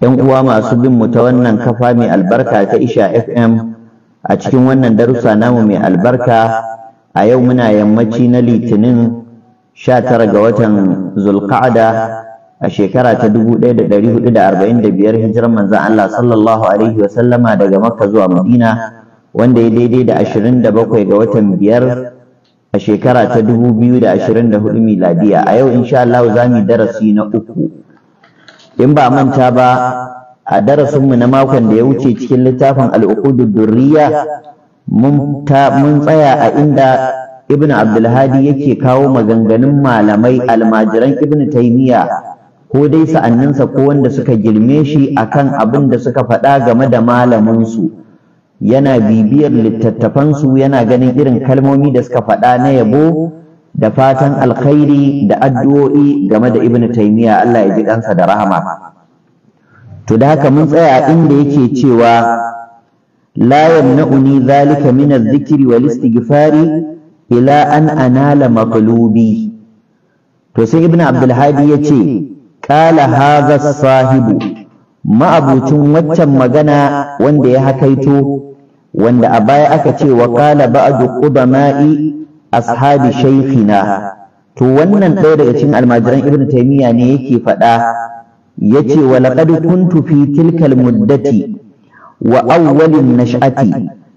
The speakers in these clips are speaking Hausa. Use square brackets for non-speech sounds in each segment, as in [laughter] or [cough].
'yan uwa masu bin mu ta wannan kafa mai albarka ta isha fm a cikin wannan darussa namu mai albarka a yau muna yammaci na litinin 19 ga watan zulqa'ada a shekara ta 1445 hijirar manzon Allah sallallahu alaihi wasallama daga makka zuwa madina wanda ya daidai da 27 ga watan biyar a shekara ta 2024 miladiya a yau insha Allah za mu darasi na uku in ba manta ba a darasinmu na makon da ya wuce cikin littafin al'uqudud durriya mun mun tsaya a inda ibnu abdulhadi yake kawo maganganun malamai almajiran ibnu taymiya ko dai sa'anninsa ko wanda suka girme shi akan abin da suka faɗa game da malaminsu yana bibiyar littattafansu yana ganin irin kalmomi da suka faɗa na yabo da fatan alkhairi da addu'o'i game da ibnu taymiya Allah ya ji kansa da rahama to da haka mun tsaya inda yake cewa la yamna'uni zalika min adh-dhikri wal istighfari ila an anala maqlubi to sai ibnu abdul hadi yace qala hadha sahibu ma'abucin waccan magana wanda ya hakaito wanda a baya aka ce wa qala ba'du qudama'i ashabi shaykhina to wannan ɗaya daga cikin almajiran ibnu taymiya ne yake faɗa yace wa laqad kuntu fi tilkal muddati wa awwalin nash'ati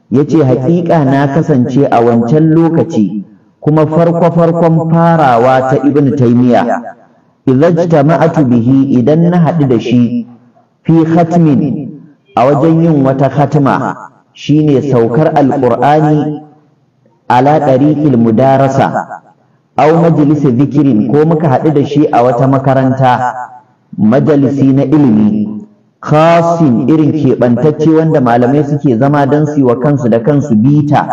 yace haƙiƙa na kasance a wancan lokaci kuma farko farkon farawa ta ibnu taymiya idajtama'atu bihi idan na haɗu da shi fi khatmin a wajen yin wata khatma shine saukar alqur'ani ala ɗariƙil mudarasa au majalisa zikirin ko muka haɗu da shi a wata makaranta majalisi na ilimi khasin irin keɓantacce wanda malamai suke zama don su wa kansu da kansu bita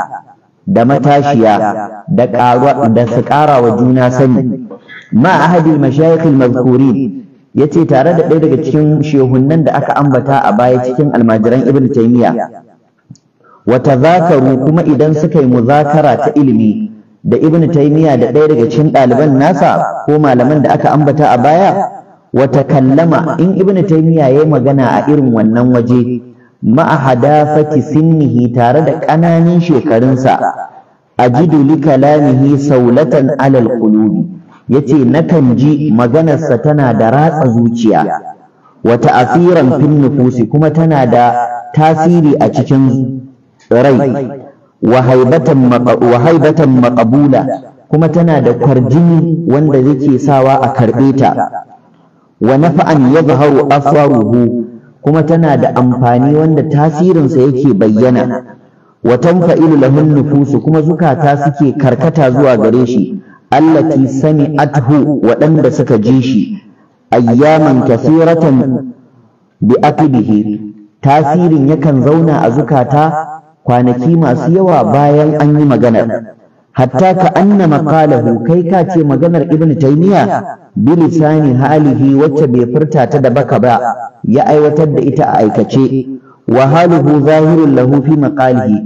da matashiya da su ƙara wa juna sani ma ahadil mashayikhil ya yace tare da ɗaya daga cikin shehunnan da aka ambata a baya cikin almajiran ibn taymiya wata zakaru kuma idan suka yi muzakara ta ilimi da ibn taymiya da ɗaya daga cikin ɗaliban nasa ko malaman da aka ambata a baya wata kallama in ibn ya yi magana a irin wannan waje ma'a hadafati sinnihi tare da ƙananan shekarunsa ajidu li kalamihi saulatan alal qulubi yace nakan ji maganarsa tana da ratsa zuciya wata asiran fin nufusi kuma tana da tasiri a cikin rai wa haibatan maqabula kuma tana da kwarjini wanda yake sawa a karɓe ta wa nafa'an yadhharu asaruhu kuma tana da amfani wanda tasirinsa yake bayyana wa tanfa'ilu lahun nufusu kuma zukata suke karkata zuwa gare shi allati sami'athu waɗanda suka ji shi ayyaman kasiratan bi akibihi tasirin yakan zauna a zukata kwanaki masu yawa bayan an yi maganar hatta ka anna maqalahu kai ka ce maganar ibnu taymiya bi lisani halihi wacce bai furta ta da baka ba ya aiwatar da ita a aikace wa haluhu zahirun lahu fi maqalihi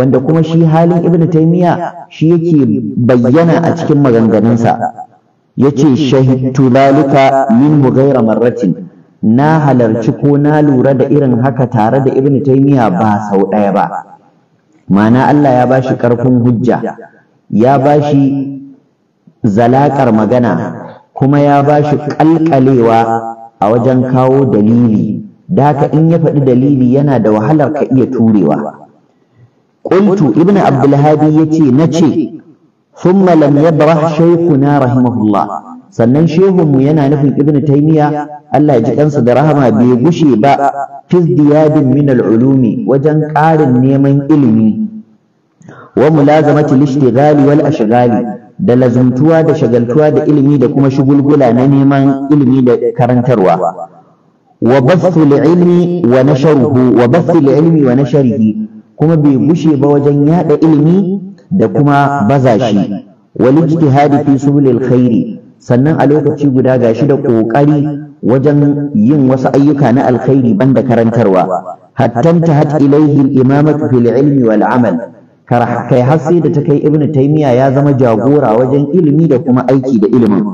wanda kuma shi halin ibnu taymiya shi yake bayyana a cikin maganganunsa yace shahidtu lalika min ghayra marratin na halarci ko na lura da irin haka tare da ibnu taymiya ba sau ɗaya ba ma'ana Allah ya bashi ƙarfin hujja ya bashi zalakar magana kuma ya bashi ƙalƙalewa a wajen kawo dalili da haka in ya faɗi dalili yana da wahalar ka iya turewa qultu ibn abdulhadi ce nace thumma lam yabrah shaykhuna rahimahullah sannan shehunmu yana nufin ibn taymiya Allah ya ji kansa da rahama bai gushe ba fi yadin min al-ulumi wajen ƙarin neman ilimi wa mulazamati al-ishtighali wal ashghali da lazumtuwa da shagaltuwa da ilimi da kuma shugulgula na neman ilimi da karantarwa wa bathu ilmi wa nasharuhu wa bathu ilmi wa nasharihi kuma bai gushe ba wajen yada ilimi da kuma baza shi wal ijtihadi fi subulil khairi sannan a lokaci guda gashi da ƙoƙari wajen yin wasu ayyuka na alkhairi banda karantarwa hattanta hat ilaihi al-imamatu fil ilmi wal amal kai har sai da ta kai ibnu taymiya ya zama jagora wajen ilimi da kuma aiki da ilimin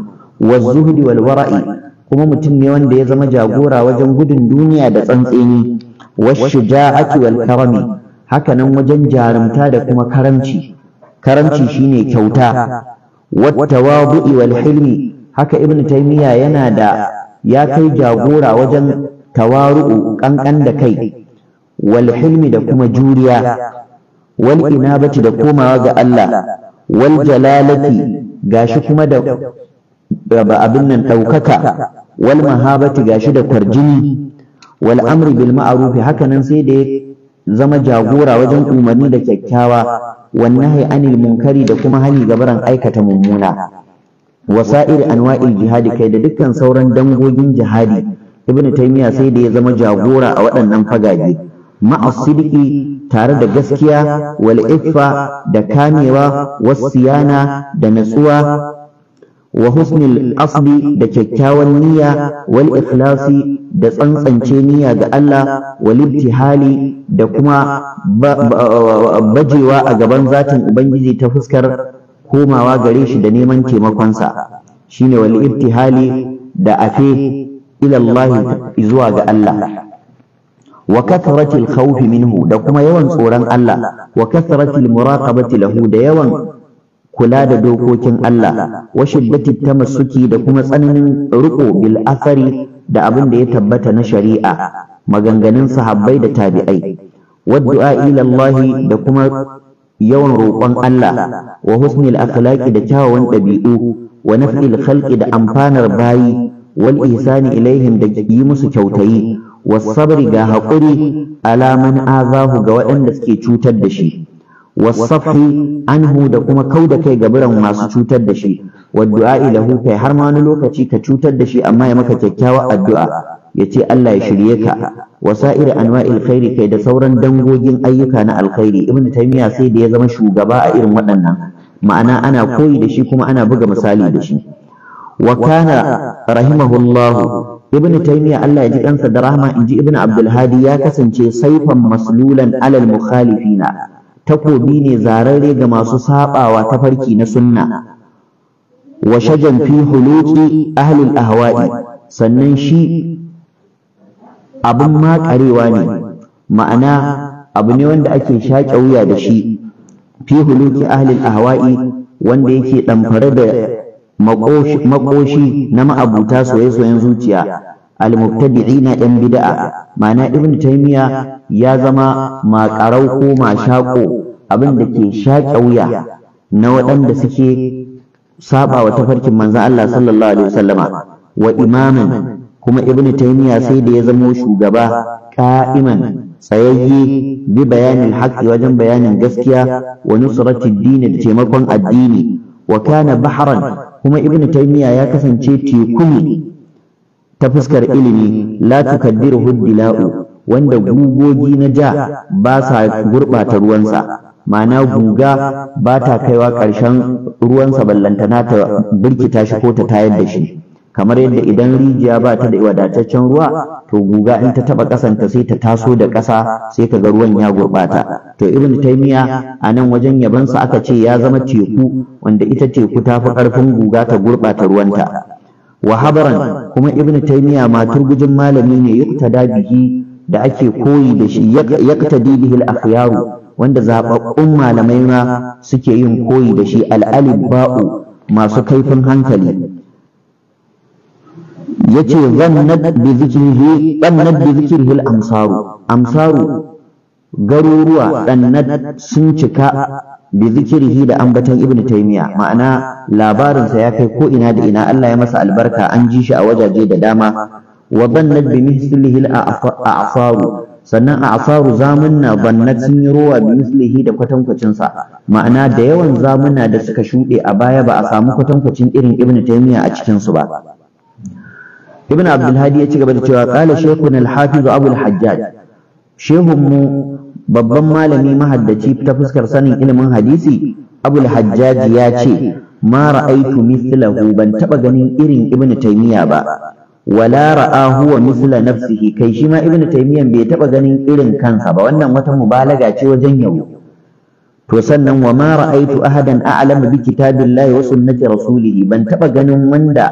wa zuhdi wal wara'i kuma mutum ne wanda ya zama jagora wajen gudun duniya da tsantseni wa shuja'ati wal karami haka nan wajen jarumta da kuma karamci karamci shine kyauta والتواضع hilmi haka ibn taymiya yana da ya kai jagora wajen tawaru'u kankan da kai wal hilmi da kuma juriya wal inabati da komawa ga Allah wal jalalati gashi kuma da abin nan ɗaukaka wal mahabati gashi da kwarjini wal amri bil ma'ruf haka nan sai da ya zama jagora wajen umarni da kyakkyawa wannahi anil munkari da kuma hani gabaran aikata mummuna wasa'ir anwa'il jihadi kai da dukkan sauran dangogin jihadi ibnu taymiya sai da ya zama jagora a waɗannan fagage ma'asidiki tare da gaskiya wal iffa da kamewa wasiyana da natsuwa wa husnil asbi da kyakkyawan niyya wal ikhlasi da tsantsance niyya ga Allah wal ibtihali da kuma bajewa a gaban zatin ubangiji ta fuskar komawa gare shi da neman taimakonsa shine wal ibtihali da afe ila zuwa ga Allah wa kathratil khawfi minhu da kuma yawan tsoron Allah wa kathratil muraqabati lahu da yawan kula da dokokin Allah wa shiddati tamassuki da kuma tsananin riƙo bil asari da abin da ya tabbata na shari'a maganganun sahabbai da tabi'ai wa du'a ila Allah da kuma yawan roƙon Allah wa husnil akhlaqi da kyawawan ɗabi'u wa naf'il khalqi da amfanar bayi wal ihsani ilaihim da yi musu kyautayi wa sabri ga haƙuri alaman azahu ga waɗanda suke cutar da shi wasafi anhu da kuma kau da kai biran masu cutar da shi wadda'i lahu kai har ma wani lokaci ka cutar da shi amma ya maka kyakkyawar addu'a ya ce Allah ya shirye ka wasa'ir anwa'il khairi kai da sauran dangogin ayyuka na alkhairi ibnu taymiya sai da ya zama shugaba a irin waɗannan ma'ana ana koyi da shi kuma ana buga misali da shi wa kana rahimahullahu ibn taymiya Allah ya ji ɗansa da rahma inji ibn Abdulhadi ya kasance saifan maslulan alal mukhalifina takobi ne zararre ga masu sabawa ta farki na sunna wa shajan fi huluki ahlul ahwa'i sannan shi abin makarewa ne ma'ana abu ne wanda ake shaƙe wuya da shi fi huluki ahlul ahwa'i wanda yake ɗamfare da makoshi na ma'abuta soye zuciya al-mubtadi'ina ɗan bid'a ma'ana ibn taymiya ya zama maƙarau ko shaƙo abin da ke shaƙe wuya na waɗanda suke saba wa tafarkin manzon Allah sallallahu alaihi wasallama wa Imamin, kuma ibn taymiya sai da ya zamo shugaba kaiman tsayayye bi bayanin haƙƙi, wajen bayanin gaskiya wa nusrati dini da taimakon addini wa kana bahran kuma ibn taymiya ya kasance teku ne ta fuskar ilimi la tukaddiruhu dila'u wanda gugogi na ja ba sa gurɓata ruwansa ma'ana guga ba ta kaiwa ƙarshen ruwansa ballantana ta birkita shi ko ta tayar da shi kamar yadda idan rijiya ba ta da wadataccen ruwa to guga in ta taba kasanta sai ta taso da ƙasa sai ka ga ruwan ya gurɓata to ibn taymiya a nan wajen yabansa aka ce ya zama teku wanda ita teku ta fi ƙarfin guga ta gurɓata ruwanta wa kuma ibnu taymiya ma turgujin malami ne yuktada bihi da ake koyi da shi yaqtadi bihi al-akhyar wanda zababbun malamai ma suke yin koyi da shi al ba'u masu kaifin hankali yace zannat bi zikrihi zannat bi amsaru garuruwa dannat sun cika bi zikirihi da ambatan ibnu taymiya ma'ana labarinsa ya kai ko ina da ina Allah ya masa albarka an ji shi a wajaje da dama wa bannat bi mislihi al-afaru sannan a afaru zamunna bannat sun yi ruwa bi mislihi da kwatankwacin sa ma'ana da yawan zamunna da suka shuɗe a baya ba a samu kwatankwacin irin ibnu taymiya a cikin su ba ibnu abdul hadi ya ci gaba da cewa qala shaykhuna al-hafiz abu al-hajjaj babban malami mahaddaci ta fuskar sanin ilimin hadisi Abulhajjaji hajjaji ya ce ma ra'aitu ban taba ganin irin ibn taymiya ba wala ra'a huwa mithla nafsihi kai shi ma ibn taymiya bai taba ganin irin kansa ba wannan wata mubalaga ce wajen yau to sannan wa ma ra'aitu ahadan a'lamu bi kitabillahi wa sunnati rasulihi ban taba ganin wanda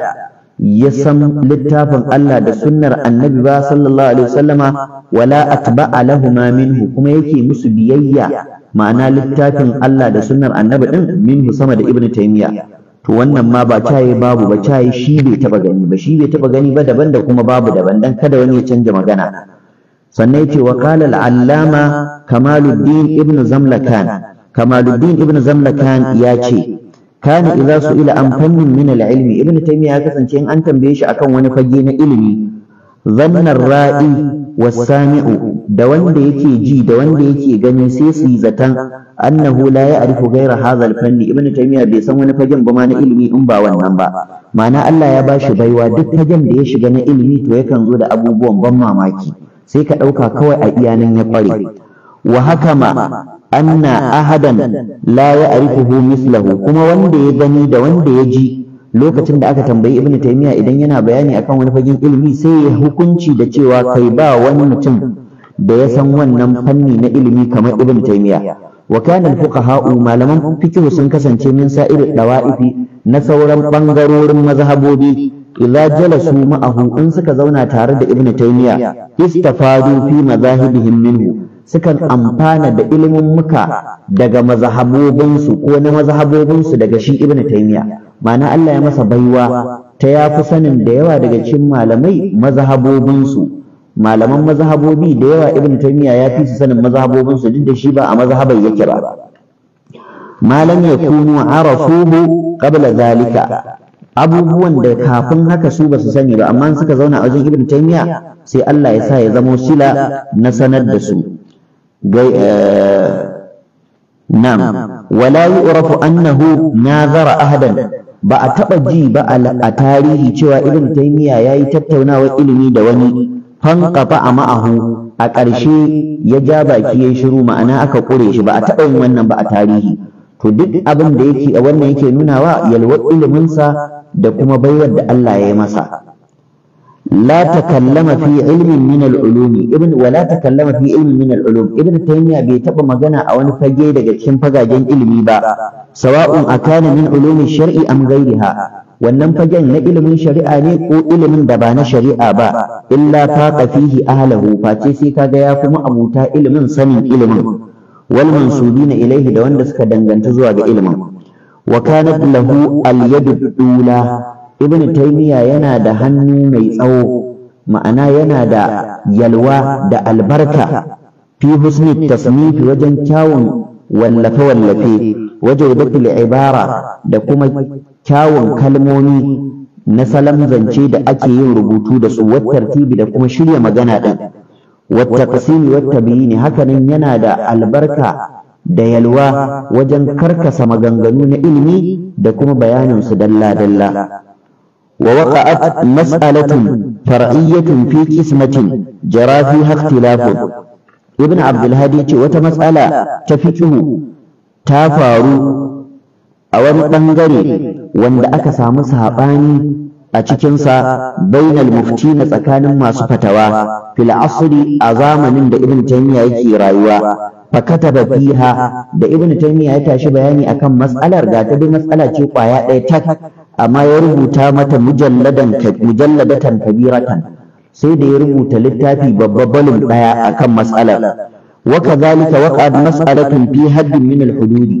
ya san littafin Allah da sunnar annabi ba sallallahu alaihi wasallama wala atba'a lahuma minhu kuma yake musu biyayya ma'ana littafin Allah da sunnar annabi din minhu sama da ibnu taymiya to wannan ma ba caye babu ba caye shi bai taba gani ba shi bai taba gani ba daban da kuma babu daban dan kada wani ya canja magana sannan yace wa qala al-allama kamaluddin ibnu zamlakan kamaluddin ibnu zamlakan ya ce kani idza su'ila an fannin min al-ilmi ibnu taymiya ya kasance in an tambaye shi akan wani fage na ilimi zanna ra'i wa samiu da wanda yake ji da wanda yake gani sai su yi zatan annahu la ya'rifu ghayra hadha al-fanni ibnu taymiya bai san wani fagen ba ma na ilimi in ba wannan ba ma'ana Allah ya bashi baiwa duk fagen da ya shiga na ilimi to yakan zo da abubuwan ban mamaki sai ka ɗauka kawai a iyanan ya ƙware wa ma, anna ahadan la ya'rifuhu mislahu kuma wanda ya gani da wanda ya ji lokacin da aka tambayi ibnu taymiya idan yana bayani akan wani fagen ilimi sai ya hukunci da cewa kai ba wani mutum da ya san wannan fanni na ilimi kamar Ibn taymiya wa kana fuqaha'u malaman fiqh sun kasance min sa'ir dawa'ifi na sauran ɓangarorin mazhabobi idza jalasu ma'ahu in suka zauna tare da ibnu taymiya istafadu maza mazahibihim minhu sukan amfana da ilimin muka daga mazahabobinsu ko na mazahabobinsu daga shi Ibn taymiya ma'ana Allah ya masa baiwa ta ya fi sanin da yawa daga cikin malamai mazahabobinsu malaman mazhabobi da yawa Ibn taymiya ya fi su sanin mazahabobinsu duk da shi ba a mazhabai yake ba malam yakunu arafuhu kabla zalika abubuwan da kafin haka su ba su sani ba amma suka zauna a wajen ibn taymiya sai Allah ya sa ya zamo sila na sanar da su نعم ولا يعرف أنه ناظر أحدا ba a taɓa ji ba a tarihi cewa ibn taymiya ya yi tattaunawar ilimi da wani fankafa a ma'ahu a ƙarshe ya ja baki ya shiru ma'ana aka ƙure shi ba a taɓa yin wannan ba a tarihi to duk abin da yake wannan yake nunawa yalwar iliminsa da kuma baiwar da Allah ya yi masa لا تكلم في علم من العلوم ابن ولا تكلم في علم من العلوم ابن تيمية بيتبع مغنى أو نفجي لجتشن فقاجين علمي با سواء أكان من علوم الشرع أم غيرها wannan fagen na ilimin shari'a ne ko ilimin da ba na shari'a ba illa faqa fihi ahlahu face sai kaga ya kuma abuta ilimin sanin ilimin wal mansubina ilaihi da wanda suka danganta zuwa ga ilimin wa kanat lahu al yadu ibn taymiya yana da hannu mai tsawo ma'ana yana da yalwa da albarka fi husni wajen kyawun wallafe wallafe wajen datul ibara da kuma kyawun kalmomi na salam zance da ake yin rubutu da su tartibi da kuma shirya magana din wata kasimi wata biyini hakanan yana da albarka da yalwa wajen karkasa maganganu na ilimi da kuma bayanin su dalla-dalla Wa ووقعت مسألة فرعية في قسمة جرى فيها اختلاف ابن عبد الهادي وتمسألة ta faru. a wani ɓangare wanda aka samu saɓani a cikinsa bainal mufti na tsakanin masu fatawa Filasuri, a zamanin da ibn taymiya yake rayuwa fa kataba da ibn taymiya ya tashi bayani akan matsalar ga ta matsala ce kwaya ɗaya tak amma ya rubuta mata mujalladan mujalladatan kabiratan sai da ya rubuta littafi babba balin daya akan matsalar wa kadhalika waqa'at mas'alatun fi haddin min al-hudud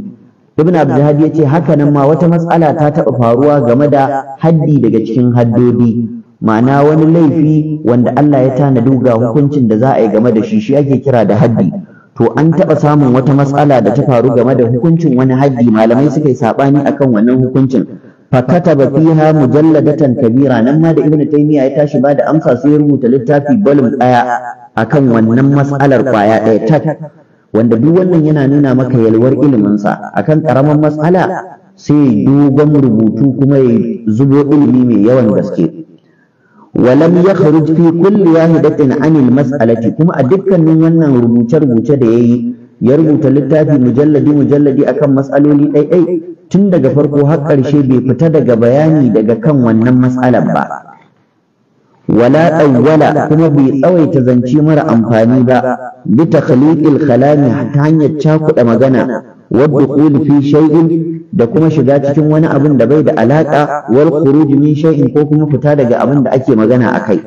ibn Abdullahi yace haka nan ma wata matsala ta taɓa faruwa game da haddi daga cikin haddodi ma'ana wani laifi wanda Allah ya tana ga hukuncin da za a yi game da shi shi ake kira da haddi to an taɓa samun wata matsala da ta faru game da hukuncin wani haddi malamai suka yi saɓani akan wannan hukuncin fakataba fiha mujalladatan kabira nan ma da ibn taymiya ya tashi ba da amsa sai ya rubuta littafi balum daya akan wannan mas'alar kwaya daya tak wanda duk wannan yana nuna maka yalwar ilimin sa akan karaman mas'ala sai dogon rubutu kuma ya zubo ilimi mai yawan gaske walam yakhruj fi kulli wahidatin anil mas'alati kuma a dukkanin wannan rubuce-rubuce da yayi ya rubuta littafi mujalladi mujalladi akan mas'aloli ɗaiɗai tun daga farko har ƙarshe bai fita daga bayani daga kan wannan matsalar ba wala ɗauwala kuma bai tsawaita zance mara amfani ba bi takhliqil kalami ta hanyar cakuɗa magana wa dukhul fi shay'in da kuma shiga cikin wani abin da bai da alaƙa wal khuruj min shay'in ko kuma fita daga abin da ake magana akai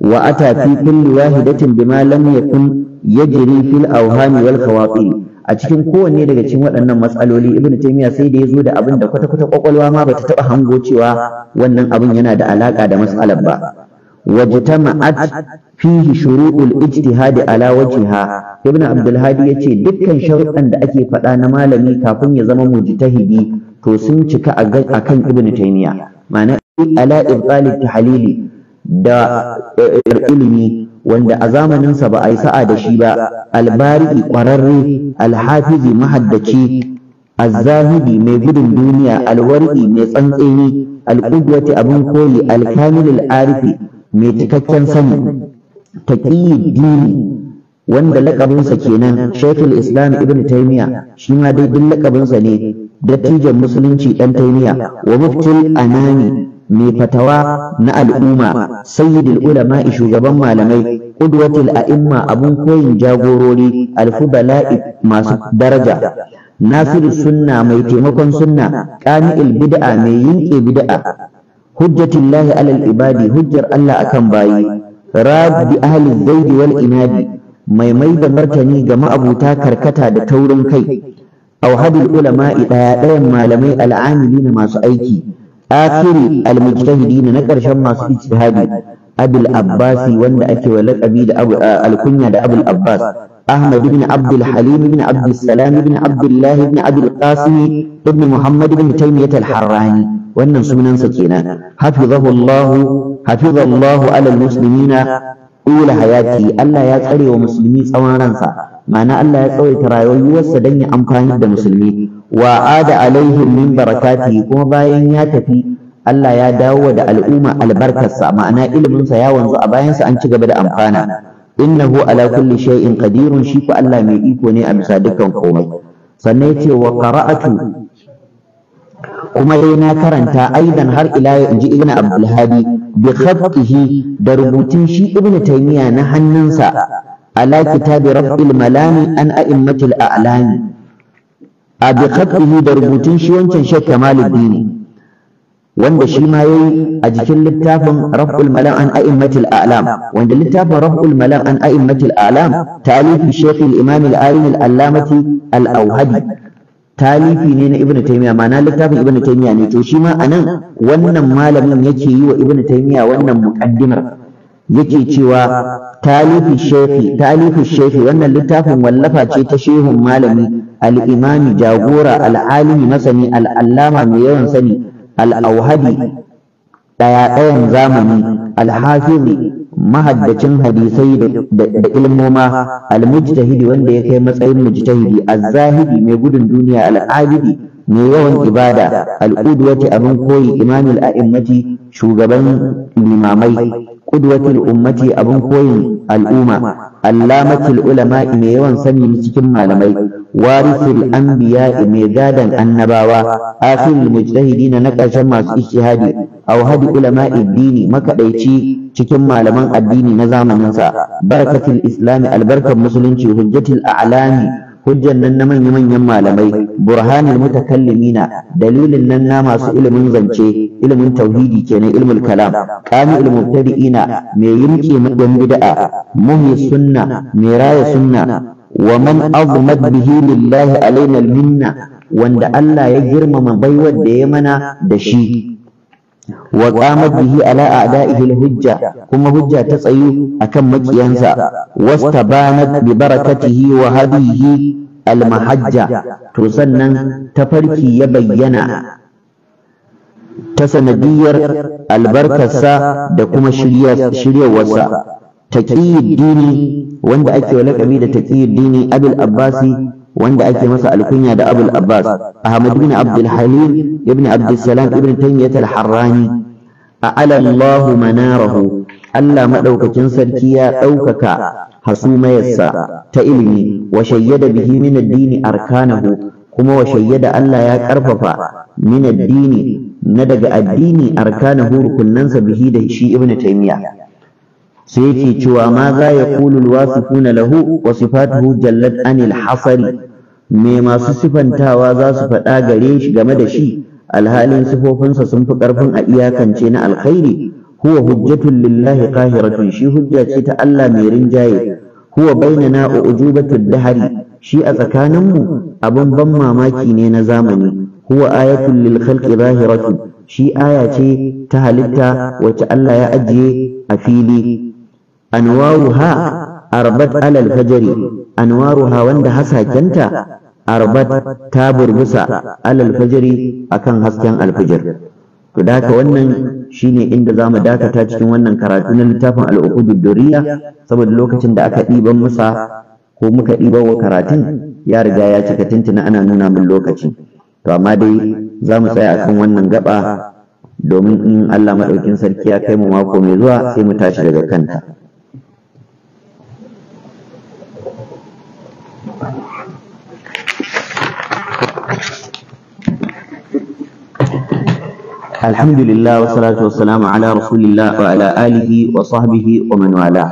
wa ata fi kulli wahidatin bima lam yakun yajri fil awhami wal khawatir a cikin kowanne daga cikin waɗannan matsaloli ibnu taymiya sai da ya zo da abin da kwata kwata kwakwalwa ma bata taba hango cewa wannan abin yana da alaka da matsalar ba wajtama'at fihi shuru'ul ijtihadi ala wajhiha ibnu abdul hadi yace dukkan sharuɗan da ake faɗa na malami kafin ya zama mujtahidi to sun cika a kan ibnu taymiya ma'ana ala ibtal tahlili da ilimi wanda a zamaninsa ba a yi sa'a da shi ba albari ƙwararre alhafizi mahaddaci azzahibi mai gudun duniya alwar'i mai tsantseni alƙudwati abin koli alkamil arifi mai cikakken sani taƙiyi dini wanda lakabinsa kenan shekul islam ibn taimiya shi ma dai duk lakabinsa ne dattijan musulunci ɗan taimiya wa muftul anani mai fatawa na al'umma sayyidul ulama shugaban malamai qudwatul a'imma abun koyin jagorori alfubala'i masu daraja nasiru sunna mai taimakon sunna qami'il bid'a mai yinke bid'a hujjatullahi alal ibadi hujjar Allah akan bayi rabbi ahli zaidi wal inadi mai mai da martani ga ma'abuta karkata da taurin kai auhadul ulama'i ɗaya ɗayan malamai al'amili na masu aiki akiri almujtahidin na ƙarshen masu ijtihadi abul abbasi wanda ake wa laqabi da alkunya da abul abbas ahmad ibn abdul halim ibn abdul salam ibn abdullah ibn abdul qasim ibn muhammad ibn taymiyah al-harrani wannan sunansa kenan hafizahullahu hafizallahu ala almuslimina ula hayati Allah ya tsare wa musulmi tsawon ransa ma'ana Allah ya tsawaita rayuwarsa don ya amfani da musulmi wa ada alaihim min barakati kuma bayan ya tafi Allah ya dawo da al'umma albarkarsa ma'ana iliminsa ya wanzu a bayansa an ci gaba da amfana innahu ala kulli shay'in qadirun shi ko Allah mai iko ne a bisa dukkan komai sannan yace wa qara'atu kuma dai na karanta aidan har ila yau inji ibnu abdul hadi bi khatihi da rubutun shi ibnu taymiya na hannunsa ala kitabi rabbil malami an a'immatil a'lam a bi khatihi da rubutun shi wancan shek kamaluddin wanda shi ma yayi a jikin littafin rabbul malam an a'immatil a'lam wanda littafin rabbul malam an a'immatil a'lam talifi shek al imam al alim al allamati al talifi ne na ibnu taymiya ma'ana littafin ibnu taymiya ne to shi ma anan wannan malamin yake yi wa ibnu taimiya wannan muqaddimar yake cewa talifi shefi shefi wannan littafin wallafa ce ta shehun malami al-imami jagora al masani al mai yawan sani al-auhadi ɗaya-ɗayan zamani alhafizi mahaddacin hadisai da ilmoma al-mujtahidi wanda ya kai matsayin mujtahidi az mai gudun duniya al mai yawan ibada al'udwati abin koyi imamul a'immati shugaban limamai qudwatul ummati abin koyin al'umma allamatul ulama mai yawan sani cikin malamai warisul anbiya mai gadan annabawa asirul mujtahidin na ƙarshen masu ijtihadi aw hadi ulama addini makadaici cikin malaman addini na zamaninsa barakatul islami albarkar musulunci hujjatul a'lami hujjan nan na manya-manyan malamai burhanin mutakallimina dalilin nan na masu ilimin zance ilimin tauhidi kenan ilmul kalam qami ilmul mai me yimke magan bid'a muhyi sunna me raya sunna wa man azmat bihi lillahi alaina minna wanda Allah ya girmama baiwar da ya mana da shi wa qamat bihi ala a'da'ihi al-hujja kuma hujja ta tsayu akan makiyansa wastabanat bi barakatihi wa hadihi al-mahajja to sannan tafarki ya bayyana ta sanadiyar albarkarsa da kuma shiryawarsa taqiyyud dini wanda ake lakabi da taqiyyud dini abul abbasi wanda ake masa alkunya da Abul Abbas Ahmad Ibn Abdul Halim ibn Abdul Salam ibn Taymiyyah al-Harrani a'ala Allahu manarahu Allah madaukakin sarki ya ɗaukaka hasumayarsa ta ilimi wa shayyada bihi min ad-dini arkanahu kuma wa shayyada Allah ya karfafa min ad-dini na daga addini arkanahu rukunnansa bihi da shi Ibn taymiya sai ce cewa ma za ya kulul wasifuna lahu wa sifatuhu jallat anil hasari me masu sifantawa za su faɗa gare shi game da shi alhalin sifofinsa sun fi ƙarfin a iyakance na alkhairi huwa hujjatun lillahi qahiratun shi hujja ce ta Allah mai rinjaye huwa bainana wa ujubatud dahari shi a tsakaninmu abin ban mamaki ne na zamani huwa ayatun lil khalqi zahiratu shi aya ce ta halitta wacce Allah ya ajiye a fili anwaruha arbat alal fajri anwaruha wanda hasakenta arbat ta burbusa alal fajri akan hasken alfijir to daka wannan shine inda zamu dakata cikin wannan karatu na littafin al-uqudud saboda lokacin da aka diban musa ko muka diban wa karatun ya riga ya cika tintina ana nuna min lokaci to amma dai zamu tsaya akan wannan gaba domin in Allah maɗaukin sarki ya kai mu mako mai zuwa sai mu tashi daga kanta الحمد لله والصلاة والسلام على رسول الله وعلى آله وصحبه ومن والاه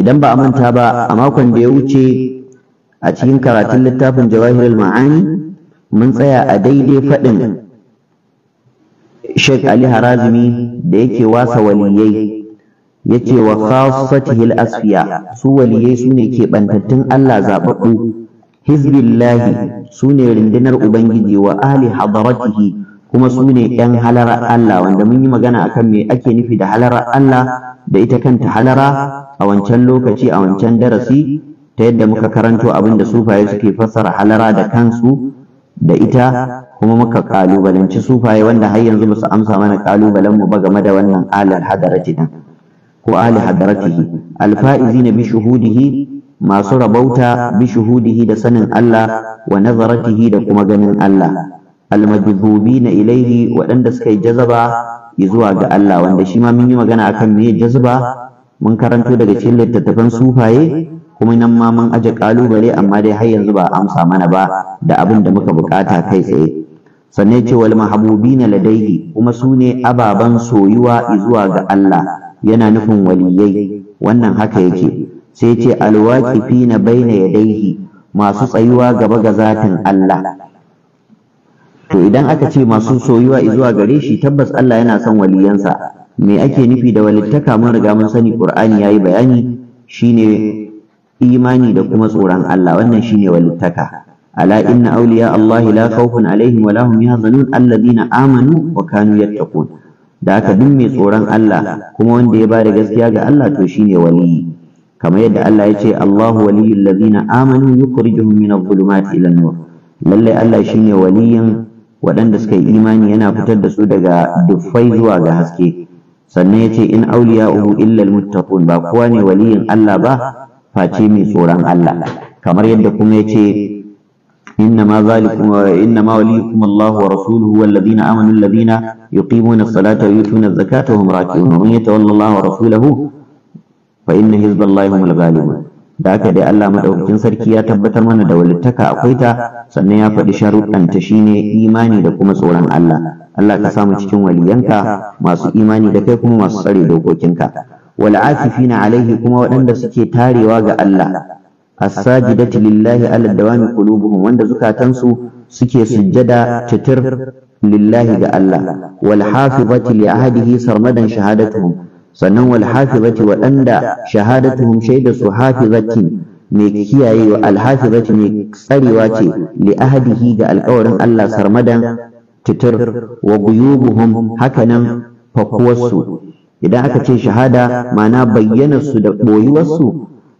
idan ba a manta ba a makon da ya wuce a cikin karatun littafin jawahirul ma'ani mun tsaya a daidai faɗin Sheikh Ali Harazimi da yake wasa waliyai ce wa khassatihi al-asfiya su waliyai sune ke bantattun Allah zaɓaɓɓu. hizbillahi sune rundunar ubangiji wa ahli hadaratihi kuma su ne ‘yan halara Allah wanda mun yi magana a kan me ake nufi da halara Allah da ita kanta halara a wancan lokaci a wancan darasi ta yadda muka karanto abin da sufaye suke fassara halara da kansu da ita kuma muka kalubalanci sufaye wanda har yanzu ba su amsa mana kalubalen mu ba game da wannan alal hadarati dan ko ali hadaratihi zina bi shuhudihi masu rabauta bi shuhudihi da sanin Allah wa nazaratihi da kuma ganin Allah almajzubina ilayhi waɗanda suka yi jazaba zuwa ga Allah wanda shi ma mun yi magana akan me jazaba mun karanto daga cikin littattafan sufaye kuma nan ma mun aje kalubale amma dai har yanzu ba amsa mana ba da abin da muka bukata kai tsaye sannan ce wal mahbubina ladaihi kuma sune ababen ababan soyuwa zuwa ga Allah yana nufin waliyai wannan haka yake sai ce alwaqifina baina yadaihi masu tsayuwa gaba ga zatin Allah to idan aka ce masu soyuwa zuwa gare shi tabbas Allah yana son waliyansa me ake nufi da walittaka mun riga mun sani Qur'ani yayi bayani shine imani da kuma tsoron Allah wannan shine walittaka ala inna awliya Allah la khawfun alaihim wa lahum yahzanun alladhina amanu wa kanu yattaqun da aka duk mai tsoron Allah kuma wanda ya bada gaskiya ga Allah to shine wali, kamar yadda Allah ya ce Allahu waliyul ladina amanu yukhrijuhum min adh-dhulumati ila nur lalle Allah shine waliyin waɗanda suka yi imani yana fitar da su daga dufai zuwa ga haske sannan ya ce in auliya uhu illal muttaqun ba kowa ne waliyin Allah ba face mai tsoron Allah kamar yadda kuma ya ce inna ma zalikum inna ma waliyukum Allah wa rasuluhu wal ladina amanu alladhina yuqimuna as-salata wa yutuna az-zakata wa hum raki'un wa man yatawalla Allah wa rasulahu fa inna hizballahi humul ghalibun da haka dai Allah madaukakin sarki ya tabbatar mana da walittaka akwai ta sannan ya faɗi sharuɗan ta shine imani da kuma tsoron Allah Allah ka samu cikin waliyanka masu imani da kai kuma masu tsare dokokinka wal afifina alaihi kuma waɗanda suke tarewa ga Allah as-sajidati lillahi ala dawami qulubuhum wanda zukatansu suke sujjada titir lillahi ga Allah wal hafizati li ahadihi sarmadan shahadatuhum sannan wal hafizati waɗanda shahadatuhum da su hafizatin mai wa al hafizati mai tsarewa ce li ahadihi ga alƙawarin Allah sarmadan titir wa guyubuhum hakanan fakuwarsu idan aka ce shahada ma'ana bayyanarsu da ɓoyuwarsu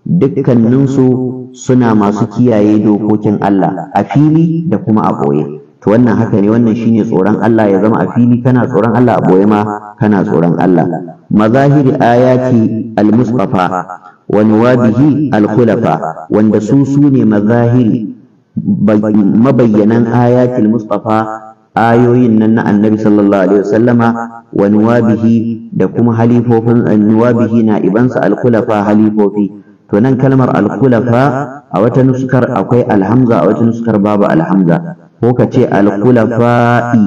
dukkaninsu suna masu kiyaye dokokin Allah a fili da kuma a ɓoye to wannan haka ne wannan shine tsoron Allah ya zama a fili kana tsoron Allah a boye ma kana tsoron Allah mazahiri ayati al-mustafa wa nuwabihi al-khulafa wanda su su ne mazahiri mabayyanan ayatil mustafa ayoyin nan na annabi sallallahu alaihi wasallama wa nuwabihi da kuma halifofin nuwabihi na ibansa al-khulafa halifofi to nan kalmar al-khulafa a wata nuskar akwai alhamza a wata nuskar babu alhamza ko ka ce alkulafa'i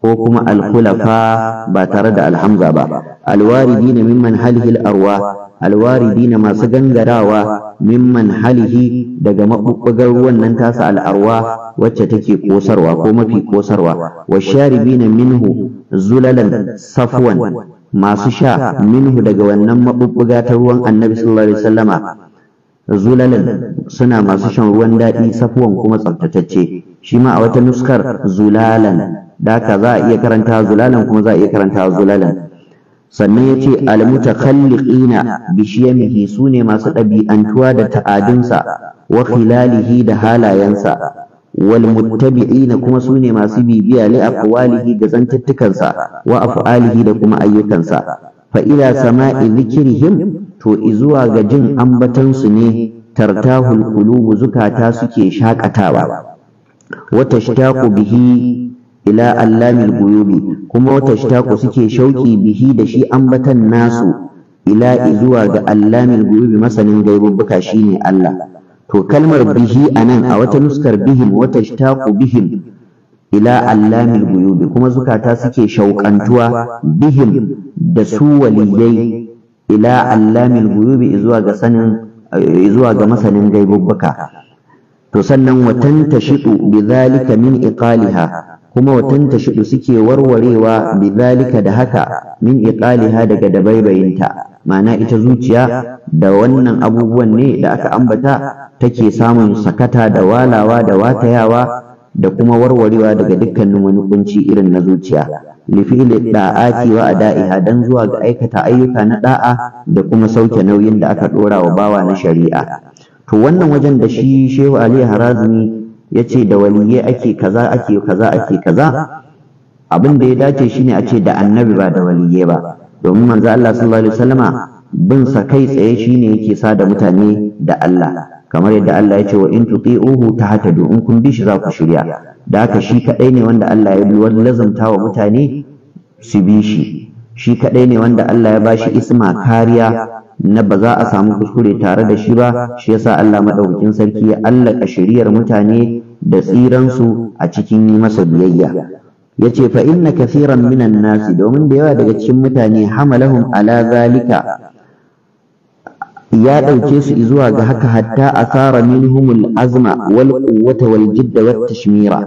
ko kuma alkulafa ba tare da alhamza ba alwaridi na mimman halihi arwa alwaridi na masu gangarawa mimman halihi daga maɓuɓɓugar ruwan nan tasa al'arwa wacce take kosarwa ko mafi kosarwa wa sharibi na minhu zulalan safwan masu sha minhu daga wannan maɓuɓɓuga ta ruwan annabi sallallahu alaihi wasallama Zulalin suna masu shan ruwan daɗi safuwan kuma tsaftatacce shi ma a wata nuskar zulalan da haka za a iya karanta zulalan kuma za a iya karanta zulalan sannan ya ce almutakhalliqina bi bishiyamihi su ne masu ɗabi'antuwa da ta'adunsa wa khilalihi da halayensa wal muttabi'ina kuma su ne masu bibiya li aqwalihi ga zantuttukansa wa af'alihi da kuma ayyukansa fa ila sama'i to izuwa ga jin ambatansu ne tartahul qulubu zukata suke shakatawa wa tashtaqu bihi ila allamil guyubi kuma wata tashtaqu suke shauki bihi da shi ambatan nasu ila izuwa ga allamil guyubi masanin gaibubbuka shine Allah to kalmar bihi anan a wata nuskar bihim wa tashtaqu bihim ila allamil guyubi kuma zukata suke shauƙantuwa bihim da su waliyai ila allamil guyubi zuwa ga sanin zuwa ga masanin gaibubbuka to sannan watan tashidu bidhalika min iqaliha kuma watan tashidu suke warwarewa bizalika da haka min iqaliha daga dabaibayinta ma'ana ita zuciya da wannan abubuwan ne da aka ambata take samun sakata da walawa da watayawa da kuma warwarewa daga dukkanin wani kunci irin na zuciya lifili da'ati wa ada'iha dan zuwa ga aikata ayyuka na da'a da kuma sauke nauyin da aka dora wa bawa na shari'a to wannan wajen da shi Shehu Ali Harazmi yace da waliye ake kaza ake kaza ake kaza abin da ya dace shine a ce da annabi ba da waliye ba domin manzo Allah sallallahu alaihi wasallama bin sa kai tsaye shine yake sa da mutane da Allah kamar yadda Allah ya ce wa in tuti'uhu tahtadu in kun bi shi za ku shirya da haka shi kadai ne wanda Allah ya wani lazamta wa mutane su bi shi shi kadai ne wanda Allah ya bashi isma kariya na ba za a samu kuskure tare da shi ba shi yasa Allah madaukakin sarki ya allaka shiriyar mutane da tsiran su a cikin yi masa biyayya yace fa inna kaseeran minan nasi domin da yawa daga cikin mutane hamalahum ala zalika ya ɗauke su izuwa ga haka hatta a asara minhumul azma wal quwwata wal jidda wat tashmira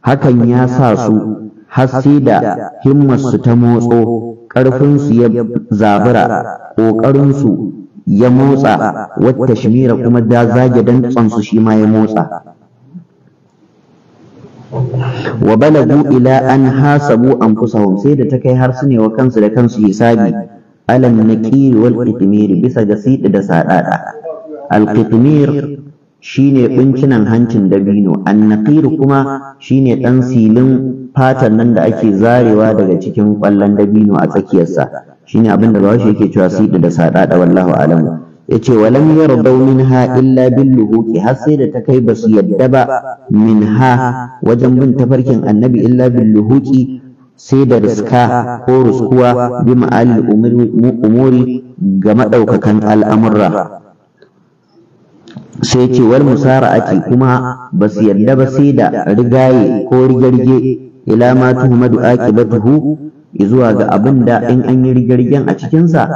hakan ya sa su har sai da himmar su ta motso ƙarfin su ya zabura ƙoƙarin su ya motsa wat tashmira kuma da zage tsan su shi ma ya motsa wa balagu ila an hasabu anfusahum sai da ta kai har su ne wa kansu da kansu hisabi alal nakiri wal kitmiri bisa ga siɗi da saɗaɗa al shi shine ɓuncinan hancin dabino an nakiru kuma shine ɗan silin fatan nan da ake zarewa daga cikin ƙwallon dabino a tsakiyarsa shine abin da bawashi yake cewa siɗi da saɗaɗa wallahu alamu yace walam yardau ha illa bil luhuki, har sai da ta kai basu yadda ba minha wajen bin tafarkin annabi illa bin luhuki!" sai da riska ko ruskuwa bi ma'alil umuri ga maɗaukakan al'amurra sai ce wal ake kuma ba su yarda ba sai da rigaye ko rigarge ila ma tuhmadu tuhu zuwa ga abin da in an yi rigirgen a cikinsa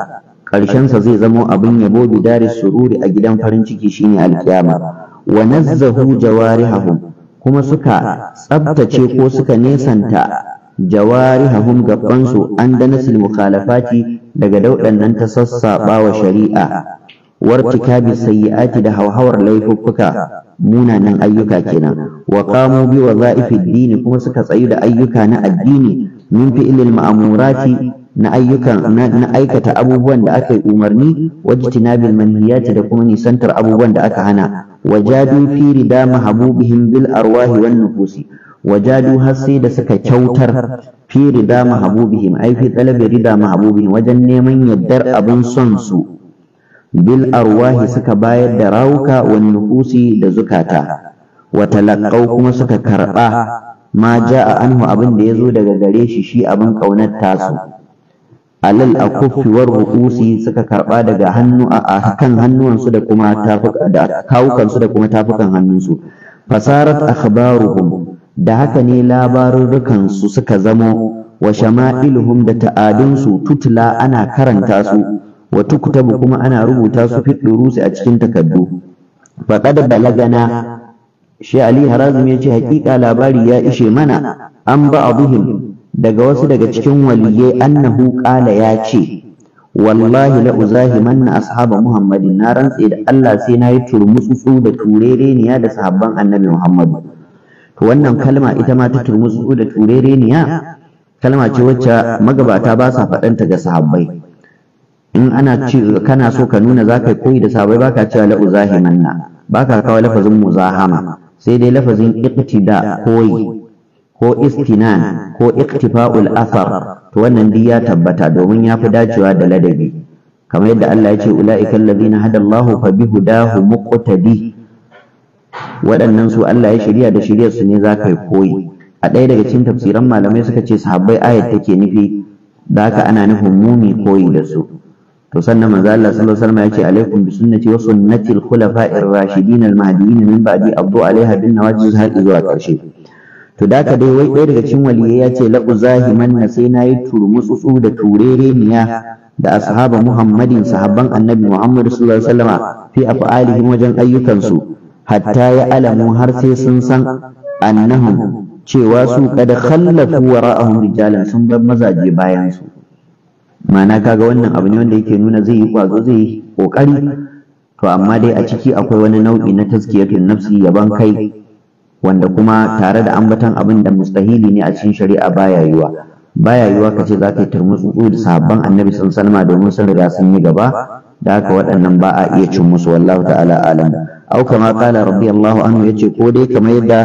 ƙarshensa zai zama abin yabo dari sururi a gidan farin ciki shine alkiyama wa nazzahu jawarihahum kuma suka tsabtace ko suka nesanta jawarihahum gabansu an danasil mukhalafati daga daudan nan ta sassaba wa shari'a wartikabi sayyi'ati da hauhawar laifuffuka munanan ayyuka kenan wa qamu bi wazaifid din kuma suka tsayu da ayyuka na addini min fi'lil ma'murati na ayyukan na aikata abubuwan da aka yi umarni wajtinabil manhiyati da kuma nisantar abubuwan da aka hana Wajabi fi rida mahabubihim bil arwahi wan nufusi wajadu har sai da suka kyautar fi rida mahabubihim ai fi talabi rida mahabubihim wajen neman yaddar abin son su bil arwahi suka bayar da rawuka wa nufusi da zukata wa talaqaw kuma suka karba ma jaa anhu abin da yazo daga gare shi shi abin kaunar tasu alal akuffi war ru'usi suka karba daga hannu a kan hannuwansu da kuma tafukan da kawukan su da kuma tafukan su fasarat akhbaruhum da haka ne labarurrukansu suka zamo wa shama'iluhum da ta'adunsu tutula ana karanta su wa tukutabu kuma ana rubuta su fi durusi a cikin takaddu faqad balagana shi ali harazim ce haƙiƙa labari ya ishe mana an ba a buhin. daga wasu daga cikin waliyai annahu ƙala ya ce wallahi la na ashaba muhammadin na rantse da Allah sai na yi turmutsu da turereniya da sahabban annabi muhammadu wannan kalma ita ma ta turmutsu da turereniya kalma ce wacce magabata ba sa faɗanta ga sahabbai in ana ce kana so ka nuna zaka koyi da sahabbai baka cewa la uzahimanna baka kawo lafazin muzahama sai dai lafazin iqtida koyi ko istinan ko iqtifa'ul asar to wannan duk ya tabbata domin ya fi dacewa da ladabi kamar yadda Allah ya ce ula'ikal ladina hadallahu fa bihudahu muqtadi waɗannan su Allah ya shirya da shirya su ne za ka yi koyi a ɗaya daga cikin tafsiran malamai suka ce sahabbai ayat take nufi da haka ana nufin mumi koyi da su to sannan manzo Allah sallallahu alaihi wasallam ya ce alaikum bi sunnati wa sunnati al-khulafa'ir rashidin al-mahdiyyin min ba'di abdu alaiha bin nawajiz har zuwa ƙarshe to da dai wai ɗaya daga cikin waliyai ya ce la uzahiman na sai nayi turmutsutsu da turereniya da ashaba muhammadin sahabban annabi muhammad sallallahu alaihi wasallam fi af'alihim wajen ayyukansu hatta ya alamu har sai sun san annahu cewa su kada khallafu wara'ahum rijalan sun bar mazaje bayan su ma'ana kaga wannan abu ne wanda yake nuna zai yi kwazo zai yi kokari to amma dai a ciki akwai wani nau'i na tazkiyatun nafsi yaban kai wanda kuma tare da ambatan abin da mustahili ne a cikin shari'a baya yiwa baya yiwa kace za ka yi turmutsu da sabban annabi sun salma domin sun riga sun yi gaba da haka waɗannan ba a iya cin musu wallahu ta'ala alamu. au kama qala radiyallahu anhu yace ko dai kamar yadda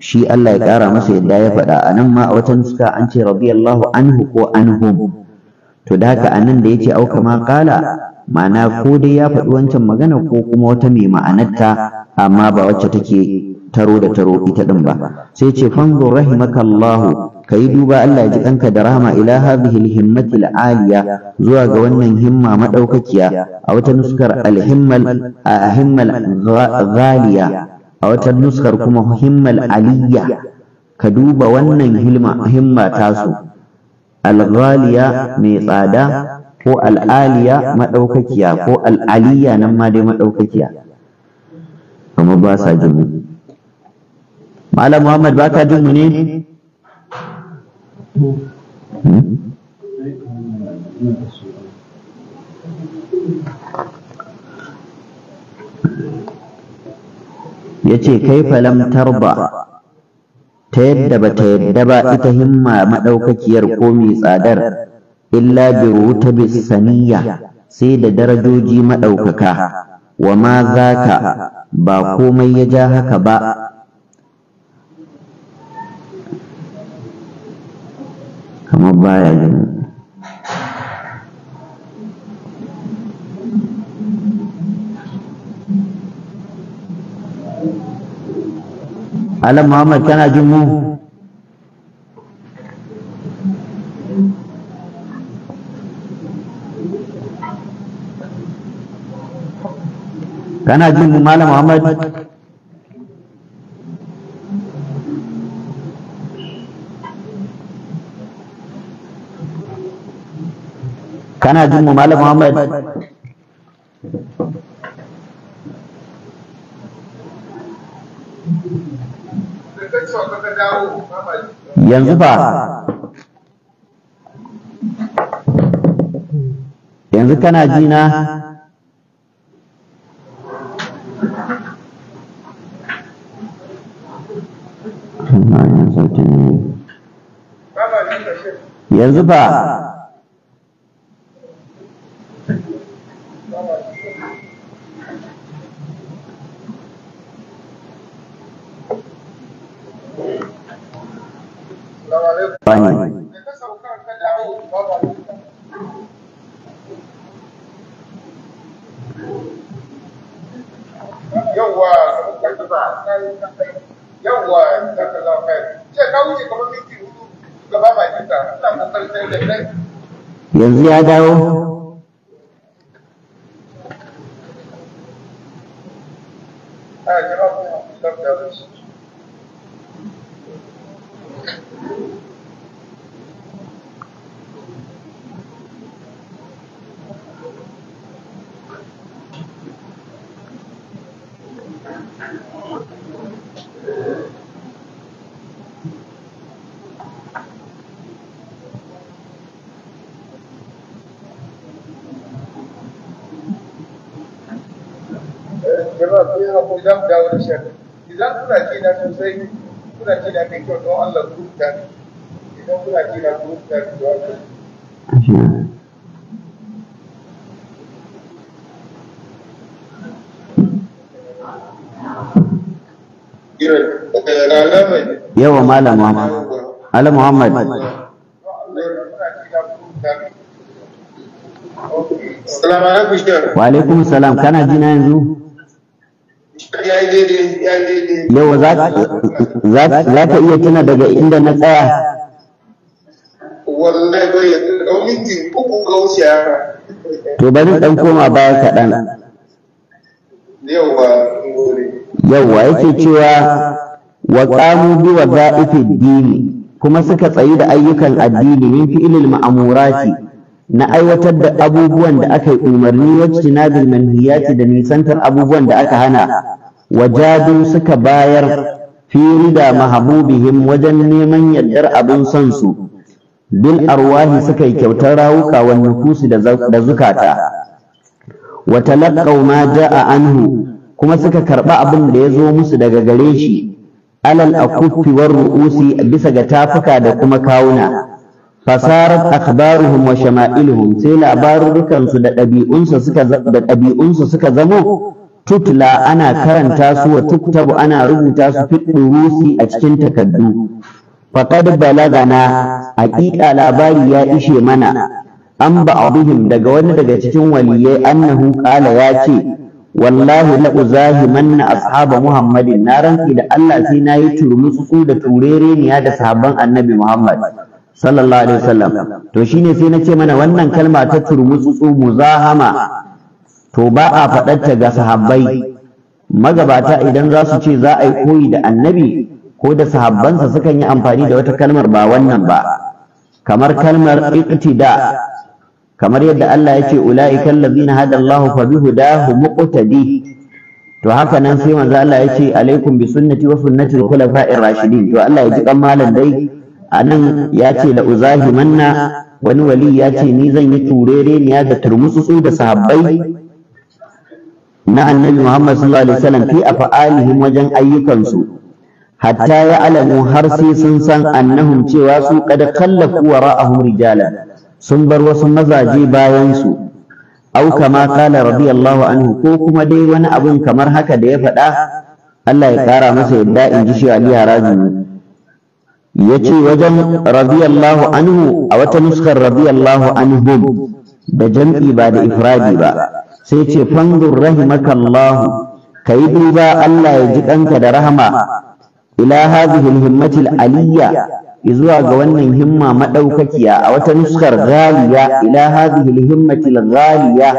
shi Allah ya kara masa yadda ya faɗa anan ma a watan suka an ce radiyallahu anhu ko anhum to da haka anan da yace au kama qala ma'ana ko dai ya faɗi wancan magana ko kuma wata mai ma'anarta amma ba wacce take taro da taro ita din ba sai ce fanzur rahimakallahu ka yi duba Allah ji ɗanka da rahama ila hadhihi alhimmati alaliya zuwa ga wannan himma madaukakiya a wata nuskar alhimmal ahimmal ghaliya a wata nuskar kuma himmal aliyya ka duba wannan hilma himma tasu alghaliya mai tsada ko al'aliya madaukakiya ko al'aliya nan ma dai madaukakiya kuma ba sa jimu Malam Muhammad ba ka jin mu ne? ya ce kai falam tarba ta yadda ba ta yadda ba ita himma maɗaukakiyar ko tsadar illa bi bi saniya sai da darajoji maɗaukaka wa ma ka, ba komai ya ja haka ba kamar baya gani Alam Muhammad kana jin mu kana jin mu Malam Muhammad kana jin mu malam muhammad yanzu fa yanzu kana ji na yanzu ba. طيب yawwa yawwa jazakallahu khair sai ka wuce kamar minti hudu gaba ba ki ta ina kokarin sai da kai yanzu ya dawo a jama'a ku da su ya haƙo za mu dawo da shari idan kuna ci na sosai kuna ci na mai kyau don Allah ku rubuta ni idan kuna ci na ku rubuta ni don Allah. Yawa Malam Muhammad. Muhammad. Salamu alaikum. Wa alaikum salam kana jina yanzu? yawa za ka iya tuna daga inda na tsaya wallahi bai ya minti uku ga wuce haka to bari dan koma baya kaɗan yawa yawa yake cewa wa qamu bi wadha'ifi dini kuma suka tsayi da ayyukan addini min fi'ilil ma'amurati na aiwatar da abubuwan da aka yi umarni wa jinabil manhiyati da nisantar abubuwan da aka hana wajadu suka bayar fi rida mahabubihim wajen neman yardar abin son su bil arwahi suka yi kyautar rawuka wa nufusi da zukata wa talaqaw ma jaa anhu kuma suka karba abin da ya zo musu daga gare shi alal akuffi war ru'usi bisa ga tafuka da kuma kawuna fasarat akhbaruhum wa shama'iluhum sai labarurukansu da ɗabi'unsu suka da ɗabi'unsu suka zamo tutla ana karanta su wa tuktabu ana rubuta su fi durusi a cikin takardu. takaddu balaga na. haƙiƙa labari ya ishe mana an ba'dihim daga wani daga cikin waliyai annahu qala ya ce wallahi la manna ashaba muhammadin na ranki da Allah sai nayi turmutsu da turereniya da sahabban annabi muhammad sallallahu alaihi wasallam to shine sai na ce mana wannan kalma ta turmutsu muzahama to ba a faɗarta ga sahabbai magabata idan za su ce za a yi koyi da annabi ko da sahabbansa sukan yi amfani da wata kalmar ba wannan ba kamar kalmar iqtida kamar yadda Allah ya ce ula'ika allazina hada Allahu fa bihudahu muqtadi to haka nan sai manzo Allah ya ce alaikum bi sunnati wa sunnati al-khulafa'ir rashidin to Allah ya ji kan malam dai anan ya ce la uzahi manna wani wali ya ce ni zan yi turere ne da turmutsutsu da sahabbai na annabi Muhammad sallallahu alaihi wasallam fi afa'alihim wajen ayyukansu hatta ya alamu har sai sun san annahum cewa su kad kallafu wara'ahum rijala sun bar wasu mazaje bayan su au kama kala radiyallahu anhu ko kuma dai wani abun kamar haka da ya faɗa Allah ya kara masa yadda in ji shi Ali Harazimi yace wajen radiyallahu anhu a wata nuskar radiyallahu anhum da jam'i ba da ifradi ba sai ce fanzur rahimakallahu kayi duba Allah ya ji kanka da rahama ila hadhihi alhimmati aliyya izuwa ga wannan himma madaukakiya a wata nuskar ghaliya ila hadhihi alhimmati alghaliya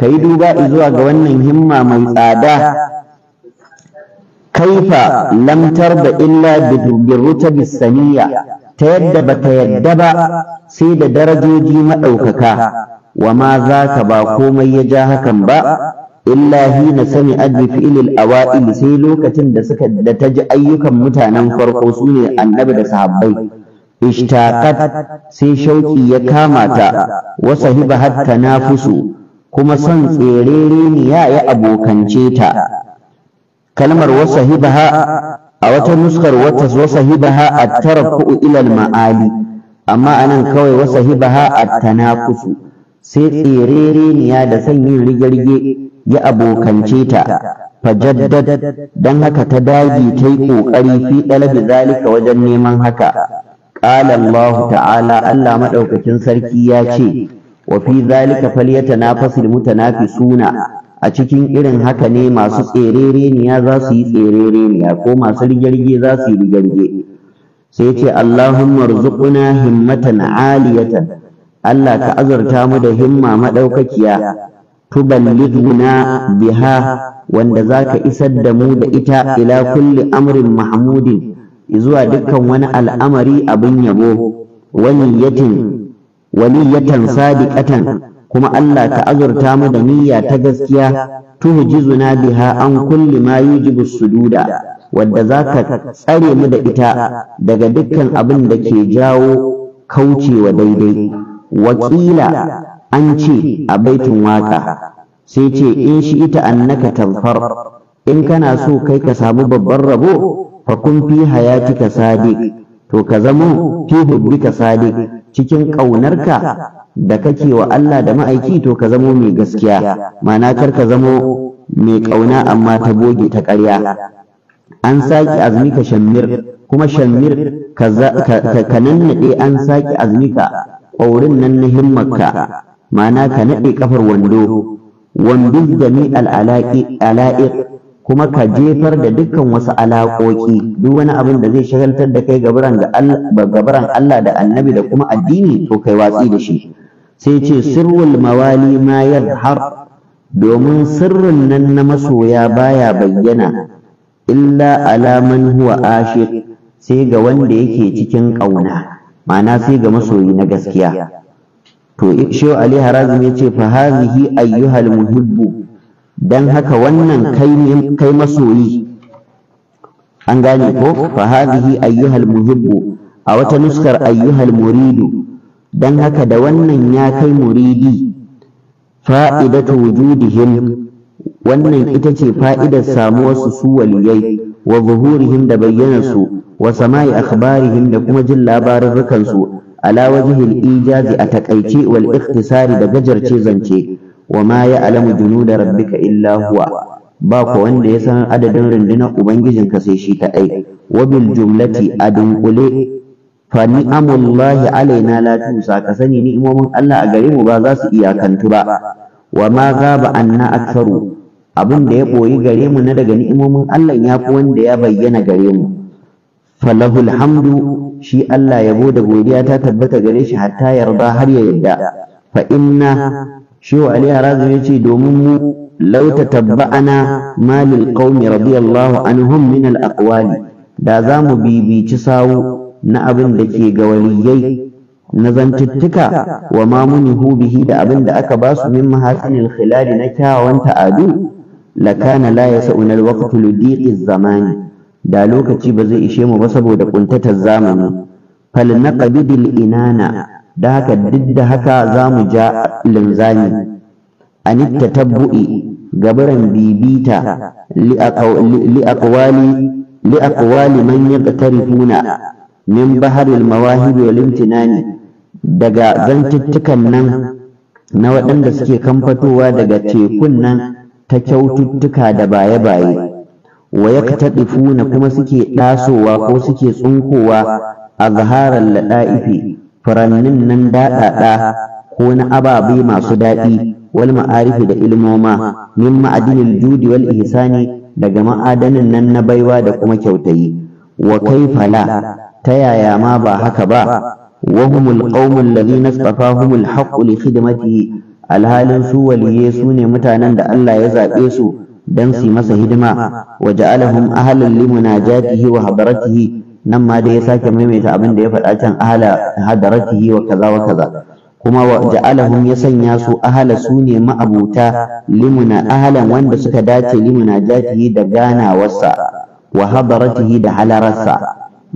kayi duba izuwa ga wannan himma mai tsada kaifa lamtar da illa birruta bisaniya ta yadda ba ta yadda ba sai da darajoji maɗaukaka wa ma za ka ba komai ya ja hakan ba illa hina sami ajbi fi'ilil awa'il sai lokacin da suka da ta ji ayyukan mutanen farko su ne annabi da sahabbai ishtaqat sai shauki ya kama ta wa sahiba hatta nafusu kuma son tserere ne ya yi abokance ta kalmar wasahibaha a wata nuskar wata wasahibaha a tarakku ila al-ma'ali amma anan kawai wasahibaha a tanakusu sai tserereniya da sanyin rige-rige ya abokance ta fajaddad don haka ta dagi ta yi ƙoƙari fi ɗalabi zalika wajen neman haka ƙala ta'ala Allah maɗaukakin sarki ya ce wa fi zalika falyata na fasil muta na fi suna a cikin irin haka ne masu tserereniya za su yi tserereniya ko masu rigirge za su yi rigirge sai ce Allahumma rzuquna himmatan aliyatan Allah ka azurta mu da himma madaukakiya tuballighuna biha wanda zaka isar da mu da ita ila kulli amrin mahmudin zuwa dukkan wani al'amari abin yabo waniyatin waniyatan sadiqatan kuma Allah ka azurta mu da niyya ta gaskiya tuhjizuna biha an kulli ma yujibu sududa wadda za ka tsare mu da ita daga dukkan abin da ke jawo kaucewa daidai wakila an ce a baitin waka sai ce in shi ita annaka tamfar in kana so kai ka samu babban rabo fa kun fi hayatika sadiq to ka zama fi hubbika sadiq cikin ƙaunarka da kake wa Allah da ma'aiki to ka zamo mai gaskiya ma'ana kar ka zamo mai ƙauna amma ta goge, ta ƙarya an saki azumi ka shammir kuma shammir ka nannaɗe an saki azumi ka ƙaurin nan na himmarka ma'ana ka naɗe ƙafar wando wandun jami'al al'ala'iq kuma ka jefar da dukkan wasu alaƙoƙi duk wani abin da zai shagaltar da kai gabaran Allah da annabi da kuma addini to kai watsi da shi sai ce sirrul mawali ma har domin sirrin nan na masoya baya bayyana illa alaman huwa ashiq sai ga wanda yake cikin ƙauna ma'ana sai ga masoyi na gaskiya to shi ali harazim ya ce fa hazihi ayyuhal muhibbu dan haka wannan kai masoyi an gane ko fa ayyuhal muhibbu a wata nuskar ayyuhal muridu dan haka da wannan ya kai muridi fa'idatu wujudihim wannan ita ce fa'idar samuwar su su waliyai wa zuhurihim da bayyana su wa sama'i akhbarihim da kuma jin labarin rukansu, ala wajhil ijazi a takaice wal ikhtisari da gajarce zance wa ma junu da rabbika illa huwa ba ko wanda ya san adadin rundunar ka sai shi ta wa bil jumlati dunkule. fa ni'amullahi alaina la tusa ka sani ni'imomin Allah a gare mu ba za su iyakantu ba wa ma ghaba anna aktharu abin da ya boyi gare mu na daga ni'imomin Allah ya fi wanda ya bayyana gare mu falahul shi Allah yabo da godiya ta tabbata gare shi hatta yarda har ya yarda fa inna shi wa ali harazim ya ce domin mu lauta tabba'ana malil qaumi radiyallahu anhum min al da za mu bibici sawu na abin da ke ga waliyai na zantuttuka wa mamuni hubihi da abin da aka basu min mahasinil khilali na kyawawan ta'adu lakana la yasa'una al-waqtu lidiqi zamani da lokaci ba zai ishe mu ba saboda kuntatar zamani fal naqbidil inana da haka duk da haka za mu ja linzami an tabbu'i gabaran bibita li manyan man yaqtarifuna min baharil mawahib wal imtinani daga zantuttukan nan na waɗanda suke kamfatowa daga tekun nan ta kyaututtuka da baye-baye wa yaqtadifuna kuma suke ɗasowa ko suke tsunkowa a zaharar laɗaifi furannin nan daɗaɗa ko na ababai masu daɗi wal ma'arifi da ilmoma min ma'adinin judi wal ihsani daga ma'adanin nan na baiwa da kuma kyautayi wa kaifa la ta yaya ma ba haka ba وهم القوم الذين اصطفاهم الحق لخدمته alhalin su waliye su ne mutanen da Allah ya zaɓe su dan su masa hidima wa ja'alahum ahlan li munajatihi wa hadaratihi nan ma dai ya sake maimaita abin da ya faɗa can ahala hadaratihi wa kaza wa kaza kuma wa ja'alahum ya sanya su ahala su ne ma'abuta limuna ahalan wanda suka dace limuna jatihi da ganawarsa wa hadaratihi da halararsa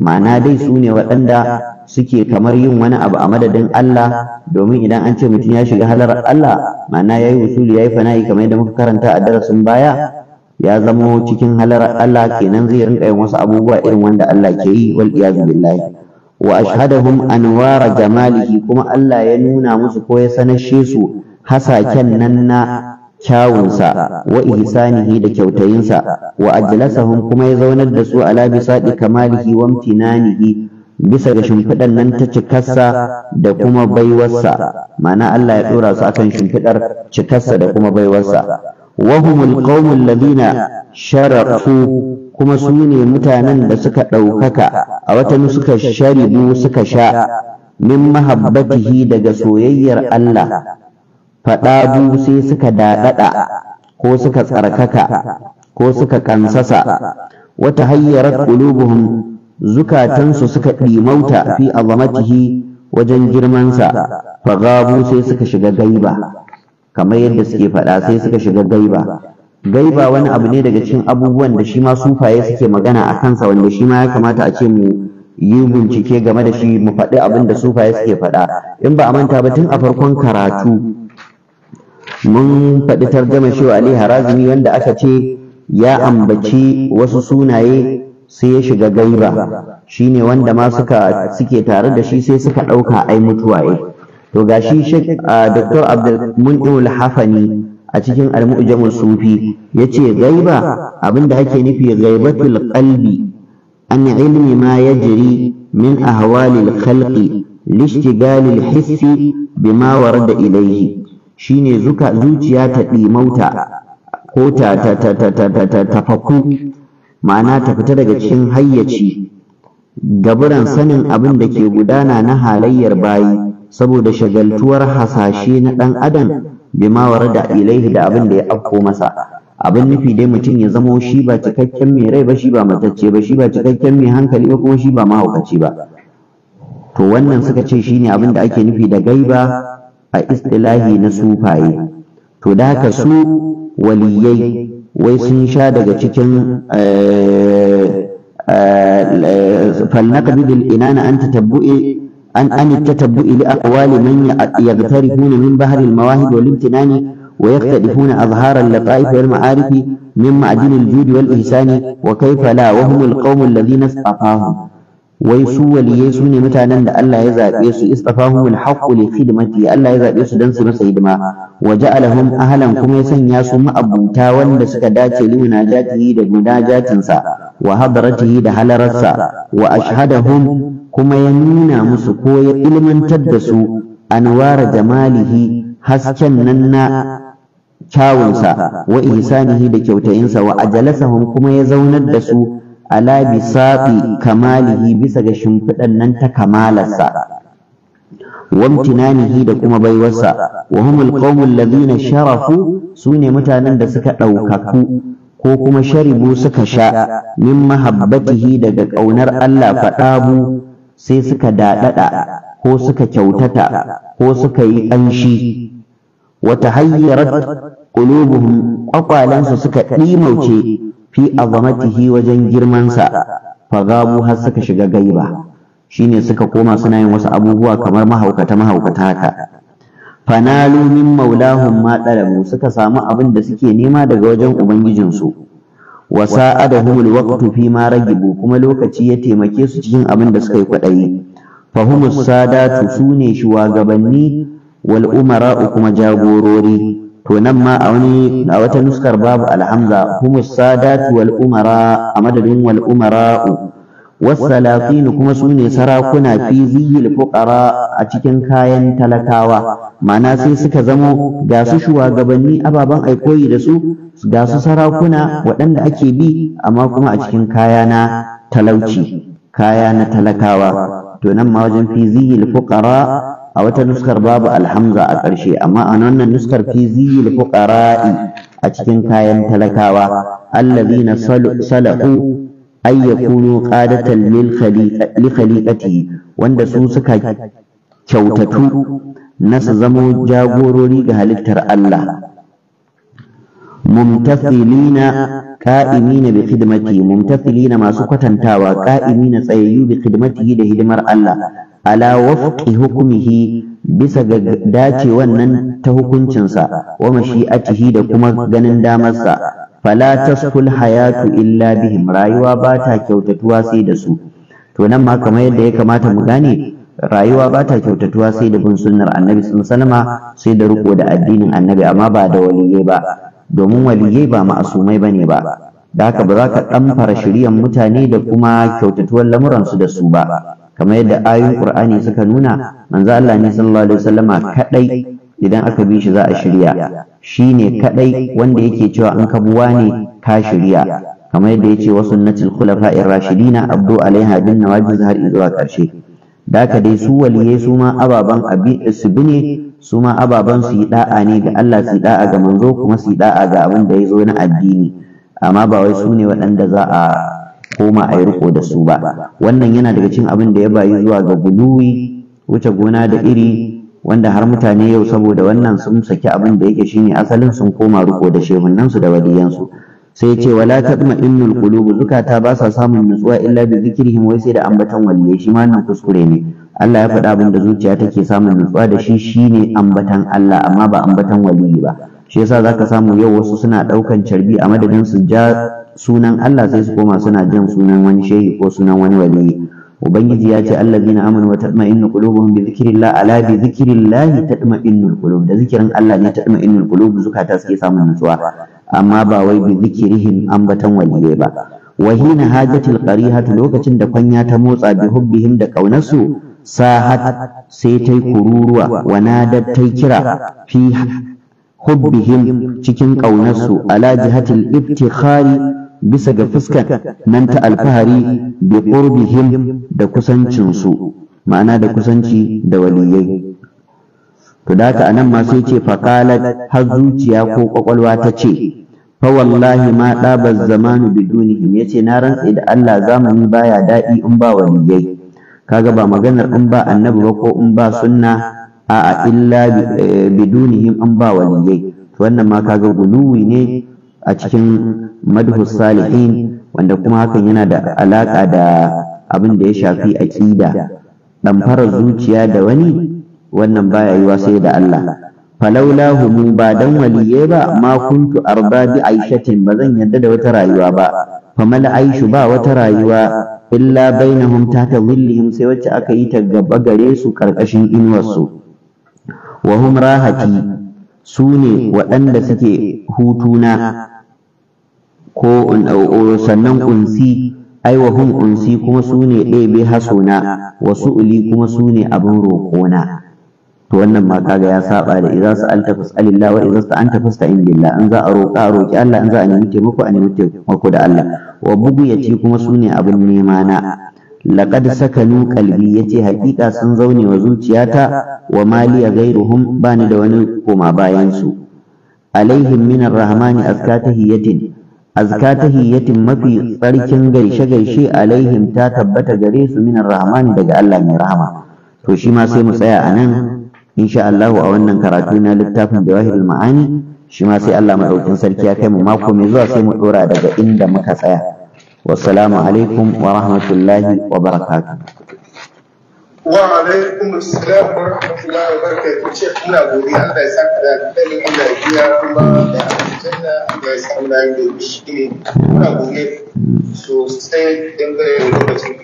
ma'ana dai su ne waɗanda suke kamar yin wani abu a madadin Allah domin idan an ce mutum ya shiga halarar Allah ma'ana yayi ya yi fana'i kamar yadda muka karanta a darasin baya ya zama cikin halar Allah kenan zai rinka yin wasu abubuwa irin wanda Allah ke yi wal iyazu billahi wa ashhadahum anwara jamalihi kuma Allah ya nuna musu ko ya sanashe su hasaken nan na kyawunsa wa ihsanihi da kyautayinsa wa ajlasahum kuma ya zaunar da su ala bisadi kamalihi wa imtinanihi bisa ga shimfiɗar nan ta cikarsa da kuma baiwarsa ma'ana Allah ya ɗora su akan shimfiɗar cikarsa da kuma baiwarsa وهم القوم الذين شرفوا kuma sune mutanen da suka ɗaukaka a watan suka sharibu suka sha min mahabbatihi daga soyayyar Allah faɗaɗu sai suka daɗaɗa ko suka tsarkaka ko suka kansasa wata hayyarar ƙulubuhum zukatansu suka ɗimauta fi azamatihi wajen girmansa fagabu sai suka shiga gaiba kamar yadda suke faɗa sai suka shiga gaiba gaiba wani abu ne daga cikin abubuwan da shi ma sufaye suke magana a kansa wanda shi ma ya kamata a ce mu yi bincike game da shi mu faɗi abin da sufaye suke faɗa in ba a manta ba tun a farkon karatu mun faɗi tarjama shehu ali harazimi wanda aka ce ya ambaci wasu sunaye sai ya shiga gaiba shine wanda ma suka suke tare da shi sai suka ɗauka ai mutuwaye to gashi shi a Abdul Mun'imul Hafani a cikin Al-Mu'jamul Sufi yace gaiba abinda ake nufi gaibatul qalbi an ilmi ma ya jiri min ahwalil khalqi lishtigalil hissi bima da ilayhi shine ne zuciya ta dimauta ko ta ma'ana ta fita daga cikin hayyaci gaburan sanin abin da ke gudana na halayyar bayi saboda shagaltuwar hasashe na ɗan adam wara da ilaihi da abin da ya afko masa abin nufi dai mutum ya zamo shi ba cikakken mai rai ba shi ba matacce ba shi ba cikakken mai hankali ba kuma shi ba mahaukaci ba to wannan suka ce shi ne abin da ake nufi da gaiba a istilahi na sufaye to da haka su waliyai wai sun sha daga cikin eh, eh, eh, Bibil, inana anta tabbu'e an an tatabbu ila aqwali man yaghtarifuna min bahri almawahid wal imtinani wa yaqtadifuna azhar al-laqaif wal ma'arif min ma'dil al-jud wal ihsani wa kayfa la wa hum al-qawm wai su waliye su ne mutanen da Allah ya zaɓe su istafahum al-haqq li khidmati Allah ya zaɓe su dan su masa hidima wa ja'alahum ahlan kuma ya sanya su ma'abunta wanda suka dace li munajatihi da munajatinsa wa hadratihi da halararsa wa ashhadahum kuma ya nuna musu ko ya ilmantar da su anwara jamalihi hasken nan na kyawunsa wa ihsanihi da kyautayinsa wa ajalasahum kuma ya zaunar da su ala bisafi kamalihi bisa ga shimfiɗan nan ta kamalarsa wamtinanihi da kuma baiwarsa wa humul qaumul ladina sharafu sune mutanen da suka ɗaukaku ko kuma sharibu suka sha min mahabbatihi daga ƙaunar Allah faɗabu sai suka daɗaɗa ko suka kyautata ko suka yi ƙanshi wata hayyarar ƙulubuhum ƙwaƙwalensu suka ɗimauce fi azamatihi wajen girmansa fagabu har suka shiga gaiba shine suka koma suna yin wasu abubuwa kamar mahaukata mahaukata haka fanalu min maulahum ma suka samu abin da suke nema daga wajen ubangijinsu wa da Humul fi ma ragibu kuma lokaci ya taimake su cikin abin da suka yi kwadayi fahumus sadatu sune shugabanni wal kuma jagorori to nan ma a wani a wata nuskar babu alhamza humus sadatu wal umara a madadin wal Wasu wasalafin kuma su ne sarakuna fi ziyil a cikin kayan talakawa ma'ana sai suka zamo ga su shugabanni ababen aikoyi da su ga su sarakuna waɗanda ake bi amma kuma a cikin kayana talauci kaya na talakawa to nan ma wajen fi ziyil a wata nuskar babu alhamza a ƙarshe amma a wannan nuskar fi ziyil a cikin kayan talakawa allazina sala'u ay yakunu qadatan lil khaliqati wanda su suka kyautatu na su zamo jagorori ga halittar Allah mumtathilina ka'imina bi khidmati mumtathilina masu kwatantawa ka'imina tsayayyu bi khidmatihi da hidimar Allah ala wafqi hukumihi bisa ga dace wannan ta hukuncinsa wa mashi'atihi da kuma ganin damarsa fala taskul hayatu illa bihim rayuwa ba ta kyautatuwa sai da su to nan ma kamar yadda ya kamata mu gane rayuwa ba ta kyautatuwa sai da bin sunnar annabi sallallahu sai da riko da addinin annabi amma ba da waliyyai ba domin waliyai ba ma'asumai bane ba da haka ba za ka ɗamfara shiryan mutane da kuma kyautatuwar lamuransu da su ba kamar yadda ayoyin qur'ani suka nuna manzo Allah ne sallallahu alaihi wasallama kadai idan aka bi shi za a shirya Shi ne kaɗai wanda yake cewa an kabuwa ne ka shirya kamar yadda ya ce wasu wa sunnatul rashidi rashidina abdu alaiha bin wajen har zuwa karshe daka dai su waliye su ma ababen abi su bine su ma ababen su yi da'a ne ga Allah su yi da'a ga manzo kuma su yi da'a ga abin da ya zo na addini amma ba wai su ne waɗanda za a koma a yi riko da su ba wannan yana daga cin abin da ya bayi zuwa ga guduwi wuce gona da iri wanda har mutane yau saboda wannan sun saki abin da yake shine asalin sun koma ruko da su da waliyansu sai ce wala tadma innul qulub zukata ba sa samun nutsuwa illa bi zikrihim wai sai da ambaton waliyai shi ma nan kuskure ne Allah ya faɗa abin da zuciya take samun nutsuwa da shi shine ambatan Allah amma ba ambatan waliyi ba shi yasa zaka samu yau wasu suna ɗaukan carbi a madadin su ja sunan Allah sai su koma suna jin sunan wani shehi ko sunan wani waliyi ubangiji ya ce allazina amanu wa tatma'innu qulubuhum bi dhikrillah ala bi dhikrillah tatma'innul qulub da zikirin Allah ne tatma'innul qulub zukata suke samun nutsuwa amma ba wai bi zikrihim ambatan waliyai ba wahina hajatil qarihatu lokacin da kwanya ta motsa bi hubbihim da kaunarsu sahat sai ta yi kururuwa wana nadat ta kira fi hubbihim cikin ƙaunarsu ala jihatil ibtikhari bisa ga fuskar nan ta alfahari bi qurbihim da kusancinsu ma'ana da kusanci da waliyai to da haka anan ma sai ce faqalat har zuciya ko kwakwalwa ta ce fa wallahi ma daba zamanu bidunihim yace na rantsi da Allah zamani baya dadi in ba waliyai kaga ba maganar in ba annabi ba ko in ba sunna a'a illa eh, bidunihim in ba waliyai wannan ma kaga guluwi ne a cikin madhu salihin wanda kuma hakan yana da alaka da abin da ya shafi aqida dan fara zuciya da wani wannan baya yiwa sai da Allah falaula humu ba dan waliye ba ma kuntu arda bi aishatin bazan yadda da wata rayuwa ba famal aishu ba wata rayuwa illa bainahum ta willihim sai wacce aka yi ta gaba gare su karkashin inuwarsu wa hum rahati su ne waɗanda suke hutuna ko sannan unsi aiwa Hun unsi kuma su ne ɗebe hasona wasu Uli kuma su ne abin roƙona to wannan ma kaga ya saba da an sa'alta fas'alillah wa idza sta'anta fasta'in billah in za a roƙa a roƙi Allah in za a nemi taimako a nemi taimako da Allah wa bugu yace kuma su ne abin nema na laqad sakanu qalbi yace haƙiƙa sun zaune wa zuciyata wa mali ya gairuhum bani da wani koma bayan su alaihim min arrahmani askatahiyatin azka ta hiyyatin mafi tsarkin gaishe gaishe alaihim ta tabbata gare su minar rahman daga Allah mai rahama to shi ma sai mu tsaya a nan insha Allah a wannan karatu na littafin Jawahirul Ma'ani shi ma sai Allah madaukin sarki ya kai mu mako mai zuwa sai mu dora daga inda muka tsaya wassalamu alaikum wa rahmatullahi wa barakatuh wa alaikum assalam wa rahmatullahi wa barakatuh ce kuna godiya Allah ya saka da dalilin ina biya kuma da aljanna da ya samu da yin shi ne kuna godiya sosai dangane da lokacin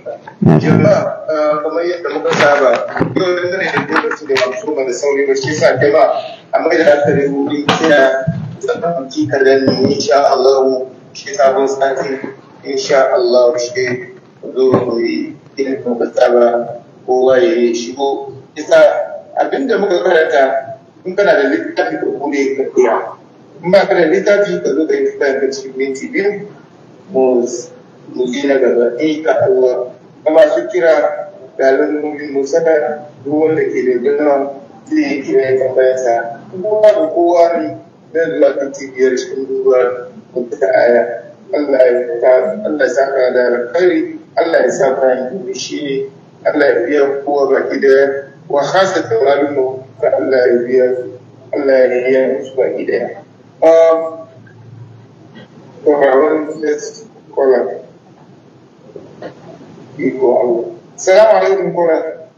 jama'a ah, kamar yadda muka saba yau dangane da lokacin da masu da sauri ba shi sa jama'a a mai da aka rubuta kira zan ci kadan ne insha Allah shi sabon sati insha Allah shi zo mu yi ilmin ba kowa ya shigo isa abinda muka karanta in kana da littafi ka bude ka koya in ba ka da littafi ka zo ka yi littafi ka cikin minti biyu mu je na gaba in eh, ka ba ma su kira ɗalibin musaka duk wanda ke da gina zai kira ya tambayarsa kowa da kowa ne na zuwa minti biyar cikin duba mutu ta aya Allah ya ka da alkhairi Allah ya sa ka yi shi ne Allah ya biya kowa baki daya wa hasa taurarin mu ka Allah ya biya Allah ya biya musu baki daya. Taurarin um, next caller. Iko Allah. Salamu alaikum kola.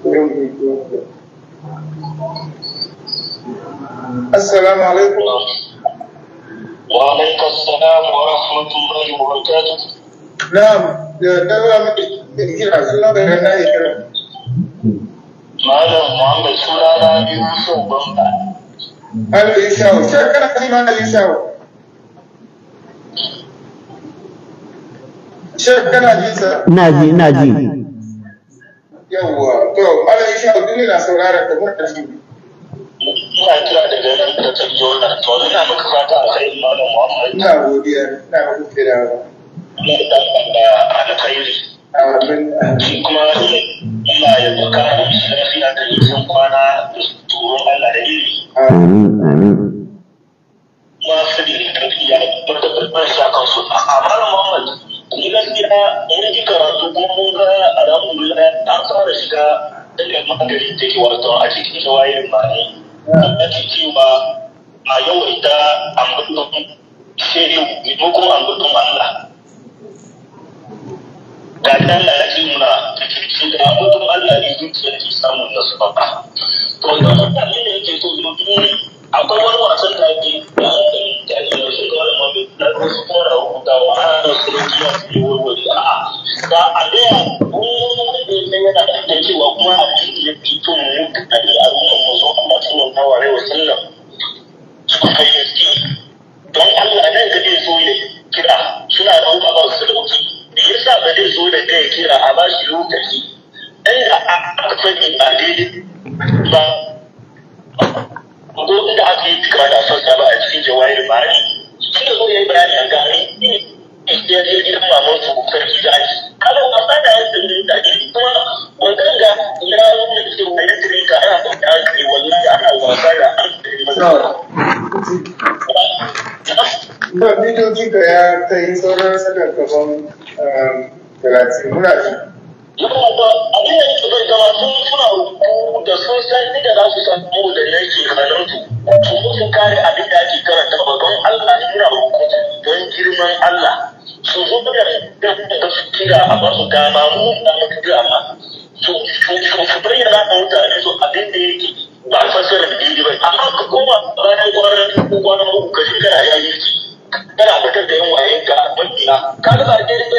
Thank you. السلام عليكم وعليكم السلام ورحمة الله وبركاته نعم يا نعم نعم نعم نعم نعم نعم نعم نعم ناجي ناجي يا الله طيب انا ان شاء الله الدنيا سولارك ومتعشمي ina kira da gani da ta biyo na to ina maka fata a kai malam Muhammad ina godiya ina maka kira ina da da alkhairi amin shi kuma ina ya baka lafiya da yin kwana da Allah da iri amin amin ma sani da tafiya da tabbatar da kan su amma Muhammad gidan gida mun ji karatu kuma mun ga alhamdulillah an fara shiga da magani take wato a cikin shawayin ake cewa a yawaita ambaton shehu maimakon ambaton Allah da Allah ya ce muna cikin da ambaton Allah ne zuciya ke samun nasuwa to idan mutane yake so zuwa akwai wani wasan da ake da aka yi da ake da su kawai mafi wasu kuma da hukunta wa ana su da yi warware a da a gaya wani da ya yana da ake cewa kuma a cikin ya fito mutane a ruwan mazo Allah sallallahu alaihi wasallam suka yi gaske don Allah nan da zai zo ya kira suna da hukunta ba su da wuki me sa ba zai zo da ya kira a ba shi lokaci inda aka sani a daidai ba zo inda aka yi kira da son ba a cikin da bari sun da zo ya yi bayani a gari ya je gidan maman su sarki da ake kaga wasa da ya tsiri da ake kuma wannan ga ya nuna cewa ya tsiri ka ana son da aka yi wallahi ana wasa da an tsiri ba bidon ka ya kai sauran sadar gaban talatin muna saboda abin da yake bai gaba sun suna ruku da sun san inda za su san mu da yake hannun su su so kare abin da ake karanta ba don Allah suna ruku don girman Allah su zo da da su kira a ba su dama mu da mu kira ma su su su bayyana ma mutane su abin da yake ba fasarar daidai ba amma ka koma bayan kwanan kwanan uku ka shekara ya yi kana fitar da yin wayenka a bayyana ka ga ba daidai ba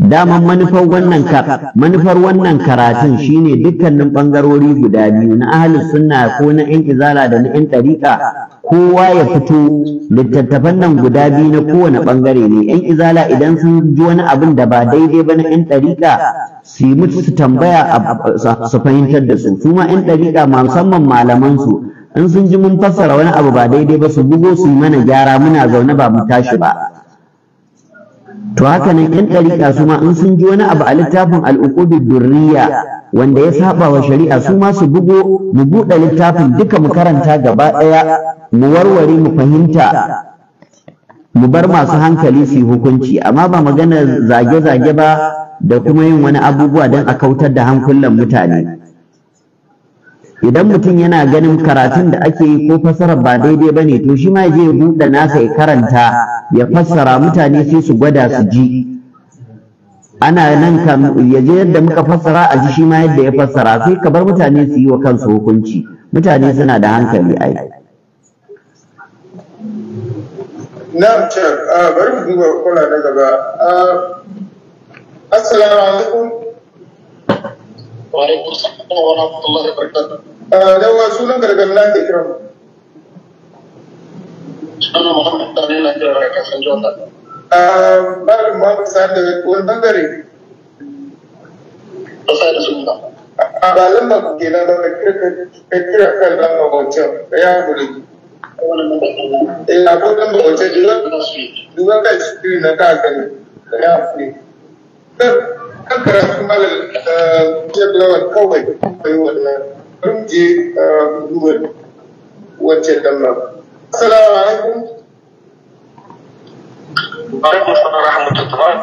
daman manufar wannan ka manufar wannan karatun shine dukkanin bangarori guda biyu na ahlus sunna ko na yan izala da na yan tariqa kowa ya fito littattafan nan guda biyu na kowane bangare ne yan izala idan sun ji wani abin da ba daidai ba na yan tariqa su yi mutu su tambaya su fahimtar da su su ma yan tariqa musamman malaman su in sun ji mun fassara wani abu ba daidai ba su bugo su yi mana gyara muna zaune ba mu tashi ba to haka nan yan ɗariƙa su ma in sun ji wani abu a littafin al'uqubid durriya wanda ya saba wa shari'a su ma su bugo mu buɗe littafin duka mu karanta gaba ɗaya mu warware mu fahimta mu bar masu hankali su yi hukunci amma ba maganar zage-zage ba da kuma yin wani abubuwa don a kautar da hankulan mutane idan mutum yana ganin karatun da ake yi ko fassara ba daidai ba ne to shi ma je buɗe nasa ya karanta ya fassara mutane sai su gwada su ji ana nan ya je yadda muka fassara a ji shi ma yadda ya fassara sai ka bar mutane su yi wa kansu hukunci mutane suna da hankali ai Na'am bari mu duba kula na gaba. Assalamu alaikum. Wa'alaikum salam wa rahmatullahi wa barakatuh. Dan wa sunan gargar na ke kiran. Sunana Muhammad Sani na kiran daga kasan Jota. Malam Muhammad Sani daga wani bangare. Kusa A ba lamba ku ke nan da kira kan lamba wancan da ya gudu. Eh, akwai da ya fi. karatun malam jadawar kawai kai wannan rumje duwar wancan dan ma assalamu alaikum alaikum salam rahmatullah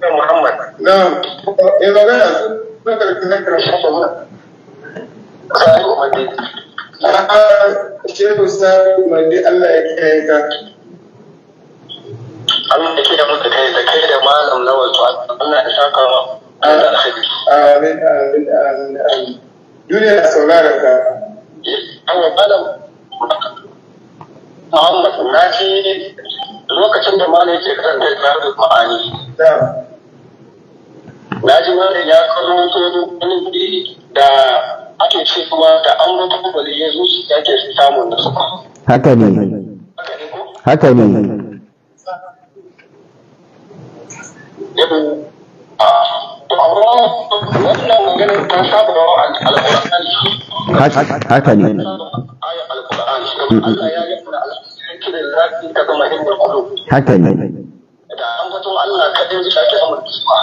ya muhammad na'am ya magana na karatun na karatun malam sai umadi a'a shehu sai umadi Allah ya kiyaye ka Allah ya kiyaye maka kai da kai da malam lawal to Allah ya saka maka Amin, amin, amin, amin. Duniya na sauraron ka. Awa malam, Muhammad na ji lokacin da malam yake karanta Ibrahim Ma'ani. Na ji malam ya karanto wani da ake ce kuma da an mutu waliyai zuci ya ke samun nasu. Haka ne. Haka ne. Haka ne. wannan maganin ta saba da alƙur'ani haka ne da ake samun kisma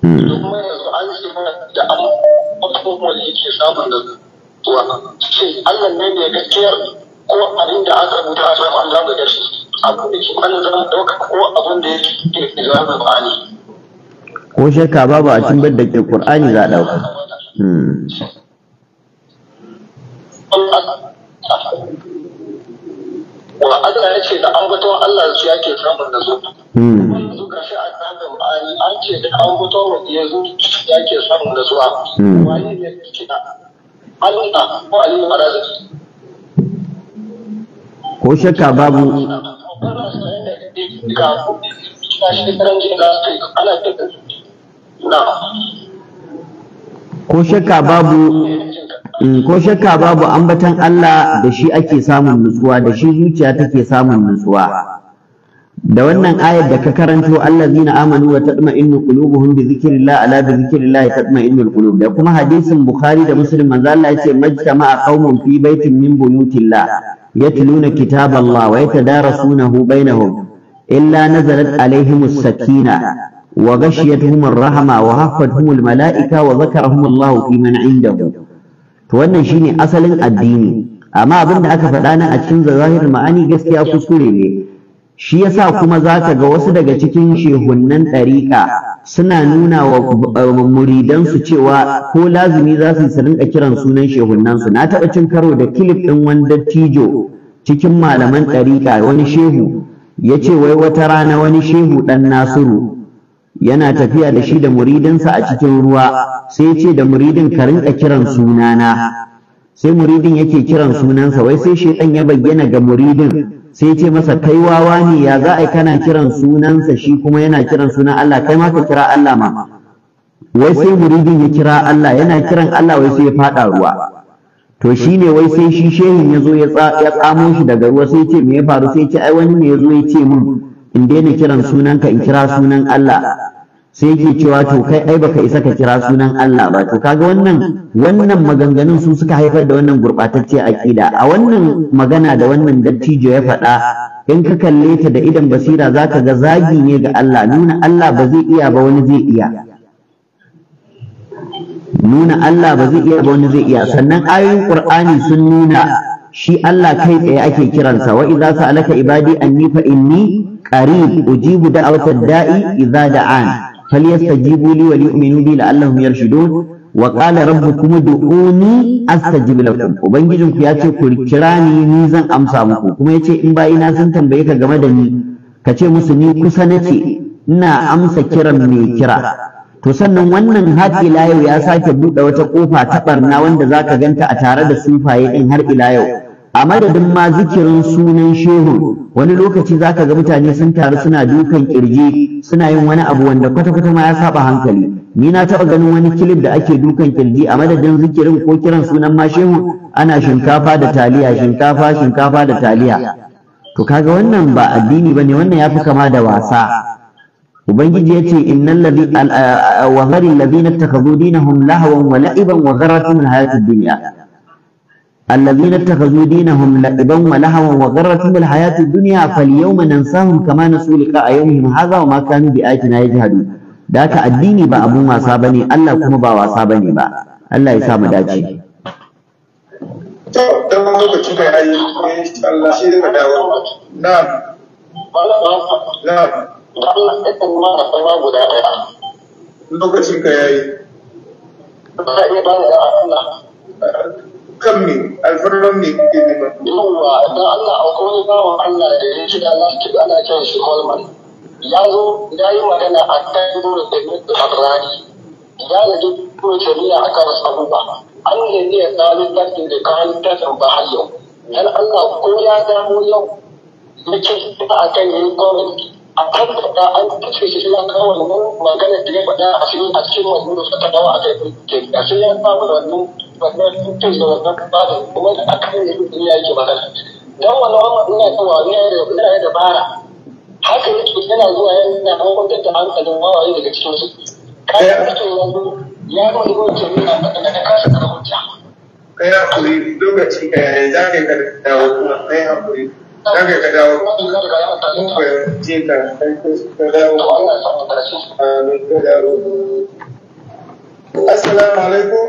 kuma yanzu an da ne gaskiyar ko abin da aka rubuta a cikin Allah da shi abin da ke kwanan zama ɗauka ko abin da yake zama ba'ani ko shakka babu a cin da ke ƙur'ani za a ɗauka hmm. wa Allah ya ce da ambaton Allah su ke samun da su hmm. ga shi a an ce da ambaton ya zo ke samun da zuwa hmm. wani ne Allah ko Ali Marazaki ko shakka babu ana Mm, ko shakka babu ambatan Allah da shi ake samun nutsuwa da shi zuciya take samun nutsuwa da wannan ayar da ka karanto allazina amanu wa tatma'innu qulubuhum bi dhikrillah ala bi dhikrillah inu qulub da kuma hadisin bukhari da muslim manzo Allah yace majtama'a qaumun fi baitin min buyutillah yatluna kitaballah wa yatadarasunahu bainahum illa nazalat alaihimus sakinah وغشيتهم الرحمة وحفتهم الملائكة وذكرهم الله في من عنده wannan shine asalin addini amma abin da aka faɗa na a cikin zahirin ma'ani gaskiya kuskure ne shi yasa kuma zaka ga wasu daga cikin shehunnan ɗarika, suna nuna wa eh, su cewa ko lazumi za su su rinka kiran sunan su na taɓa cin karo da kilif ɗin wani dattijo cikin malaman ɗarika. wani shehu ya ce wai wata rana wani shehu ɗan nasiru yana tafiya da shi da muridinsa a cikin ruwa sai ce da muridin ka rinka kiran sunana sai muridin yake kiran sunansa wai sai shaitan ya bayyana ga muridin sai ce masa kai wawa ne ya za a kana kiran sunansa shi kuma yana kiran sunan Allah kai ma ka kira Allah ma wai sai muridin ya kira Allah yana kiran Allah wai sai ya fada ruwa to shine wai sai shi shehin ya zo ya tsamo shi daga ruwa sai ce me ya faru sai ce ai wani ne ya zo ya ce min in daina kiran sunanka in kira sunan Allah sai yake cewa to kai ai baka isa ka kira sunan Allah ba to kaga wannan wannan maganganun su suka haifar da wannan gurɓatacce aƙida a wannan magana da wannan dattijo ya faɗa in ka kalle ta da idan basira zaka ga zagi ne ga Allah nuna Allah ba zai iya ba wani zai iya nuna Allah ba zai iya ba wani zai iya sannan ayoyin Qur'ani sun nuna shi Allah kai tsaye ake kiransa wa idza sa'alaka ibadi anni fa inni قريب أجيب دعوة الداء إذا da فليستجيبوا لي وليؤمنوا بي لعلهم يرشدون وقال ربكم ادعوني استجب لكم ubangijin ku yace ku kira ni ni zan amsa muku kuma yace in bai na sun tambaye ka game da ni ka ce musu ni kusa na ce. ina amsa kiran mai kira to sannan wannan haƙi yau ya sake buɗe wata ƙofa ta ɓarna wanda zaka ganta a tare da sufaye din har ila yau a madadin ma zikirin sunan shehu wani lokaci zaka ga mutane sun taru suna dukan kirji suna yin wani abu wanda kwata-kwata ma ya saba hankali ni na taɓa ganin wani kilin da ake dukan kirji a madadin zikirin ko kiran sunan ma shehu ana shinkafa da taliya shinkafa shinkafa da taliya to kaga wannan ba addini bane wannan yafi kama da wasa ubangiji yace innal ladhi wa gharil ladina takhudunahum dinahum lahwan wa la'iban wa gharatun hayatid dunya الذين اتخذوا دينهم لعبا ولهوا وغرتهم الحياة الدنيا فاليوم ننساهم كما نسوا لقاء يومهم هذا وما كانوا بآياتنا يجهدون ذاك الدين با أبو ما صابني الله كما با وصابني با الله يسامى داجي نعم نعم lokacin ka yayi ba ya ba Allah kan me alfarman ne kuke nema. Yawwa don Allah akwai wani bawan Allah da ya shiga lastik ana kiran shi Holman. Ya zo ya yi magana a kan dole da mutu a rani. Ya da duk kuma shari'a a kan ba. An yi ne ya tsari lastik da kayan tasan ba har yau. Dan Allah ko ya damu yau. Yake a kan yin gwamnati a kan da an kace shi shi an kawo wannan maganar da ya faɗa a cikin a wannan fatawa a kai. A cikin ya kawo wannan wannan kai da wannan ba da kuma da aka yi da duniya yake magana da da ya ga wani da da lokaci ka za ka ka dawo kuma kai hakuri za ka ka dawo kuma je ka ka dawo ka assalamu alaikum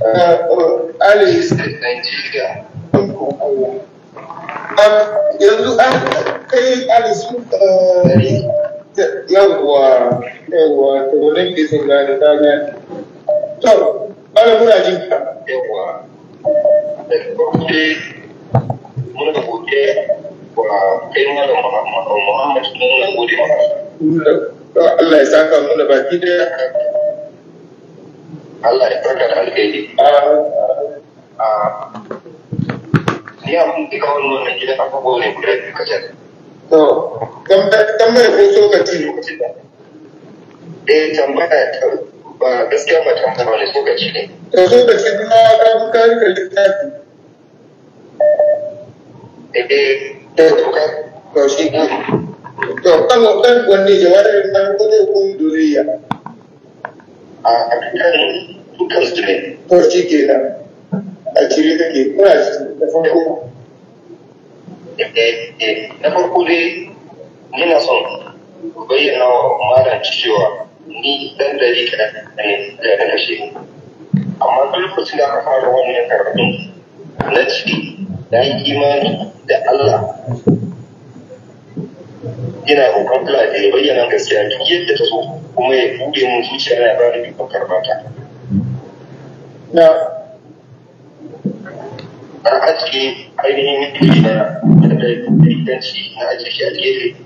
Uh, alis Nigeria um, yanzu an kai uh, yawwa yawwa ke sun to ana muna jin ka yawwa muna wa kai malam Allah ya saka mu da baki daya Allah ya saka da alheri ah, ni abin da kawai wannan gidan abubuwa ne guda biyu kacal to tambaya ko tsokaci lokacin da eh tambaya ba gaskiya ba tambaya wani tsokaci ne to tsokaci kuma ka fi kari ka littafi eh to ka to shi to kan wannan wani jawabin nan ko ne kun duriya a kan dukkan su ne to shi ke nan a cire take kuna da farko eh, eh, na farko dai muna son bayyana wa malam cewa ni dan dari ka ne da kashe amma lokacin da aka fara wannan karatu na ciki da yi imani da Allah ina kokon kula da ya bayyana gaskiya duk yadda ta so kuma ya buɗe mun zuciya na ba da dukkan karbata na a ajiye ainihin mutane na da idanci na ajiye a gefe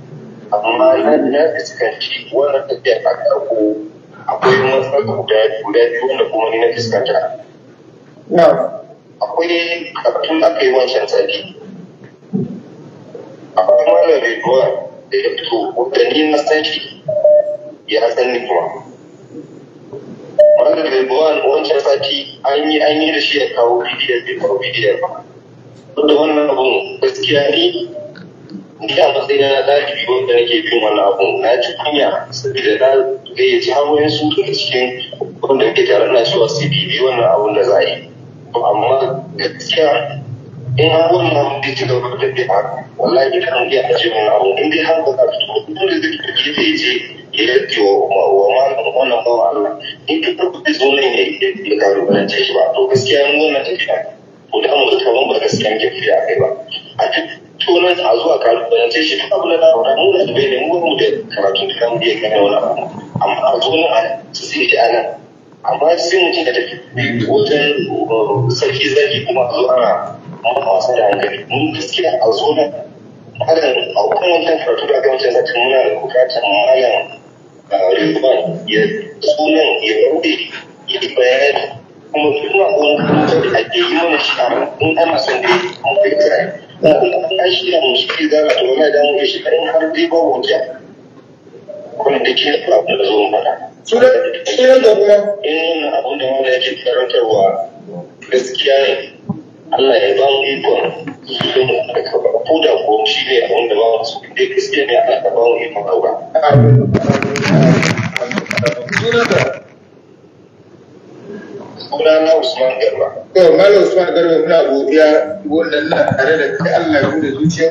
amma na na fuskanci wannan tafiyar a ɗauko akwai matsala guda guda biyu wanda kuma ni na fuskanta na akwai kafin aka yi wancan tsari akwai malar reduwa eh to wanda ni na san shi ya san ni kuma da rilbuwan wancan sati an yi an yi da shi ya kawo bidiyar bai kawo bidiyar ba wannan abun gaskiya ne. ni a matsayin na ɗalibi wanda nake bin wannan abun na ji kunya saboda na zai ji hawayen su daga cikin wanda ke tare na cewa cbb wannan abun da za a yi amma gaskiya in har wannan da ci gaba da ba, har wallahi ita kan iya aje mai abu in dai har ba ka fito dole zai fito zai je ya yarki wa wa malamin wannan bawa Allah in duk da kuka zo ne ne ya karu ba ce shi ba to gaskiya mun wannan tafiya ko da mu ta ban ba gaskiya ke a kai ba a duk tonan a zuwa karu ba ce shi duk abu da dawo mu da bai ne mu mu da karatu da kan biye kan wani abu amma a zo ne a sai ta ana amma sai mun mutum da tafi wajen uh, sarki zaki kuma a zo ana an kwasa da hankali mun gaskiya a zo na malam a kuma wancan karatu da aka wancan satin muna da bukatar malam Rizwan ya sunan ya bude ya bayani kuma kuma wani kuma da ake yi mana shi a mun ana son da an kai tsira da kuma an shi da mun shi da ta wani da mun shi karin har dai ba wuce kuma da ke abu da zo mana su da kiran da kuma in abun da wanda yake karantarwa gaskiya ne Allah ya ba mu ikon yin da ka ba ku da ko shi ne a wanda ba su da gaskiya ne Allah ka ba mu ikon aura sunanta sunana Usman Garba to malam Usman Garba muna godiya wannan na tare da kai Allah ya bude zuciya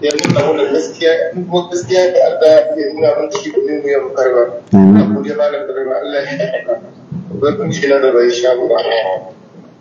ya nuna mana gaskiya in kuma gaskiya da Allah ya nuna mana ci domin mu yi karba na godiya malam Garba Allah ya yi karba ubangiji na da bai sha ba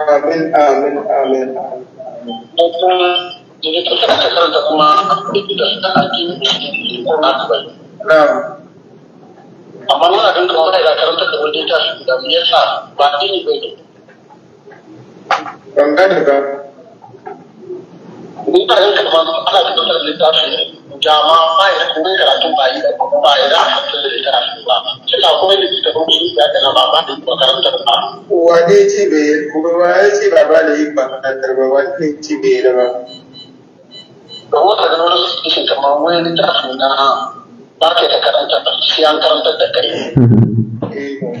Amin, amin, amin, amin. amma muna ganin kuma da karanta da wani ta su da ya sa ba dini bai da ban gane ba ni ta ganin kamar ana karanta da littafi dama bayan koyon karatu ba yi da ba yi da karatu ba suna kuma da ta kuma yi da kana ba ba da yi makarantar ba wane ce bai kuma ba ya ce ba ba da yi makarantar ba wani ce bai da ba da wata ta wani su ke kamar ta littafi na ba ke ta karanta ba sai an karantar da kai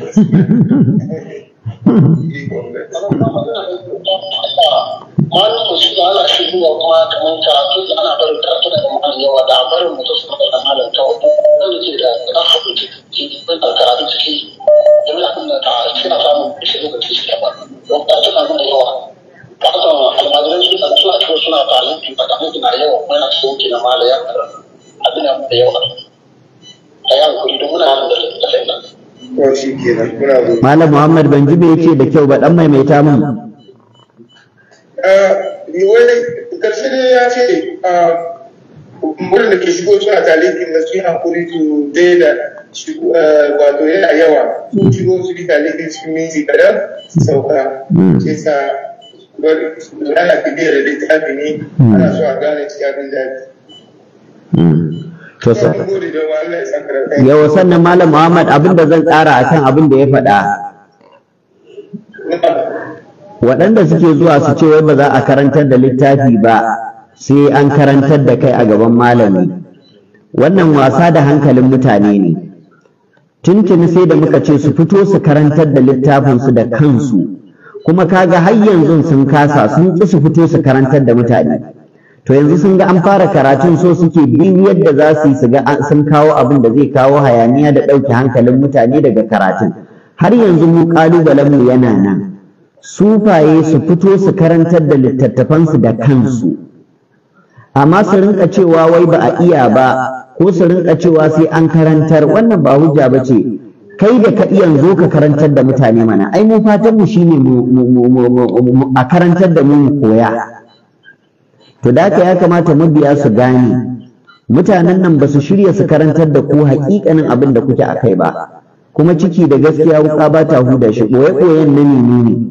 eh, [laughs] malum su da ala shi zuwa kuma kamar karatu da ana barin karatu da malam yawa da barin ta su da malam ta wato wanda ke da ɗan haɗu ke da karatu ciki da mai abin da ta suna samun shi lokaci shi yawa don karatu na gudun yawa kasan almajiran suna suna cewa suna talentin ta kamar na yawa kuma yana so ke na malam ya kara abin da yawa a yawon kuri don muna yawan da lafiya. Malam Muhammad ban ji me yake da kyau ba dan maimaita mun. Eh, wani karshe ne ya ce wurin da ke shigo suna talikin da su yi hankuri su dai da eh, wato yana yawa su shigo su yi talikin su minti sauka hmm. sa ana kibiyar da ne hmm. ana so a gane cikin abin da hmm. sannan malam muhammad abin da zan tsara a kan abin da ya faɗa waɗanda suke zuwa su ce wai ba za a karantar da littafi ba sai an karantar da kai a gaban malami wannan wasa da hankalin mutane ne tuntuni sai da muka ce su fito su karantar da littafinsu da kansu kuma kaga har yanzu sun kasa sun ƙi su fito su karantar da mutane to yanzu sun ga an fara karatun so suke bin yadda za su yi sun kawo abin da zai kawo hayaniya da ɗauke hankalin mutane daga karatun har yanzu mu ƙalubalen mu yana nan sufaye su fito su karantar da littattafansu da kansu amma su rinka cewa wai ba a iya ba ko su rinka cewa sai an karantar wannan ba hujja ba ce kai da ka iya zo ka karantar da mutane mana ai mu fatan mu shine a karantar da mu koya to da ya kamata mabiya su gane mutanen nan ba su shirya su karantar da ku haƙiƙanin abin da kuke a kai ba kuma ciki da gaskiya wuka ba ta huda shi ɓoye-ɓoyen na menene ne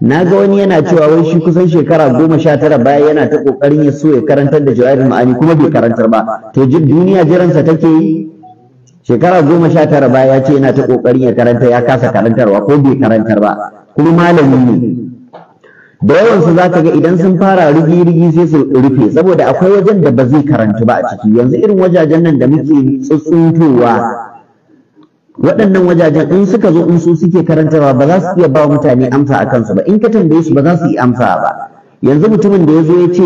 na ga wani yana cewa wai shi kusan shekara goma sha tara baya yana ta kokarin ya so ya karantar da jawabin ma'ani kuma bai karantar ba to duniya jiransa take yi shekara goma sha tara baya ya ce yana ta kokarin ya karanta ya kasa karantarwa ko bai karantar ba kuma malami ne da yawansu za ka ga idan sun fara rigi-rigi sai su rufe saboda akwai wajen da ba zai karantu ba a ciki yanzu irin wajajen nan da muke tsuntsuntowa waɗannan wajajen in suka zo in su suke karantarwa ba za su iya ba mutane amsa a kansu ba in ka tambaye su ba za su yi amsa ba yanzu mutumin da ya zo ya ce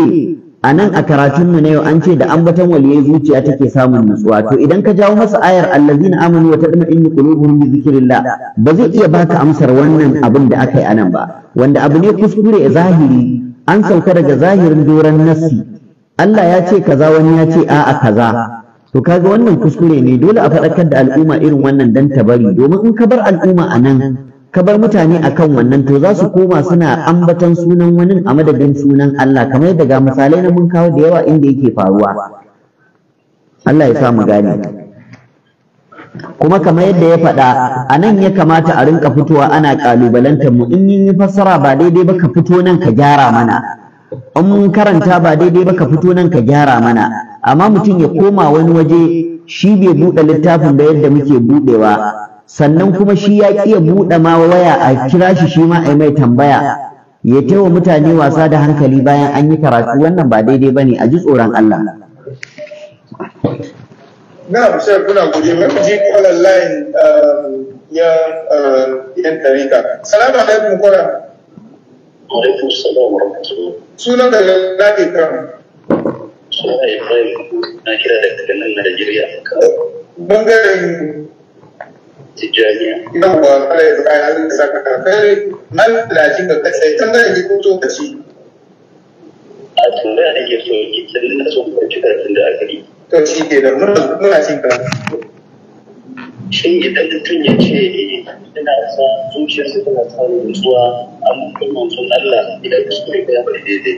a nan a karatunmu na yau an ce da ambatan waliyai zuciya take samun nutsuwa to idan ka jawo masa ayar allazina amanu wa tatma'innu qulubuhum bi zikrillah ba zai iya baka amsar wannan abin da aka yi anan ba wanda abu ne kuskure zahiri an sauka daga zahirin doron nassi Allah ya ce kaza wani ya ce a'a kaza to kaga wannan kuskure ne dole a faɗakar da al'umma irin wannan dan ta bari domin in ka bar al'umma a nan ka bar mutane akan wannan to za su koma suna ambatan sunan wani a madadin sunan Allah kamar yadda ga misalai na mun kawo da yawa inda yake faruwa Allah ya sa mu gane kuma kamar yadda ya faɗa a nan ya kamata a rinka fitowa ana ƙalubalantar mu in yi fassara ba daidai ba ka fito nan ka gyara mana in mun karanta ba daidai ba ka fito nan ka gyara mana amma mutum ya koma wani waje shi bai buɗe littafin da yadda muke buɗewa sannan kuma shi ya ƙi ya buɗe ma waya a kira shi shi ma a mai tambaya ya taiwa mutane wasa da hankali bayan an yi karatu wannan ba daidai ba ne a ji tsoron Allah. na shar kuna guje mai kuji kwallon layin um, ya uh, yan tarika salamu alaikum kura sunan da na ke kan suna ibrahim na kira da kanan najeriya bangaren tijjaniya yawwa kare ibrahim an da saka ga kasai tun da yake kuto da shi a tambaya da ke so ki sanin na so ku ci karfin da aka yi to shi ke da muna cin karfin shin idan mutum ya ce eh, ina sa zuciyarsa tana samun nutsuwa an mutum manzon Allah idan kuskure ya bari daidai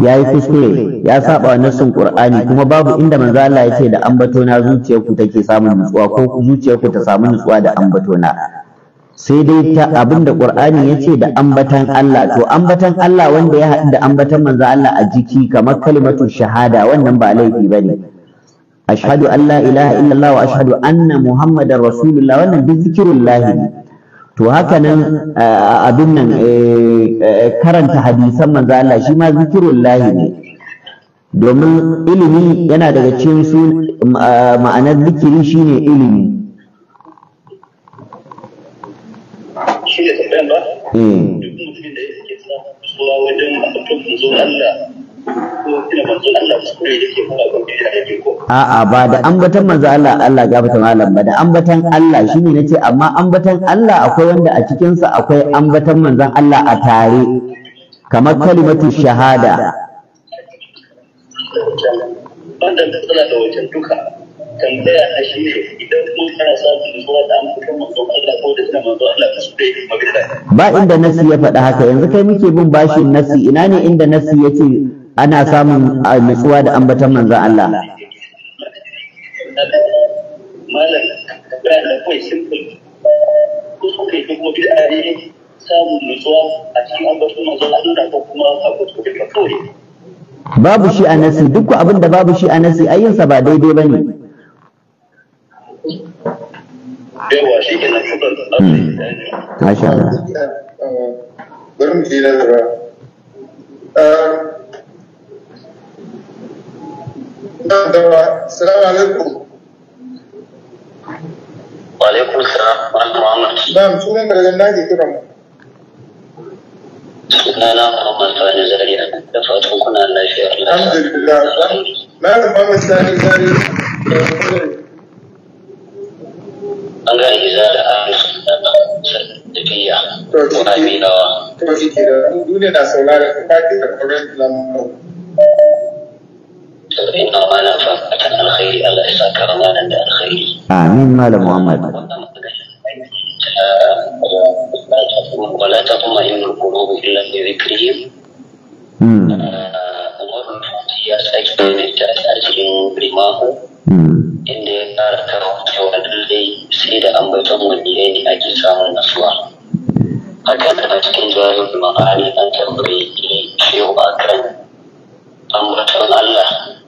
ya yi kuskure ya saba wa nassin qur'ani kuma babu inda manzo Allah ya ce da ambato na zuciyarku take samun nutsuwa ko ku zuciyarku ta samu nutsuwa da ambato na sai dai ta abin da qur'ani ya ce da ambatan Allah to ambatan Allah wanda ya haɗu da ambatan manzo Allah a jiki kamar kalimatu shahada wannan ba laifi bane ashhadu an la ilaha illallah wa ashhadu anna muhammadar rasulullah wannan duk zikirullahi ne to haka nan abin nan eh, eh, karanta hadisan manzo Allah shi ma zikirullahi ne domin ilimi yana daga cikin su ma'anar zikiri shine ilimi shi da ba? Eh. Duk mutumin da ya suke sa zuwa wajen mutum zuwa Allah A'a ba da ambatan manzo Allah Allah gafarta malam ba da ambatan Allah shine nace amma ambatan Allah akwai wanda a cikin sa akwai ambatan manzon Allah a tare kamar kalimatu shahada da wajen duka tambaya a shi ne idan kana da ambatan Allah ko da tana Allah su magana ba inda nasi ya faɗa haka yanzu kai muke bin bashin nasi ina ne inda nasi yace ana samun ah, ah, nutsuwa da ambaton manzon Allah malam da kawai simple kai samun nutsuwa a cikin ko kuma da kawai babu shi a nasi duk abin da babu shi a nasi ayyinsa ba daidai ba ne hmm. Masha Allah. دعوة السلام عليكم وعليكم السلام ورحمة الله نعم شو من النادي كده sunana Muhammad Sani Zaria da fatan kuna lafiya. Alhamdulillah. Malam Muhammad Sani Zaria. An gane iza da Tafiya. Kuna bi nawa. Duniya na saurara ta kaki da kwarin lamarin. Sarrafa mana fatan alkhairi da Amin Malam Muhammad. ولا تطمئن القلوب بذكرهم lallai sai da ambaton waliyai ne ake samun haka a cikin jarin ma'ani an Allah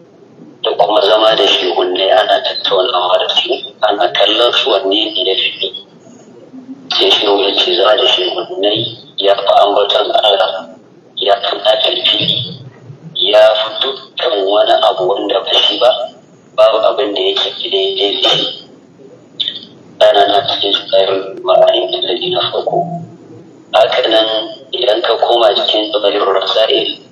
da kuma zama da hunne ana tattaunawa da su ana kallon su wanne ne da shi sai shi ya ce zama da shi hunne ya fi ambaton Allah ya fi nakalfi ya fi dukkan wani abu wanda ba shi ba babu abin da yake ya da shi ana na cikin tsarin ma'ayin da na farko haka idan ka koma cikin tsarin rasa'il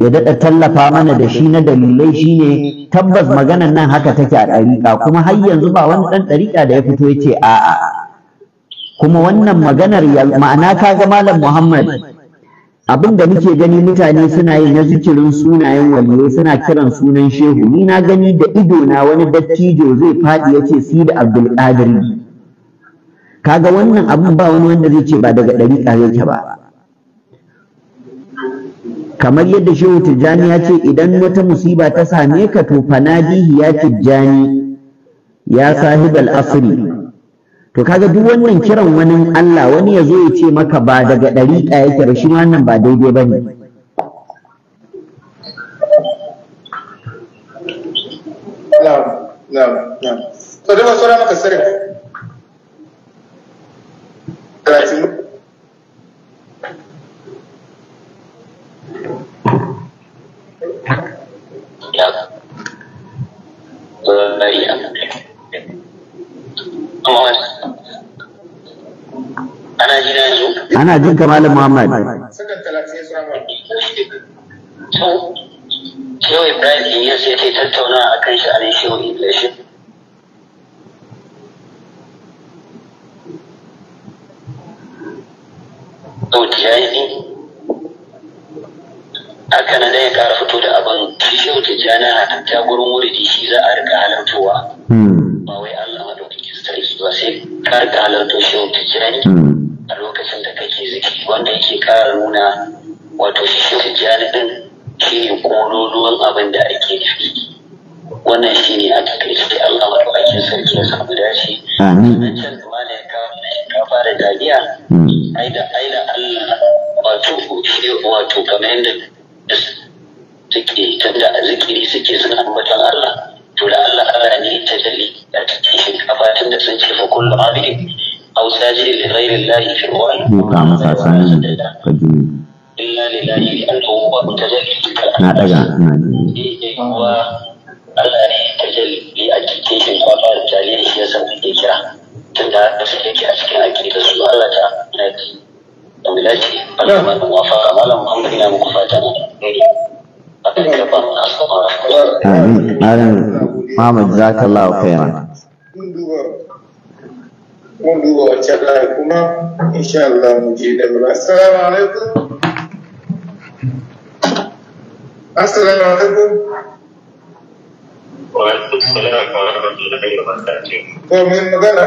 ya daɗa tallafa mana da shi na dalilai shine tabbas maganan nan haka take a ɗariƙa kuma har yanzu ba wani ɗan ɗariƙa da ya fito ya ce a'a kuma wannan maganar ma'ana ka ga malam muhammad abin da muke gani mutane suna yi na zikirin sunayen waliyai suna kiran sunan shehu ni na gani da ido na wani dattijo zai faɗi ya ce si da abdulkadir kaga wannan abin ba wani wanda zai ce ba daga ɗariƙa yake ba kamar yadda shehu tijjani ya ce idan wata musiba ta same ka to fanadihi ya tijjani ya sahibal al'asiri to kaga duk wannan kiran wani Allah wani ya zo ya ce maka ba daga ɗari ɗaya kira shi wannan ba daidai ba ne to sauran maka sirri Ana jin yanzu? Ana ka Muhammad. Sakan talatin ya Ibrahim ya sai ta tattauna a kan shi a nan haka na ya kara fito da abin shi shehu jana ta gurin wuridi shi za a rika halartowa hmm. ba wai Allah madaukakin sarki ba sai ka rika halarto ta jani hmm. a lokacin da kake ziki wanda yake kara nuna wato shi ta jani din shi ne kololuwan abin da ake nufi wannan shi ne a takaice Allah madaukakin sarki ya samu dace amin can kuma ne ka fara dariya ai da Allah wato wato kamar yadda suke ta da zikiri suke suna ambatan Allah to da Allah Allah ne ta dali a cikin kafatin da sun ce fa kullu abidin aw sajid li ghayri Allah fi ruwan duka masa sanin ka duni illa lillahi al-tawba mutajalli na daga na ji Allah ne ta dali a cikin kafatin da ya san ke kira tunda da suke a cikin aqidar su Allah ta na ji. Abdullahi Alhamdulillah wafaka malam Muhammad ina muku fatan Amin. za Muhammad jazakallahu khairan. Mun duba wacce rana kuma insha Allah mu je da mu. Assalamu alaikum. Assalamu alaikum. Wa alaikum salam wa rahmatullahi wa barakatuh. Ko mun magana?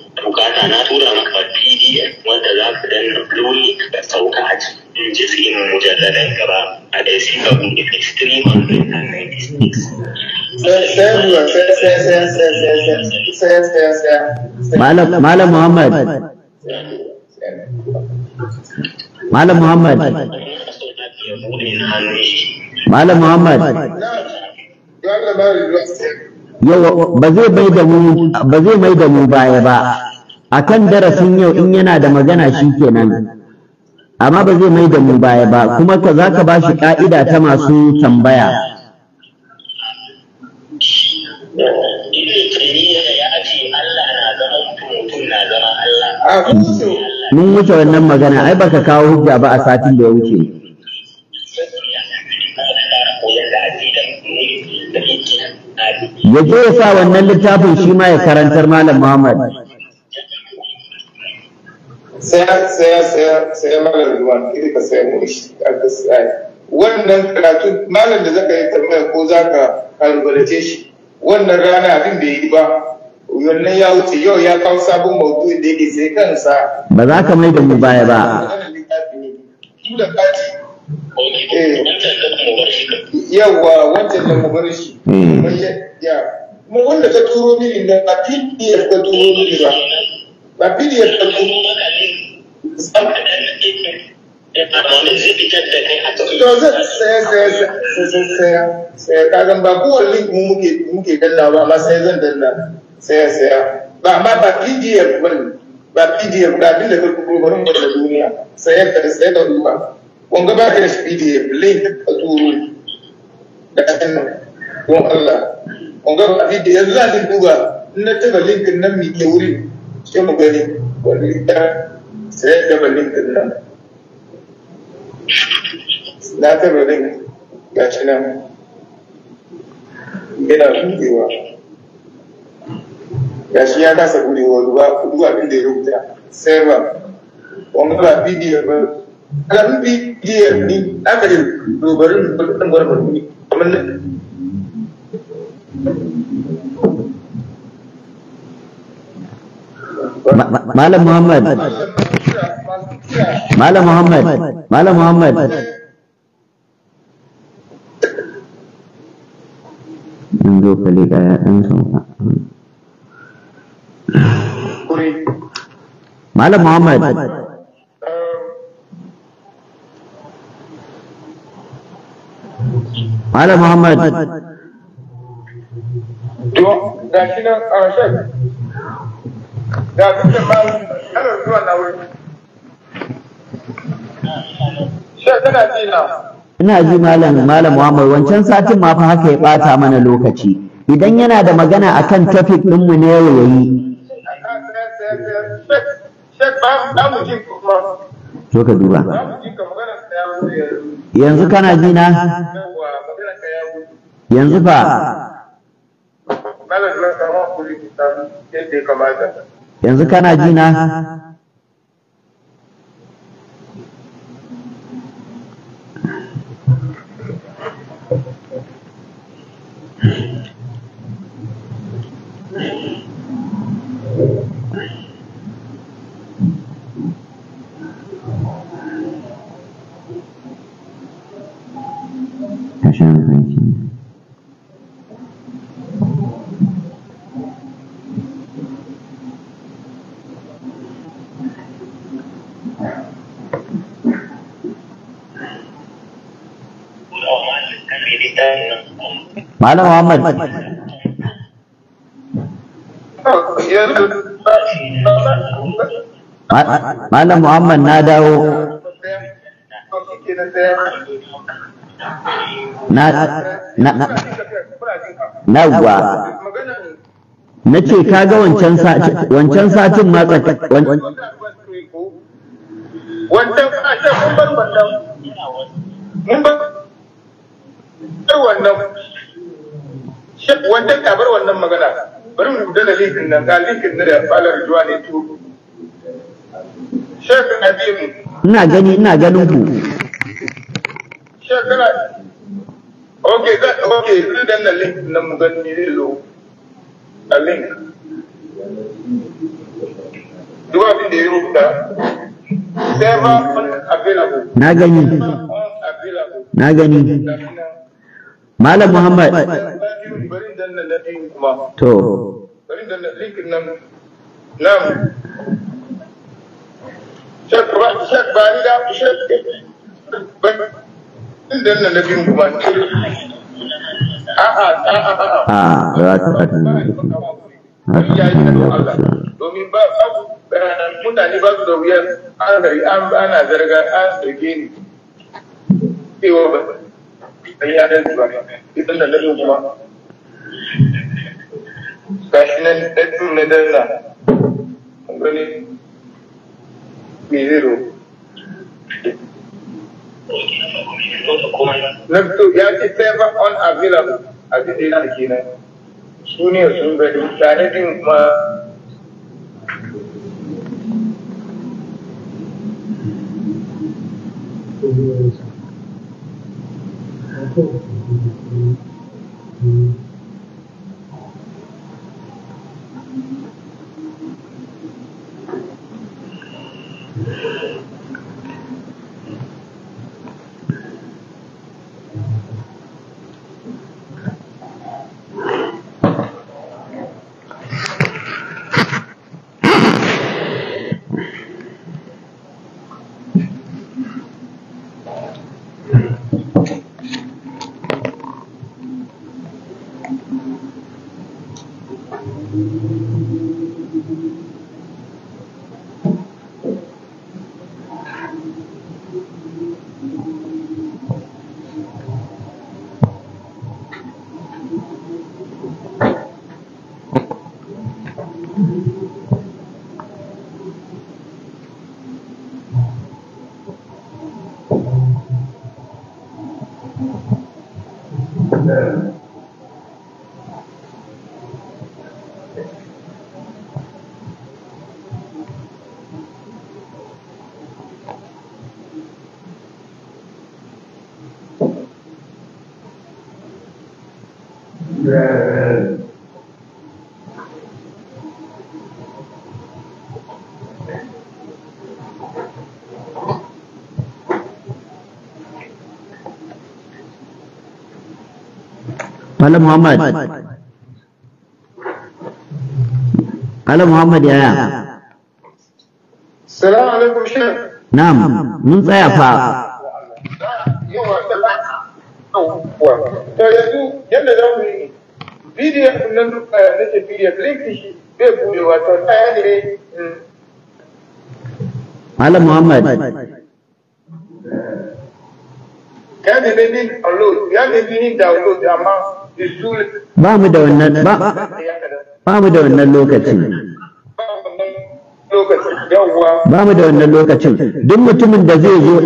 bukata na tura maka pdf wanda za ka danna dole ka sauka a cikin jisirin mujalladan gaba a da shi ka bude extreme on the 96 Malam Muhammad Malam Muhammad Malam Muhammad Yau ba zai mai da mu baya ba a kan darasin yau in yana da magana shi kenan amma ba zai mai da mu baya ba kuma ka za ka ba shi ƙa'ida ta masu tambaya mun wuce wannan magana ai baka kawo hujja ba a satin da ya wuce ya je ya sa wannan littafin shi ma ya karantar malam Muhammad sai sai sai malam ruwan iri ka sai mu shi ka sai wannan karatu malam da zaka yi tambaya ko zaka kalubalace shi wannan rana abin da yi ba wannan ya wuce yau ya kawo sabon maudu'in da yake sai kansa ba za ka mai da mu baya ba eh. yawwa wancan da mu bar shi hmm. kuma wanda ta turo mini na a pdf ta turo mini ba ba pdf ba saya ba link mu ba ba ba ba duniya ba link ba na taba linkin nan mi sai mu gani wani ta sai da balin din nan na ta balin ga shi nan yana buɗewa ga shi ya kasa buɗewa ruwa duk abin da ya rubuta sai ba wani ba bidiyo ba alamun bidiyo ne aka yi dubarin ɗan gwargwarni kamar malam muhammad malam muhammad malam muhammad an zo kali daya an malam muhammad malam muhammad to gashi nan a da duk da bayan zuwa na wuri shi tana ji na ina ji malam malam Muhammad wancan satin ma fa haka ya bata mana lokaci idan yana da magana akan topic din mu ne yayi to ka duba yanzu kana ji na yanzu fa malam na kama kuri ta yadda ya kamata yanzu kana jina Thank you. Malam Muhammad. Malam Muhammad na dawo. Na na na ce ka ga wancan satin wancan satin ma wancan kun bar wannan mun bar wannan wannan kabar wannan magana bari mu rubuta da linkin nan ga linkin da falar juwa ne to shek abin ina gani ina ganin ku shekara okay that okay zan danna link nan mu gani ne lo a link duk abin da ya rubuta server available na gani na gani Malam Muhammad bari danna na kuma to bari ba da bari a'a a'a a'a ah, domin ba mutane ba su da wuyar ana zarga an zarge ni cewa ba sai zuwa idan da nabin kuma gashi nan ɗaɗɗu na danna wani mai Nafto ya ce seven unavailable. a cikin da kenan. Su ne sun gani, tare din kuma Thank you. Malam Muhammad. Malam Muhammad yaya. Salamu alaikum Na'am, mun tsaya fa. To yanzu yadda za mu yi bidiyon nan eh, nake bidiyon linkin shi bai bude wato tsaya ne Malam Muhammad. Kan ne ne download, ya ne ne download amma ba mu da wannan lokacin ba mu da wannan lokacin duk mutumin da zai zo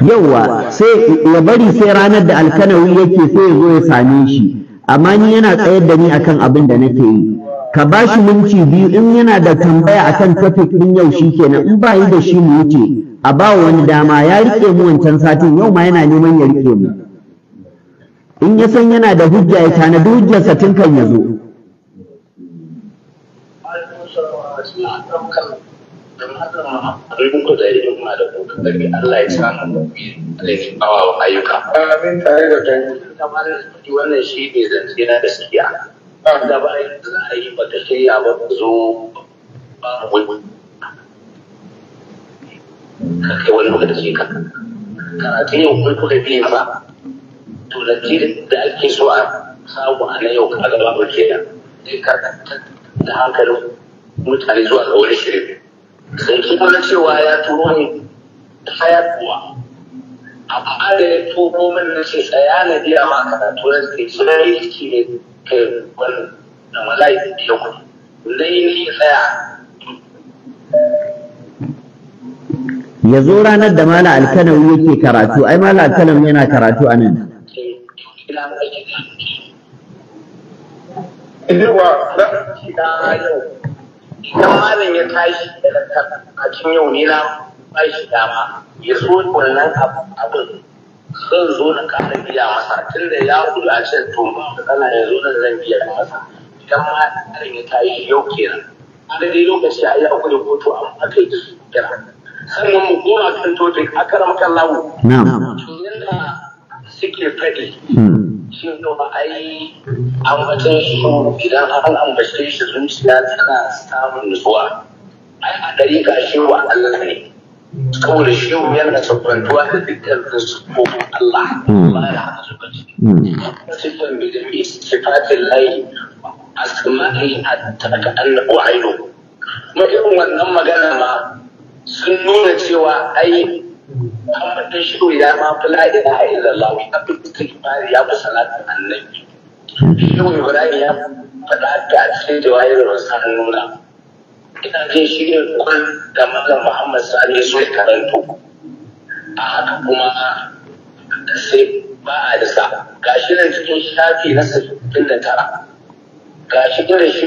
yauwa sai ya bari sai ranar da alkanawi yake sai ya zo ya same shi amma ni yana tsayar da ni akan abin da nake yi ka ba shi minti biyu in yana da tambaya akan topic din yau shi kenan in ba yi da shi mu wuce a ba wani dama ya rike mu wancan satin yau ma yana neman ya rike mu in ya san yana da hujja ya tanadi hujjar tun kan ya zo rinku da da kuka daga Allah ya sa mu laifin ayyuka. Amin tare da kai. Kamar wannan shi ne zance na gaskiya. da ba a yi ba ta sai ya ba zo ba wani kai wani lokaci sai ka kana ta yau kun kuka biye ba to da jirin da ake so a samu a na yau kaga ba ke da sai ka da hankalin mutane zuwa ga wani shirin sai ki kuma cewa ya turo ne hayar kuwa amma da ya turo min na ce tsaya na biya ma karatu na sai sai ne wannan wallahi zai biya kuɗi lai ne ya tsaya ya zo ranar da mala alkanawi yake karatu ai mala alkanawi yana karatu a nan idan malam ya tashi daga cikin yau ne na ba shi dama ya so wannan abin zan zo na kara biya masa tunda ya kula shi to kana ya zo da zan biya masa idan ma karin ya tayi yau kenan ga dai lokaci a yi akwai hoto amma kai kira sannan mu koma kan totin akaram kallahu na'am yanda suke faɗi hmm. shi ne ba a yi ambatan su idan an ambace shi zuciya tana samun nutsuwa ai a ɗari shi wa Allah ne saboda shehu yana sabbantuwa da dukkan siffofin Allah da layi wannan magana ma sun nuna cewa ai Muhammadin shehu ya la'ila a ya fi annabi hmm. shehu Ibrahim ya faɗa da a cikin jawahirul ina jin shi ne kuran da Malam Muhammad Sani so ya karanto a haka kuma sai ba a da sa shi nan cikin shafi na sittin da tara gashi da shi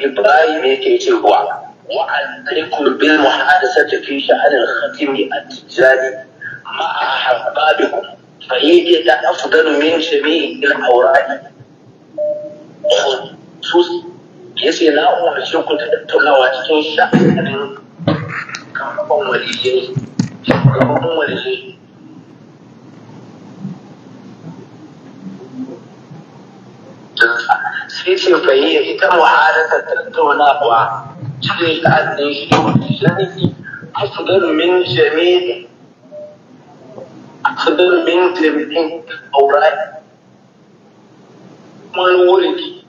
Ibrahim yake cewa وعليكم بالمحادثة في شأن الختم التجاري مع أحبابكم فهي أفضل min جميع الأوراق خصوصا ya ce na umarci ku da tattaunawa cikin sha'anin kamfan waliyai kamfan waliyai sai ce fahiyya ita muhadasa tattaunawa cikin sha'anin shi أفضل من جميع أفضل من جميع أوراق من ولدي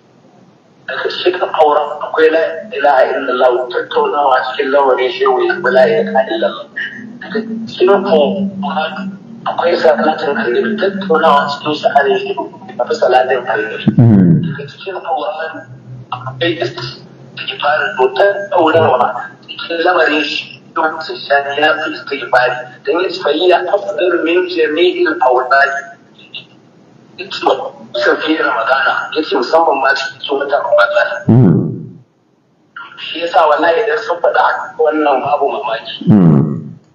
الشيخ قورا أقول لا إله إلا الله وتتونا وأشكل له وليشي ولا إله إلا الله شنو أقول صلاة الكريم تتونا وأشكل سعريشي فصلاة الكريم الشيخ قورا أقول استغفار متأولا ولا وليشي يوم الثانية في استغفاري لأن الفريق أفضل من جميع الأولاد ikiwa sarki ramadana ya ce musamman ma cikin tsohon ramadana shi yasa wallahi idan sun faɗa wannan babu mamaki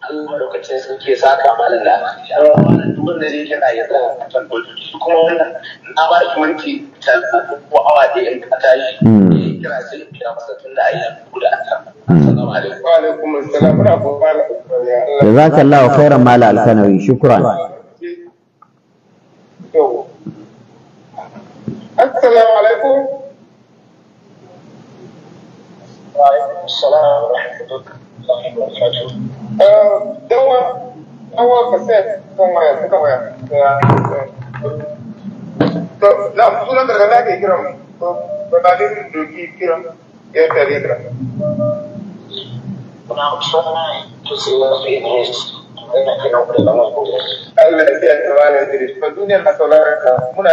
Allah lokacin sun ke saka malam da yawa malam duk wanda zai kira ya a kan shi kuma wannan na ba shi minti talatin ko awa da yan ka tashi kira sai masa tun da ayi guda assalamu alaikum wa alaikum fara jazakallahu khairan mala alkanawi shukran Assalamu alaikum. Dawa, dawa ka sai kan waya, suka waya. Na sunan daga na ke kiran banalin doki kiran ya tare kiran. Kuna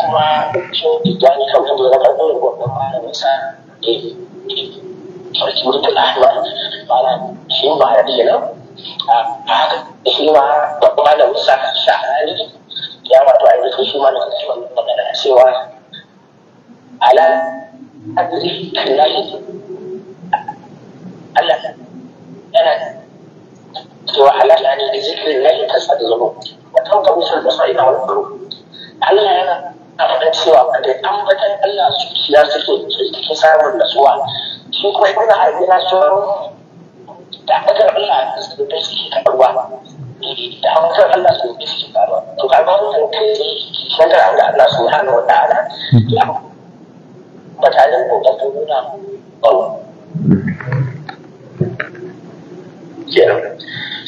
kuma shi tijjani kan inda ya karɓo da gwamnan malaminsa sarki mutum ahmad mana shi ba da kenan a haka shi ma malaminsa shahani ya wato a yanzu shi malamin shi wannan magana cewa ala adri kallahi Allah yana cewa halal ne da zikirin lahi tasadu zuru wa tanqabu sul basaira wal qulub Allah yana da cewa ba da ambatan Allah zuciya suke suke samun nasuwa shi kuma ibn arabi na so da ambatan Allah su da suke karuwa da ambatan Allah su da suke karuwa to kaga wannan kai shi da Allah subhanahu wa ta'ala ya ba ta da kokarin nuna ba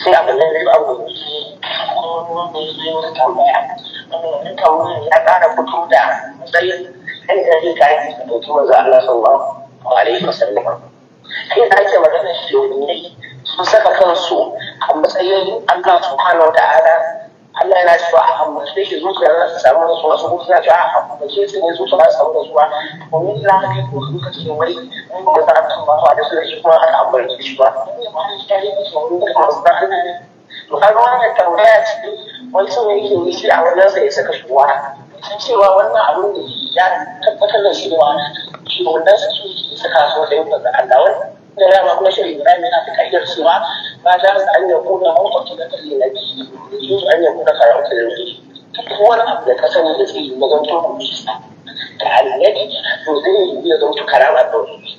sai abin da ya abu da ya wata tambaya wannan ya ƙara fito da matsayin ɗan ɗari ka yi ka ɗauki manzo Allah sallallahu alaihi wasallam sai da ake magana shi ne sun saka kansu a matsayin Allah subhanahu wa ta'ala Allah yana cewa a hambace shi zuciya za su samu da su wasu kuma suna cewa a hambace su ne zuciya za samu da su domin za ka kai kuma suka ce wai in ba za a ba da su da shi kuma aka hambace shi ba. Ina su su ba to da wannan tambaya ce wani so yake yi shi a wajen sa ya saka shi wara sun cewa wannan abin da ya tabbatar da shi da shi wannan su ke saka su wata yin banza Allah wani da dama kuma shirin Ibrahim yana ta kayyar cewa ba za su an yanku na hukunci da kalli na biyu su an yanku na karatu da wuri Kuma wani abu da ka sani da zai yi mazanto da musa da annabi to zai yi ya zautu karama da wuri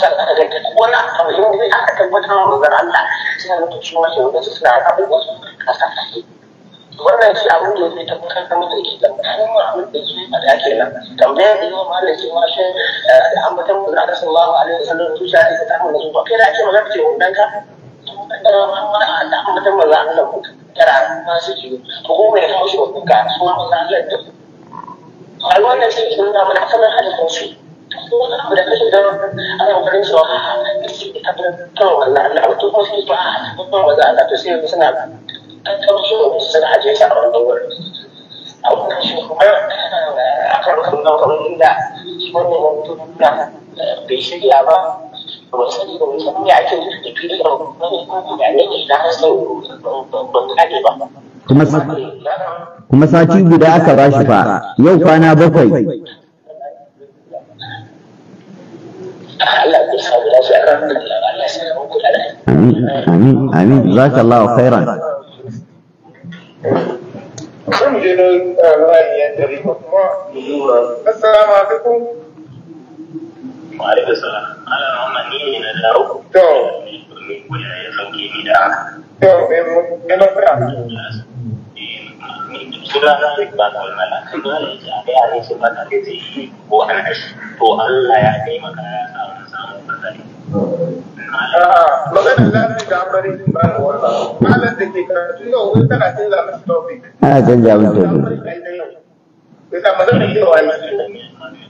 sannan ka ganta duk wani abu in dai aka tabbatar da manzon Allah suna mata cewa shaidan su suna abubuwan su a sakaci wannan shi abin da zai tabbatar da mutum ke tabbatar abin da ke faɗa tambayar da yawa malam ce ma shi eh, da ambatan mu da sallallahu alaihi wasallam tusha da ta tafi da su ba kai da ake magana ce wannan ka da ambatan mu da Allah ku kira ma su ji to ko mai kawo shi wannan ka su ma Allah da wannan shi ne da mun hasalan hadisin shi da kuma ba sati guda aka bashi fa yau kwana bakwai Allah ya sa guda su a Allah ya Amin amin amin jazakallahu khairan. Kun je ah, dari kuma Assalamu alaikum. Wa alaikum salam. Ala To. Ni ya sauke ni da. To, ina fara. sunana zai ba ba yi maganin ba da wata topic maganin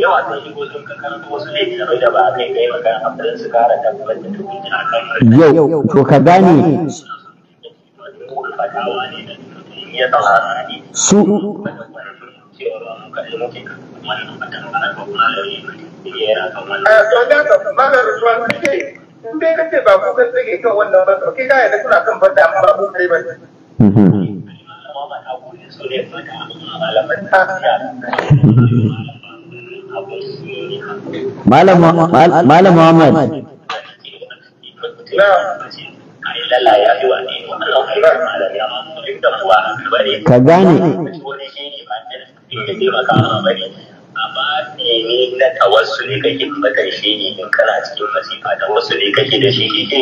Yo, sun shigo su ku Malam Muhammad. Ka gane. amma ne na tawassuli kake bukatar shi ne in kana cikin masifa tawassuli kake da shi shi ke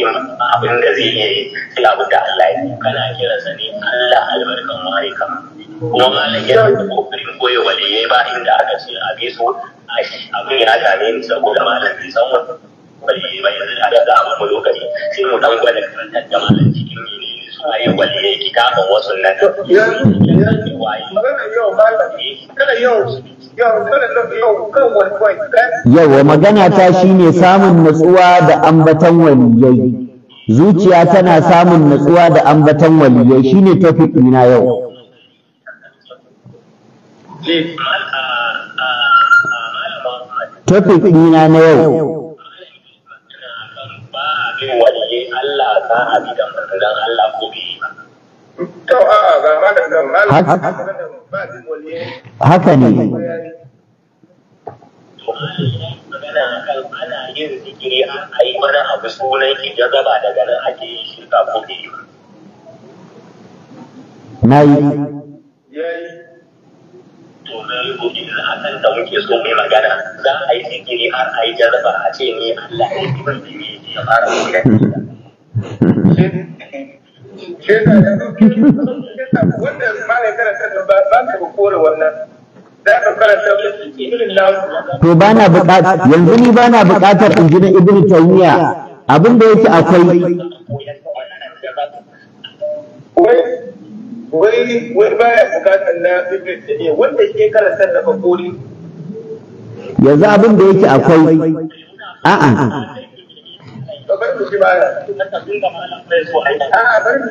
abin da zai iya yi sai abin da Allah ya yi kana kiransa ne Allah albarkan warika kuma malam yana da kokarin koyo ya yi ba inda aka ce a bi so abin ya dame ni saboda malam bai san wani bai yanzu da aka ga abin lokaci sai mu dan gwada karantar da malam cikin ne Yau waliye magana ta shine samun natsuwa da ambatan waliyai zuciya tana samun natsuwa da ambatan waliyai ne topic na yau tafi ɗina na yau Allah za a bi da manzon Allah ko bi to ga haka ne magana ana yin zikiri a yi mana abu sunan ijazaba daga nan ake yin ko bi na yi muke so mai magana za a yi zikiri har a yi jarraba a ce ni Allah ya yi ban ya fara [laughs] yanzu ba To na buƙatar yanzu ni buƙatar in Ibn Taymiya abin da yake akwai wai wai baya buƙatar na Ibn Taymiya wanda yake da bakori yanzu abin da yake akwai a'a to bari mu baya a bari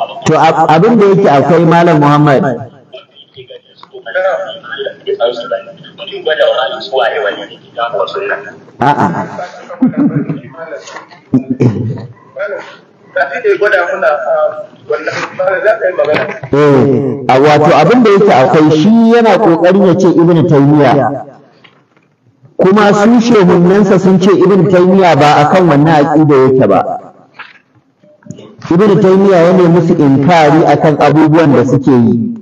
To abin da yake akwai Malam Muhammad. A'a. Eh, a wato abin da yake akwai shi yana kokarin ya ce ibn taymiya kuma su shehunnansa sun ce ibn taymiya ba akan wannan aqida yake ba ibn taymiya ya ne musu inkari akan abubuwan da suke yi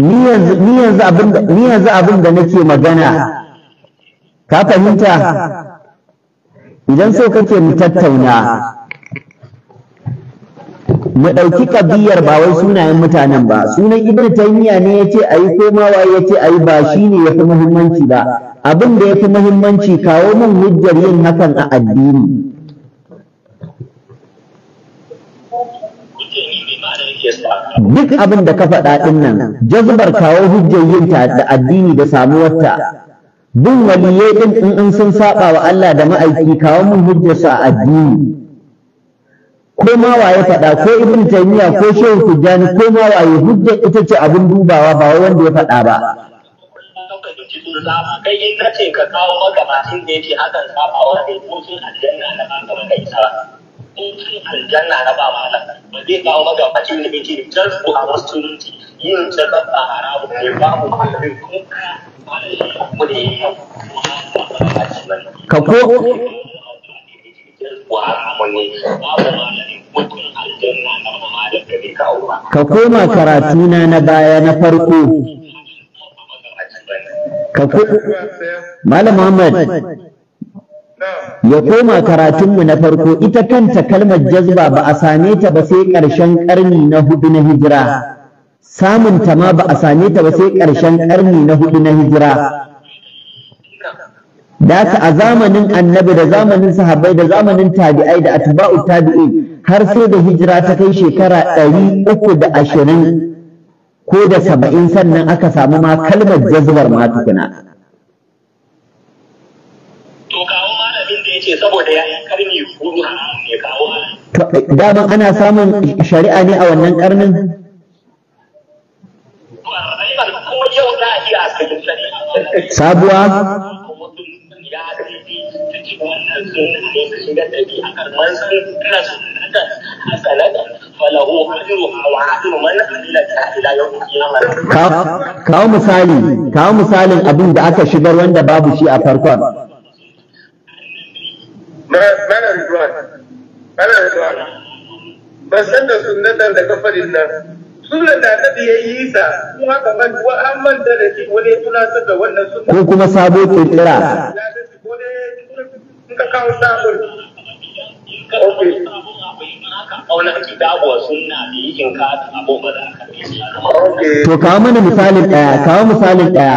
ni yanzu abin da nake magana ka fahimta idan so kake mu tattauna mu ɗauki kabiyar ba wai sunayen mutanen ba sunan ibnu taymiya ne yace ayi komawa yace ayi ba shine yafi muhimmanci ba abin da yafi muhimmanci kawo min hujjar yin hakan a addini duk abin da ka faɗa ɗin nan jazbar kawo hujjoyinta da addini da samuwarta bin waliyai ɗin in sun saba wa Allah da ma'aiki kawo mun hujjarsa a addini ko ma waye faɗa ko ibn taymiya ko shehu tijjani ko ma waye hujjar ita ce abin dubawa ba wanda ya faɗa ba kai in ka ka kawo maka masu da yake hakan saba wa da mutum aljanna da ba ka isa in koma na ka koma karatuna na baya na farko ya koma karatunmu na farko ita kanta kalmar jazba ba a same ta ba sai ƙarshen ƙarni na hudu na hijira samun ta ma ba a same ta ba sai ƙarshen ƙarni na hudu na hijira da a zamanin annabi da zamanin Sahabai da zamanin tabi'ai da atba'u tabi'i har sai da hijira ta kai shekara ɗari uku da ashirin ko da saba'in sannan aka samu ma kalmar jazbar ma tukuna. ce saboda ya yi karni hudu ne kawo. Eh, Daman ana samun shari'a ne a wannan karnin? Sabuwa? Kawo misali, kawo misalin abin da aka shigar wanda babu shi a farkon. mana mana san da sunan nan da kafarin nan sunan da ta ya yi sa kun haka ban an manta da shi wani da wannan sunan ko kuma sabo kirkira ka kawo sabon okay to kawo mana misalin daya kawo misalin daya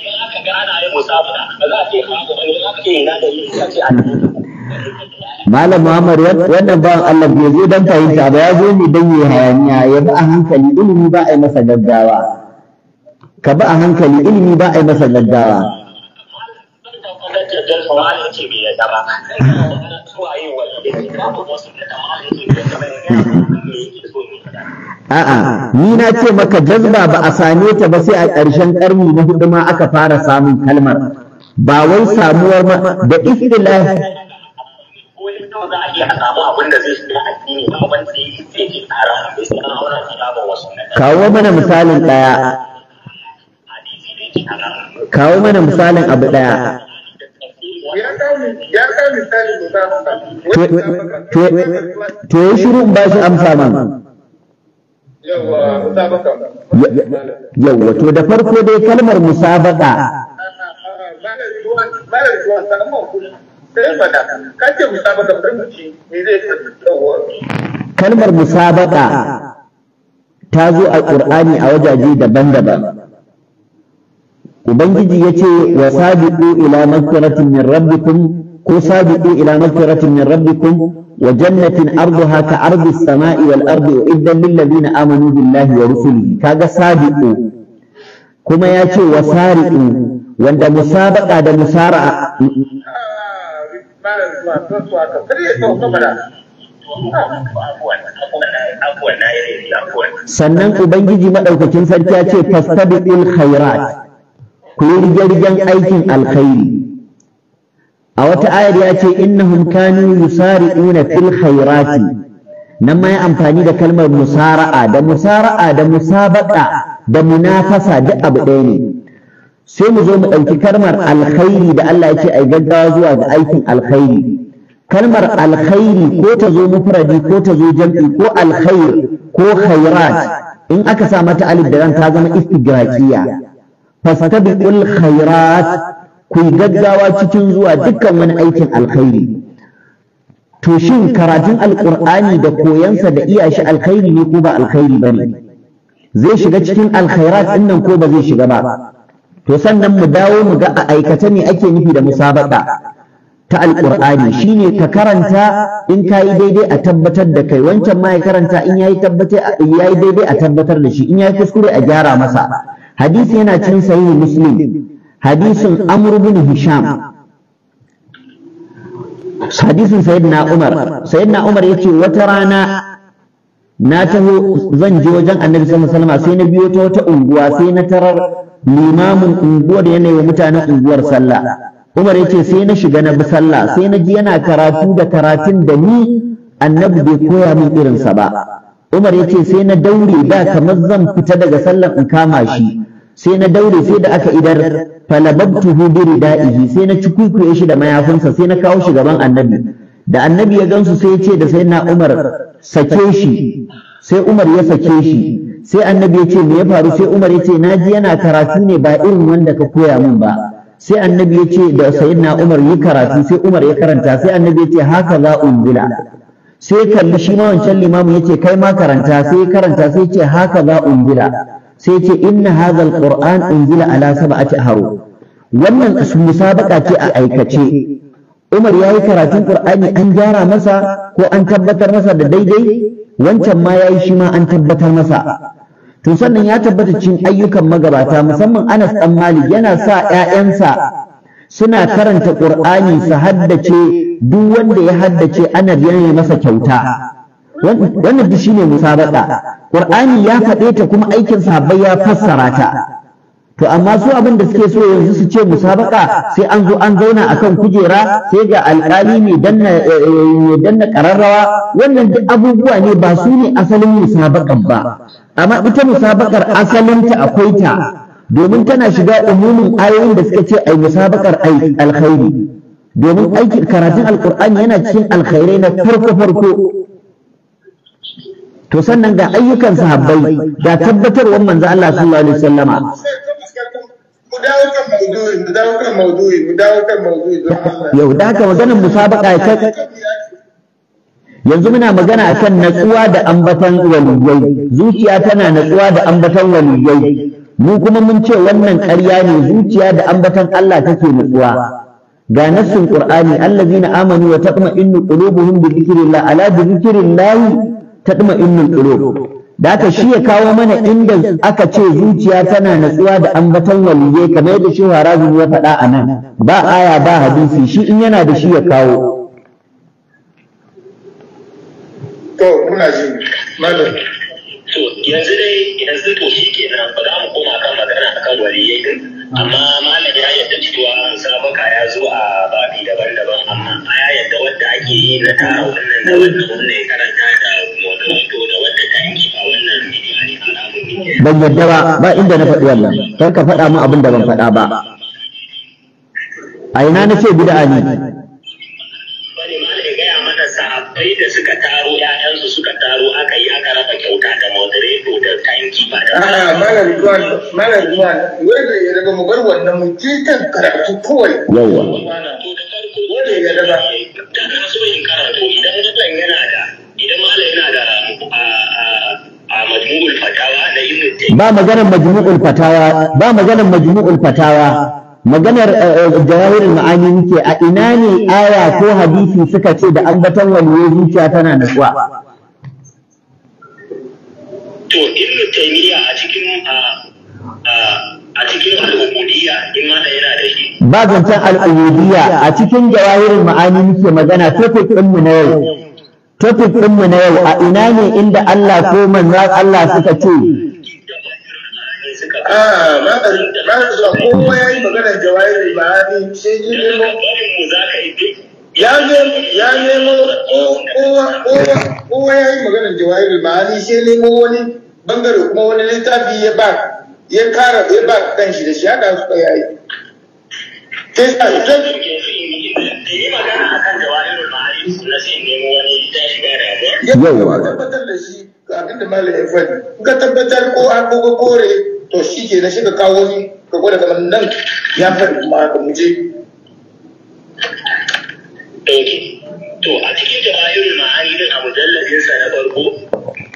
idan aka ga ba za a ne ce ina da Malam Muhammad wannan ba Allah bai zo dan fahimta ba ya zo ne dan yi hayaniya ya bi a hankali ilimi ba a masa gaggawa. Ka bi a hankali ilimi ba a masa gaggawa. a'a ni na ce maka jazba ba a same ta ba sai a ƙarshen ƙarni na hudu ma aka fara samun kalmar ba wai samuwar ma da istilah kawo mana misalin daya kawo mana misalin abu daya to ya shirin ba shi amsa man Yawwa, to da farko dai kalmar musabaka. Kalmar musabaka ta zo a ƙur'ani a wajaje daban-daban. Ubangiji ya ce wa sabiqu ila magfiratin min rabbikum ko sabiqu ila magfiratin min rabbikum وجنة أرضها كأرض السماء والأرض أعدا للذين آمنوا بالله ورسله كذا سابق كما يأتي وسارق وند مسابقة هذا مسارعة sannan ubangiji madaukakin sarki ya ce fastabiqul khairat ku yi rigen aikin alkhairi a wata ayar ya ce innahum kanu yusari'una fil khairati nan ma ya amfani da kalmar musara'a da musara'a da musabaqa da munafasa duk abu ɗaya ne sai mu zo mu ɗauki kalmar alkhairi da Allah ya ce ai gaggawa zuwa ga aikin alkhairi kalmar alkhairi ko ta zo mufradi ko ta zo jam'i ko alkhair ko khairat in aka sa mata alif da ran ta zama istigraqiya fastabiqul khairat ku yi gaggawa cikin zuwa dukkan wani aikin alkhairi to shin karatun alkur'ani da koyansa da iya shi alkhairi ne ko ba alkhairi ba ne zai shiga cikin alkhairat din nan ko ba zai shiga ba to sannan mu dawo mu ga a aikata ne ake nufi da musabaka ta alkur'ani shine ka karanta in ka yi daidai a tabbatar da kai wancan ma ya karanta in yayi yi daidai a tabbatar da shi in yayi kuskure a gyara masa hadisi yana cin sahihi muslim hadisin amr bin hisham hadisin sayyidina umar sayyidina umar yace wata rana na taho zan je wajen annabi sallallahu alaihi wasallam sai na biyo ta wata unguwa sai na tarar limamin unguwar yana mutanen unguwar sallah umar yace sai na shiga na bi sallah sai na ji yana karatu da karatun da ni annabi bai koya min irinsa ba umar yace sai na daure da kamar zan fita daga sallar in kama shi sai na daure sai da aka idar falababtuhu bi ridaihi sai na cikuikuye shi da mayafinsa sai na kawo shi gaban annabi da annabi ya gansu sai ya ce da sai na umar sake shi sai umar ya sake shi sai annabi ya ce me ya faru sai umar ya ce na ji yana karatu ne ba irin wanda ka koya min ba sai annabi ya ce da sayyidina umar yi karatu sai umar ya karanta sai annabi ya ce haka za unzila sai kalli shi ma wancan limamin ya ce kai ma karanta sai karanta sai ce haka za unzila sai ce inna hazal alquran unzila ala sab'ati haru wannan musabaka ce a aikace Umar ya yi karatun Qur'ani an gyara masa ko an tabbatar masa da daidai wancan ma ya yi shi ma an tabbatar masa to sannan ya tabbata cikin ayyukan magabata musamman Anas ɗan Malik yana sa ‘ya'yansa suna karanta Qur'ani su haddace duk wanda ya haddace ana yana masa kyauta wannan duk shine musabaqa qur'ani ya faɗe ta kuma aikin sahabbai ya fassara ta to amma su abin da suke so yanzu su ce musabaka sai an zo an zauna akan kujera sai ga alƙali ne danna eh, danna kararrawa wannan duk abubuwa ne ba su ne asalin musabakan ba amma ita musabakar ta akwai ta domin tana shiga umumin ayoyin da suka ce ai musabakar ai alkhairi domin aikin karatun alkur'ani yana cikin alkhairai na farko farko to sannan ga ayyukan sahabbai ga wa manzo Allah sallallahu alaihi wasallama yau da haka maganar musabaka ta yanzu muna magana akan natsuwa da ambatan waliyai zuciya tana natsuwa da ambatan waliyai mu kuma mun ce wannan ƙarya ne zuciya da ambatan Allah take natsuwa ga nassin qur'ani allazina amanu wa innu qulubuhum bi dhikrillah ala dhikrillah ta ɗuma innul qulub da aka shi ya kawo mana inda aka ce zuciya tana natsuwa da ambaton waliyai kamar yadda shi harazu ya faɗa a nan ba aya ba hadisi shi in yana da shi ya kawo to muna ji malam to yanzu dai yanzu to shi nan ba za mu koma kan magana akan waliyai din amma malam ya yadda cewa sabaka ya zo a babi daban-daban amma aya yadda wanda ake yi na tara wannan da wannan wannan karanta ban yadda ba ba inda na faɗi wannan kar ka faɗa min abin da ban faɗa ba a ina na ce bid'a ne sahabbai da suka taro 'ya'yansu suka taro aka yi aka raba kyauta da moderator da tanki ba da a'a malam Ridwan malam Ridwan wanda ya daga mu bar wannan mu je kan karatu kawai yawa wanda ya daga da na so in karatu idan mutum yana da idan malam yana da ba maganar majmu'ul fatawa ba maganar majmu'ul fatawa maganar eh, eh, jawahirul ma'ani muke a ina ne aya ko hadisi suka ce da ambaton waliyyi zuciya tana nutsuwa to ibn taymiya a cikin a cikin al'ubudiyya da yana da shi ba zancen al'ubudiyya a cikin jawahirul ma'ani muke magana sai ku mu na yau topic ɗinmu na yau a ina ne inda Allah ko manzo Allah suka ce Ah, na na kowa ya yi magana jawahiri ba ni sai ji ne mu za ka yi ya ne ya ne nemo kowa kowa ya yi magana jawahiri ba ni sai ne mu wani bangare kuma wani littafi ya ba ya kara ya ba kan shi da shi hada su yayi sai sai ita da yi magana akan jawahiri na yawwa tabbatar da shi ga abin da malam ya faɗi ka tabbatar ko an ko kore to shi ke na shi ka kawo ni ka gwada kamar nan ya faɗi kuma ka muje to a cikin jawahirul ma'ani din abu dalladin sa na farko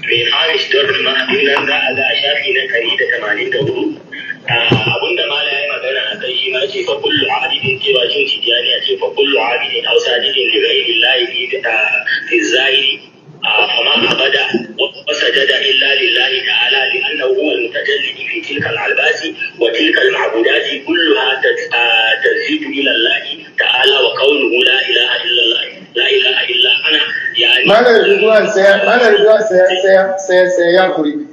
mai hamish dot ma'adin nan za a ga a shafi na kari da tamanin da abunda mala ya yi magana a kai shi ma ce fa kullu abidin kewa shi shi jani a ce fa kullu hausa jidin da gari lillahi da ta a kama abada wa sajada illa lillahi ta ala li anna huwa mutajalli albasi wa tilkal ma'budati ta tazidu ila lillahi ta ala wa kaunuhu la ilaha illa lillahi la ilaha illa ana ya'ni mala ridwan sayya mala ridwan sayya sayya sayya yakuri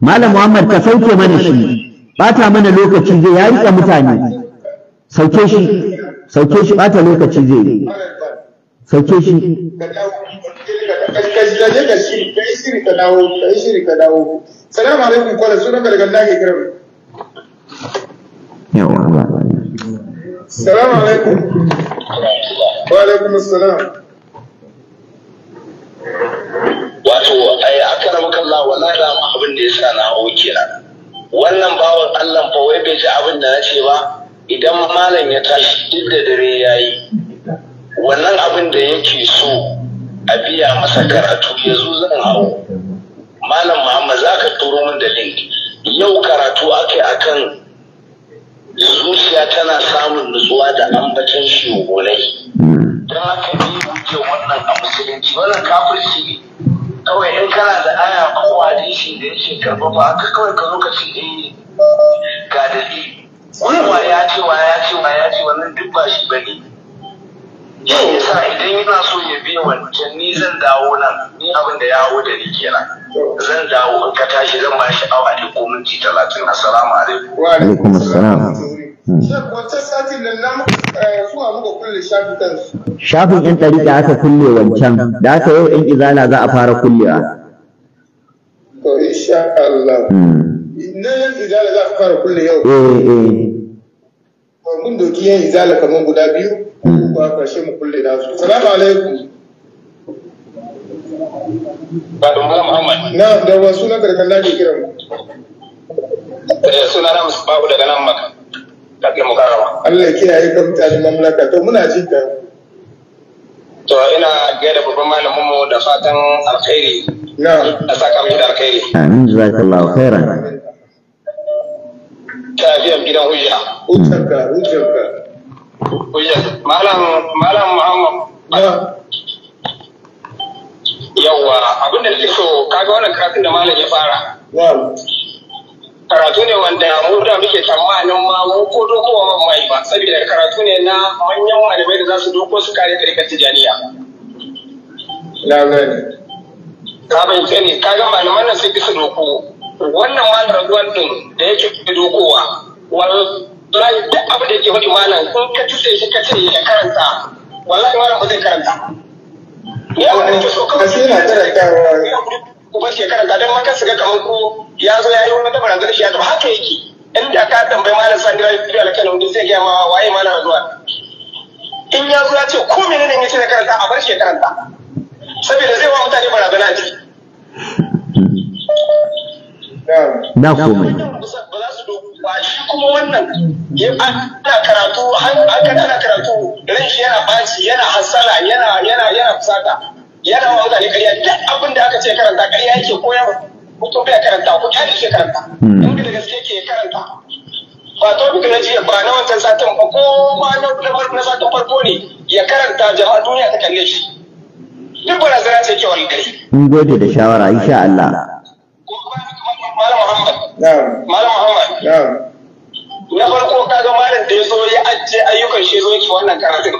malam muhammad ka sauke mana shi bata mana lokaci zai ya rika mutane sauke shi sauke shi bata lokaci zai sauke shi salamu alaikum kwallon sunan ka daga salamu alaikum wa alaikum assalam wato ai aka rabu kallon wallahi da abin da ya sa na hawo kenan wannan bawan Allah fa wai bai ji abin da na ba idan malam ya tashi duk da dare yayi wannan abin da yake so a biya masa karatu ya zo zan hawo malam Muhammad zaka turo min da link yau karatu akai akan zuciya tana samun nutsuwa da ambacin shi don haka ne wuce wannan a musulunci wannan kafirci ne kawai in kana da aya ko hadisi da yake karfafa haka kawai ka zo ka ce eh ga dalili wa ya ce wa ya ce wa ya ce wannan duk ba shi bane yin sa idan yana so ya biya wancan ni zan dawo nan ni abin da ya hau da ni kenan zan dawo in ka tashi zan ba shi awa da ko minti talatin assalamu alaikum wa alaikum assalam Hmm. satin eh, muka kulle shafin ɗin Shafin ‘yan ɗari da aka kulle wancan, da aka yau ‘yan izala za a fara kullewa. To, insha Allah. Hmm. Na izala za a fara kulle yau. Eh, eh. Mun doki yin izala kamar guda biyu, Ba hmm. a ƙarshe mu kulle da su. Salamu alaikum. Ba da Muhammad. Na, da wasu na karkar da ke kiran. Eh, Suna na Babu daga nan maka. take mukarrama Allah kiyaye ka mutanen mamlaka to muna jin ka to ina gaida babban malamin mu da fatan alkhairi na da saka mai da alkhairi amin jazakallahu khairan tafiyan gidan hujja hujjarka hujjarka Hujja, malam malam muhammad yawwa abinda nake so kaga wannan karatun da malam ya fara karatu ne wanda mu da muke tsammanin ma mu ko dokowa ma yi ba saboda karatu ne na manyan malamai da za su doko su kare tarikar tijaniya na gani ka bayyana ne ga malaman nan sai su doko wannan malamin ruwan din da yake dokowa wallahi duk abin da yake wani malam in ka tuce shi ka ce ya karanta wallahi malam ba zai karanta ya wani so kawai kuma shekarar don maka su ga kamar ko ya zo ya yi wani da barazan shi ya haka yake inda ka tambayi malam sandira ya fi alkana wanda zai gaya ma waye malam zuwa in ya zo ya ce ko menene ya ce da karanta a bar shi ya karanta saboda zai wa mutane barazana ce na komai shi kuma wannan ana karatu an karatu ran shi yana baci yana hasala yana yana yana fusata yana wa mutane ƙarya duk abin da aka ce karanta ƙarya yake koyarwa mutum bai karanta ko kyali ke karanta in hmm. da gaske ke karanta ba bi na jiya ba na wancan satin ba ko ma na satin farko ne ya karanta jama'a duniya ta kalle shi duk barazana ce ke wani mun gode da shawara insha Allah malam Muhammad malam Muhammad na farko ga malam da ya zo ya ajiye ayyukan shi zo yake wannan karatun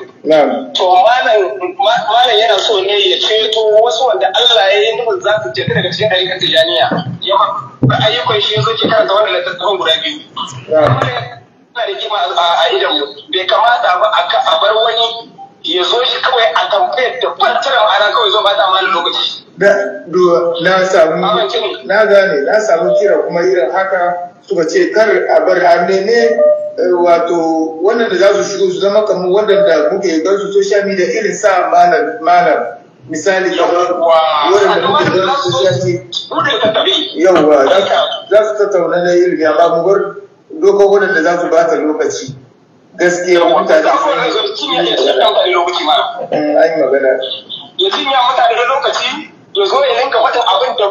to malam yana so ne ya ceto wasu wanda Allah ya yi nufin za su jefi daga cikin ayyukan tijaniya ya ayyukan shi zo ke karanta wannan littattafan guda biyu da kima a idan bai kamata ba a bar wani ya zo shi kawai a kamfe da kwantar ana kawai zo ba ta malam lokaci na samu na gane na samu kira kuma irin haka su suka ce kar a bar ne eh, wato wannan da za su shigo su zama kamar waɗanda muke gan su social media irin sa malam malam misali waɗanda muke gan su social media yawwa za su tattauna na ilimi amma mu bar dokokin waɗanda za su bata lokaci gaskiya mutane sun mm, yi magana ya cinye mutane lokaci ya zo ya linka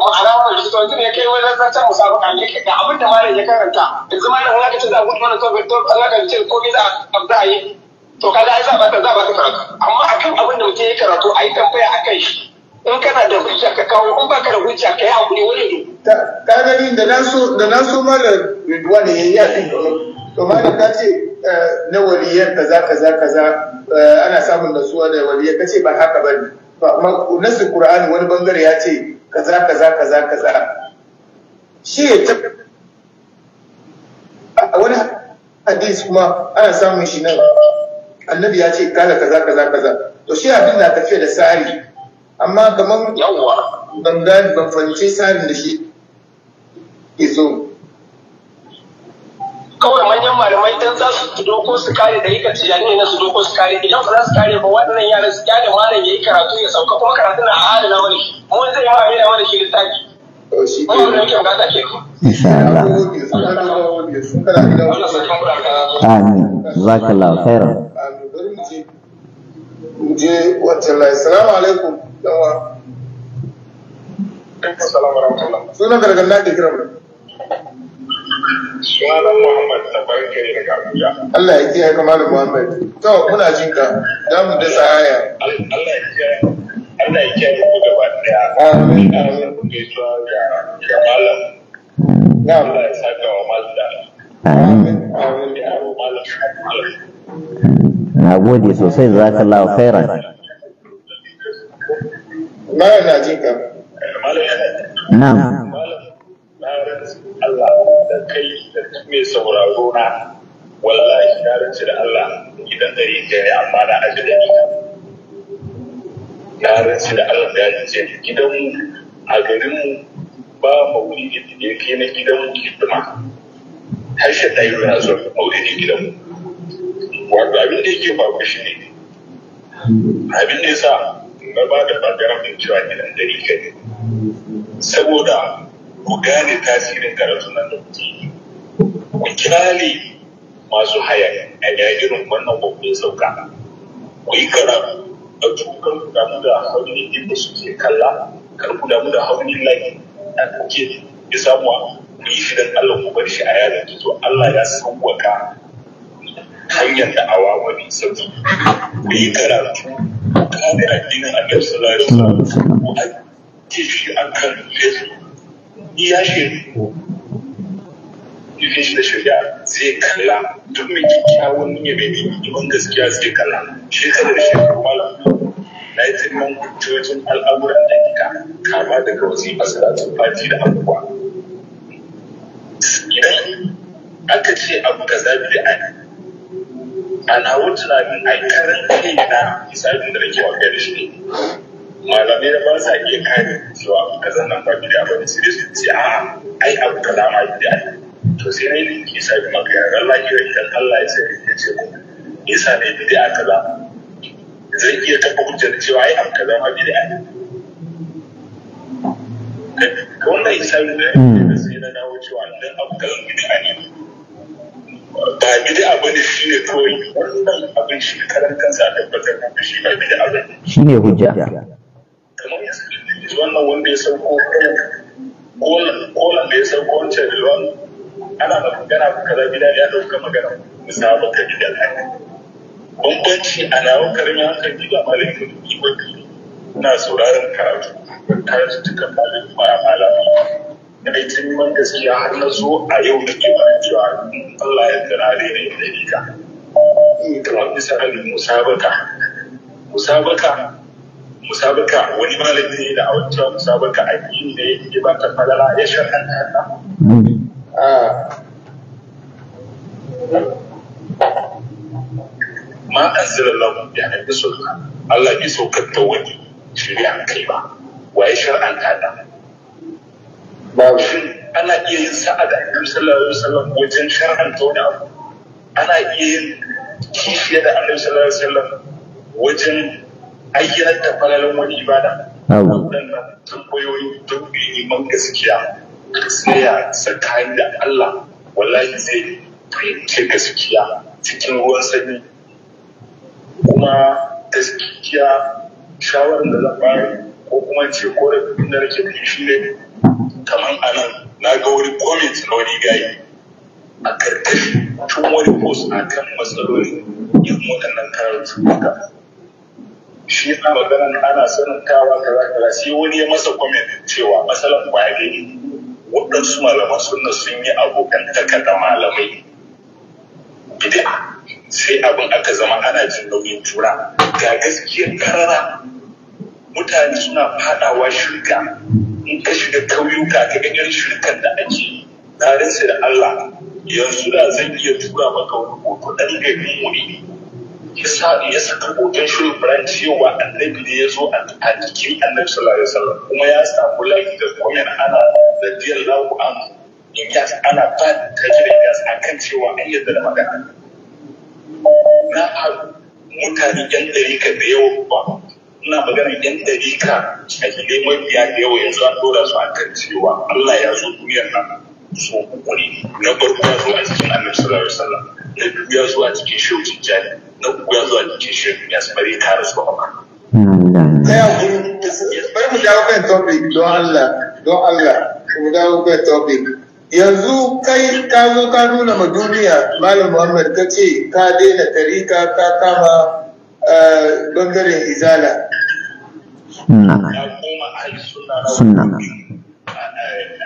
da ma'ana wannan likita wajen ya kai wajen zancen musabaka ne ga abin da malam ya karanta yanzu malam ya kace da abin wannan to to Allah ka ce ko za a yi to kaga ai za ba ta za ba ta amma akan abin da mutum ya karatu a ai tambaya akan shi in kana da hujja ka kawo in ba ka da hujja ka yi hakuri wani ne ka gani da na so da na so malam Ridwan ya yi to malam ta ce eh, na waliyan kaza kaza kaza eh, ana samun nasuwa da waliyan ce ba haka ba ne. nasu Qur'ani wani bangare ya ce kaza kaza kaza kaza shi ya ta a wani hadis kuma ana samun shi nan annabi ya ce kala kaza kaza kaza to shi abin na tafiya da tsari amma kamar yawa ban gani ban fahimci tsarin da shi ke zo kawai manyan malamai dan za su doko su kare da yaka tijani na su doko su kare idan ba za su kare ba waɗannan yaran su kyale malam yayi karatu ya sauka kuma karatu na adana mana shi mu zai ma mai da mana shi littafi Amin. Zakallahu Assalamu alaikum. Allah ya kiyaye ka Malam Muhammad. To muna jin ka. Za mu da sahaya. Allah ya kiyaye. Allah Amin. Amin. ga Malam. Allah ya da. Amin. Amin. Ya Malam. Na gode sosai Malam na Allah da kai da mai sauraro na wallahi na da Allah idan dare ka yi amma na aji da ni na da Allah da ya ce gidan a garinmu ba maulidi da ya kai na gidan hidima har shi ɗaya yana zuwa maulidi gidanmu Wanda abin da yake faru shi ne abin da ya sa na ba da ɓangaren cewa gidan dare ka ne saboda ku gane tasirin karatu nan da kuke yi ku kyale masu a irin wannan babban sauka ku yi karatu a cikin ku damu da haunin inda suke kalla kar ku damu da haunin layi a kuke ya samu ku yi shi don Allah ku bar shi a yaran to Allah ya sauwaka hanyar da awa wani sauki ku yi karatu ku kare addinin annabi sallallahu alaihi wasallam ku ake shi akan facebook iya shirku irin shi da shirya zai kalla duk mai kyakkyawan ya bai mai kyakkyawan gaskiya zai kalla shekarar shekaru malam na yi tsirman hujjojin al'amuran dakika kama daga wasu masalatun fati da abubuwa idan aka ce abu ka zabi da ai ana wuce na min aikarin kai na misalin da nake wa kai da shi ne malamai da ba sa iya kare cewa kaza nan ba bida ba ne sai su ce a ai abu kaza ma bida to sai ne linki sai kuma kai ran lafiya idan Allah ya sai ya ce ku isa ne bida kaza zai iya taɓa hujjar cewa ai abu kaza ma bida ne ka wannan isa ne da sai na dawo cewa idan abu kaza bida ne ba bida abu ne shi ne kawai wannan abin shi karan kansa tabbatar da shi ba bida abu ne shi ne hujja kamar wannan wanda ya sauko kolan da ya sauko wancan rilwan ana da magana kaza gida ya dauka magana misalin ka gida ne bambanci a nawa karamin hankali ba malin ka duki ba na sauraron karatu karatu tuka malin ba malama na yi tsimman gaskiya har na zo a yau da ke mana cewa Allah ya kira da yanayi da ita. Kamar misalin musabaka. Musabaka musabaka wani malami ne da a cewa musabaka addini ne ya ba ta falala ya shar'anta ta ah. ma anzila lahu bi annabi sulma Allah bi saukar da wani shari'a kai ba waye shar'anta ta ba shi ana iya yin sa'a da annabi sallallahu alaihi wasallam wajen shar'anta wani abu ana iya yin kishiya da annabi sallallahu alaihi wasallam wajen ayyanar ta falalin wani ibada waɗannan tambayoyi don neman gaskiya tsaya tsakanin da Allah wallahi zai fahimci gaskiya cikin ruwan sanyi kuma gaskiya shawarar da zan ko kuma ce korafin da nake da shi ne kamar anan na ga wani comment na wani gayi a karkashin tun wani post a kan matsalolin yin waɗannan karatu shi ma maganan ana sanin kawa kaza kaza sai wani ya masa comment cewa matsalar kwari waɗansu malaman sunna sun yi abokantaka da malamai Gida sai abin aka zama ana jin nauyin tura ga gaskiyar karara mutane suna fadawa shirka in ka shiga kauyuka ka ga irin shirkan da ake yi tarin da Allah yanzu da zan iya tura maka wani hoto ɗan gari mu ne ya saka hoton shi brand cewa annabi ne ya zo a jikin annabi sallallahu alaihi wasallam kuma ya samu laifi da komen ana da radiyallahu anhu in ya ana ba da tajira ya kan cewa an yadda da magana na faru mutane yan dalika da yawa ba ina magana yan dalika a gidai mafiya da yawa yanzu an dora su kan cewa Allah ya zo duniyar nan so uku na farko ya zo a cikin annabi sallallahu alaihi wasallam na biyu ya zuwa cikin shehu tijjani na uku ya zuwa cikin shehu ya sama kare su ba bari mu dawo kan topic don Allah don Allah mu dawo kan topic yanzu kai ka zo ka nuna ma duniya malam muhammad ka ce ka daina tarika ka kama eh, bangaren izala sunna sunna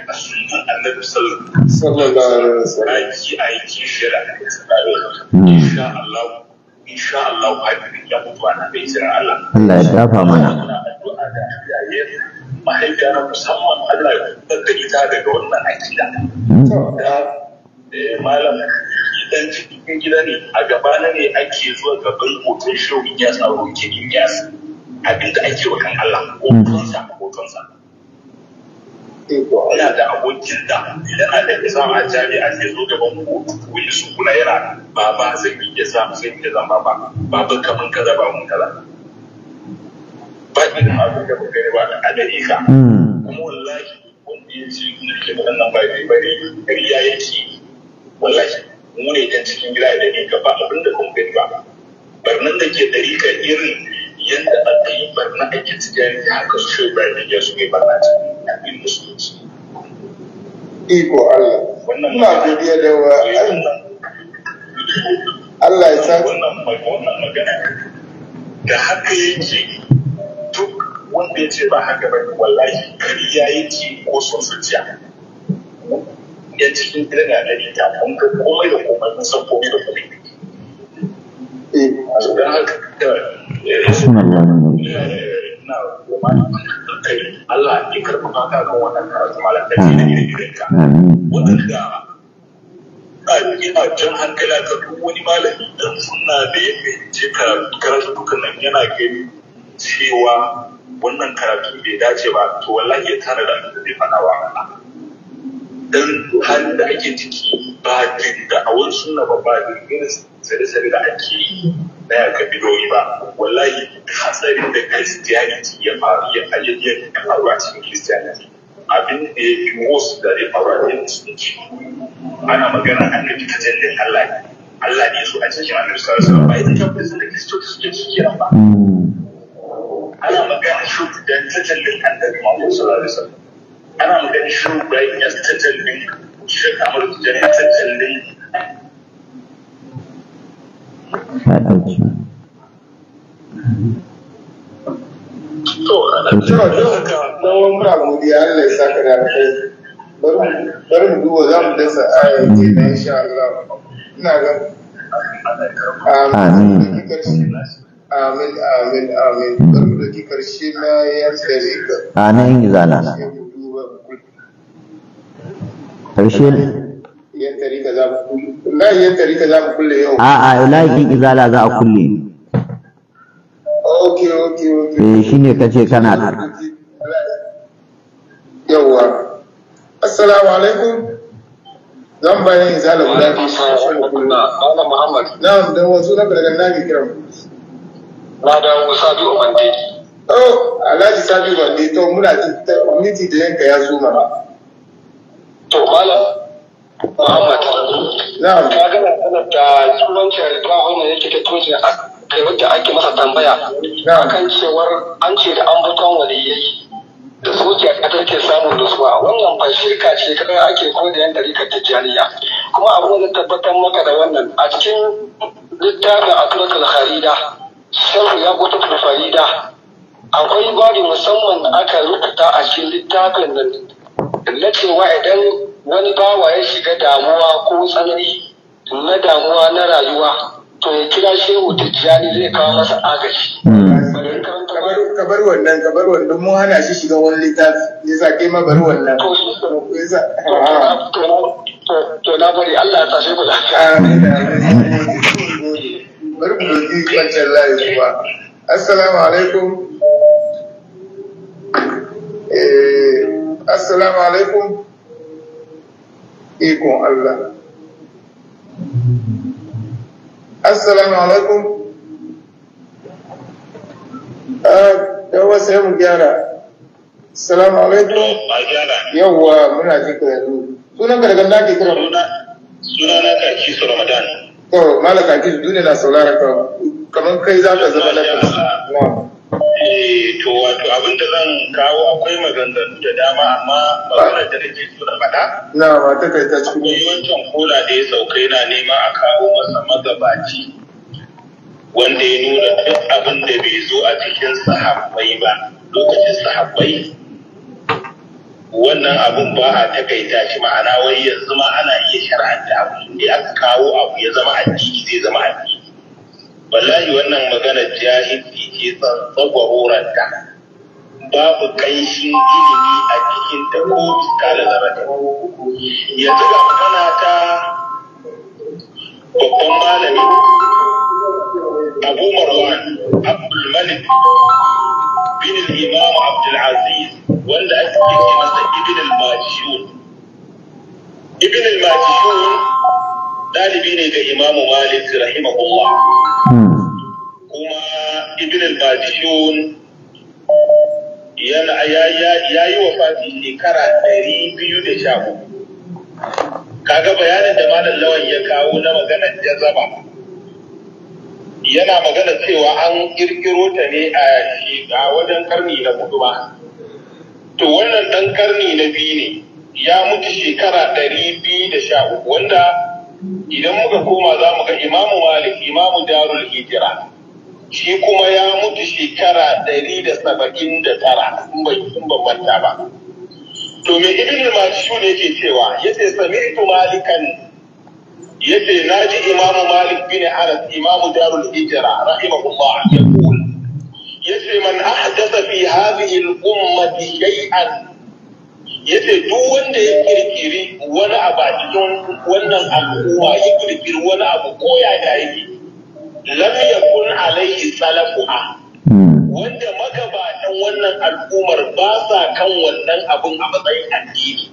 a sunan annabi sallallahu alaihi wasallam aiki aiki shira annabi sallallahu alaihi Allah Allah haifin ya mutu ana bai Allah Allah ya dafa mana addu'a da mm. yayin musamman Allah ya kubutar da ita daga wannan akida malam idan cikin gida ne a gaba ne ake zuwa gaban hoton shehun ya tsaro ke in yasa abinda ake wa kan Allah hotonsa yana da abokin da idan an da isa a jami'a ke zo gaban kotu wani su kula yana ba zan yi ya samu zan yi zan baba baba kamar kaza ba mun kaza ba ni da abin da kuka yi ba da amerika hmm. kuma wallahi wanda ya ce kuna ke waɗannan ba zai bari riya yake wallahi mu ne can cikin gida da ne gaba abin da kuma gani ba barnan da ke dari ka irin yadda aka yi barna a kitiyar haka su shi ibrahim ya su ne barna cikin musulunci iko allah ina godiya da wa eh, allah ya sa wannan magana da haka yake duk wanda ya ce ba haka ba wallahi kariya yake ko son zuciya ya cikin dana na ita kun ga komai da komai na san komai da komai eh don haka Hasbunallahu wa ni'mal wakil. Allah ya karfafa ka kan duk wani malami dan da yana wannan karatu bai dace ba to wallahi ya da zai wa dan da ake ciki ba din da awon sunna ba ba din irin zane-zane da ake yi na yakan bidoyi ba wallahi hatsarin da christianity ya faru ya ya faru a cikin christianity abin da ya fi wasu da ya faru a cikin musulunci ana magana annabi ta jallin allah ne allah ne su a cikin annabi sallallahu alaihi wasallam ba ita tabbas da kristoci suke ciki ba ana magana shi da ta jallin annabi muhammad sallallahu alaihi wasallam ana magana shi bayan ya ta jallin shi kamar ta jallin ta ɗauki na Allah amin amin amin karshe na yi zana yantari ka za za ku kulle yau a'a wallahi kin izala za a kulle okay okay okay eh shine kace kana yawwa assalamu alaikum zan bayan izala guda Malam Muhammad na'am da wasu na daga ne, kiran na dawo Sadu Omandeki Oh, Alhaji Sabi Bande to muna community da yanka ya zo mana. To malam Muhammad. Na'am. Ka ga sanar da turanci da wannan yake ta turanci da wadda ake masa tambaya. kan cewar an ce da ambaton waliyai da soke a ƙasar ke samun nutsuwa wannan ba shirka ce kada ake koda yan dariƙar tijjaniya kuma abu da tabbatar maka da wannan a cikin littafin akrakal harida sharhu ya kutubu farida akwai bari musamman aka rubuta a cikin littafin nan na cewa idan wani bawa ya shiga damuwa ko tsanani na damuwa na rayuwa to ya kira shehu tijjani zai kawo masa agaji. Hmm. Kabar wannan kabar wannan mun hana shi shiga wani littafi ya sa kai ma bari wannan. To na bari Allah ya tashe ku lafiya. Bari ku doki kwanciyar layi kuma. Assalamu alaikum. Eh, assalamu alaikum. ikon Allah assalamu alaikum da ah, wasu yamu gyara assalamu alaikum yawwa muna ji karatu. sunan ka daga ke kira suna na kaki su ramadan to malaka kaki duniya na saurara ka kamar kai za ka zama lafiya to wato abin da zan kawo akwai maganganu da dama amma maganar da rike su da faɗa. Na ba ta kai ta cikin. Yawancin kola da ya sauka yana nema a kawo masa magabaci wanda ya nuna duk abin da bai zo a cikin sahabbai ba lokacin sahabbai. Wannan abun ba a takaita shi ma'ana wai yanzu ma ana iya shar'anta abu da aka kawo abu ya zama addini zai zama addini. wallahi wannan magana jahilci ce tsantsagwaroranta babu ƙanshin ilimi a cikin ta ko kala zarata yanzu ga magana ta babban malami abu marwan abdul malik bin imam abdul aziz wanda ake ce masa ibn al-majishun ibn al-majishun dalibi ne ga imamu malik rahimahullah hmm. kuma ibn al-badishun yana ya yi wa fati shekara ɗari biyu da sha hudu kaga bayanin da malam lawan ya kawo na maganar jazaba yana magana cewa an kirkiro ta ne a wajen karni na hudu ba to wannan dan karni na biyu ne ya mutu shekara ɗari biyu da sha hudu wanda idan muka koma za mu ga imamu malik imamu darul hijira shi kuma ya mutu shekara ɗari da saba'in da tara in bai sun banbanta ba to me ibn mashu ne ke cewa yace sami'tu malikan yace naji imamu malik bin anas imamu darul hijira rahimahullah yaqul yace man ahdatha fi hadhihi al-ummati shay'an ce duk wanda ya kirkiri wani abu a cikin wannan al'umma ya kirkiri wani abu ko ya da yake lam yakun alaihi salafuha hmm. wanda magabatan wannan al'ummar ba sa kan wannan abun a matsayin addini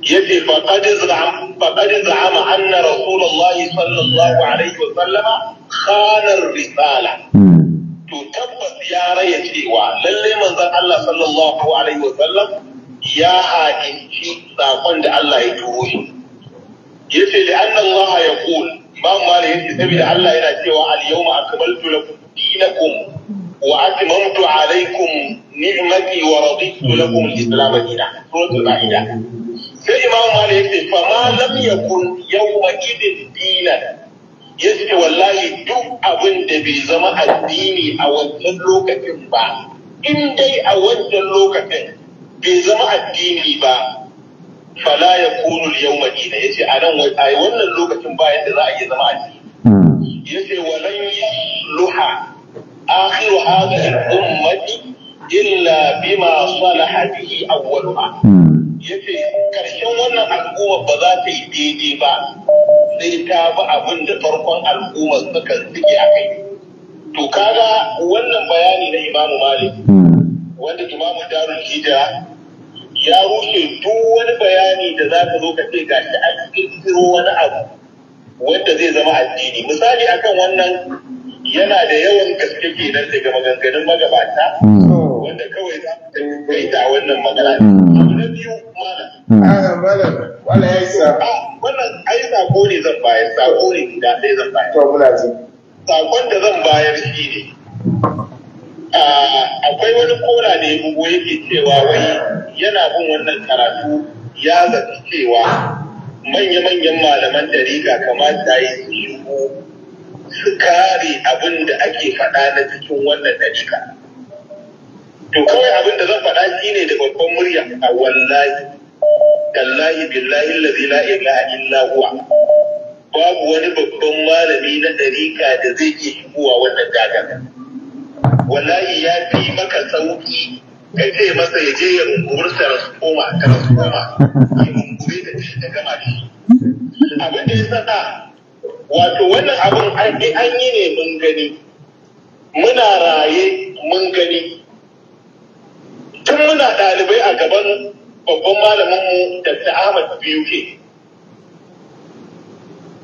yace faqad za'ama faqad za'ama anna rasulullahi sallallahu alaihi wa sallama khana risala hmm. to tabbas ya raya cewa lallai manzon Allah sallallahu alaihi wa sallam ya ha'inci saƙon da Allah ya turo shi yace li anna Allah yaqul ma malik yace saboda Allah yana cewa al yawma akmaltu lakum dinakum wa atmamtu alaykum ni'mati wa raditu lakum al islam dinan suratul maida sai imam malik yace fa ma lam yakun yawma idin dinan yace wallahi duk abin da bai zama addini a wannan lokacin ba in dai a wannan lokacin bai zama addini ba fala ya kunu yau madina ya ce a nan wannan lokacin bayan da za a iya zama addini hmm. ya ce walan luha akhiru hadhihi ummati illa bima salaha bihi awwaluha hmm. yace karshen wannan al'umma ba za ta yi daidai ba sai ta bi abin da farkon al'umma suka suke a kai to kaga wannan bayani na imamu malik hmm. wanda imamu darul hijira ya rushe duk wani bayani da za ka zo ka ce ga shi an kirkiro wani abu wanda zai zama addini misali akan wannan yana da yawan gaske kenan daga maganganun magabata wanda kawai za ka kai da wannan magana hmm. na biyu malam wala hmm. ah, ya isa ah, wannan ai sako ne zan bayar sako ne da ɗaya zan bayar to muna ji sakon da zan bayar shi ne Ah, akwai wani kora ne mugu yake cewa wai yana bin wannan karatu ya zaci cewa manya-manyan malaman dariga kamata yi su su kare abin da ake faɗa na cikin wannan dariga to kawai abin da zan faɗa shi ne da babban murya a wallahi tallahi billahi lazi la ilaha illa huwa babu wani babban malami na dariga da zai iya shigowa wannan dagar wallahi ya fi maka sauki ka je masa ya je ya murta koma ta rasukoma ya mungure da shi da gama shi abin da ya saka wato wannan abin an yi ne mun gani muna raye mun gani tun muna ɗalibai a gaban babban malaminmu Dr. Ahmad BUK.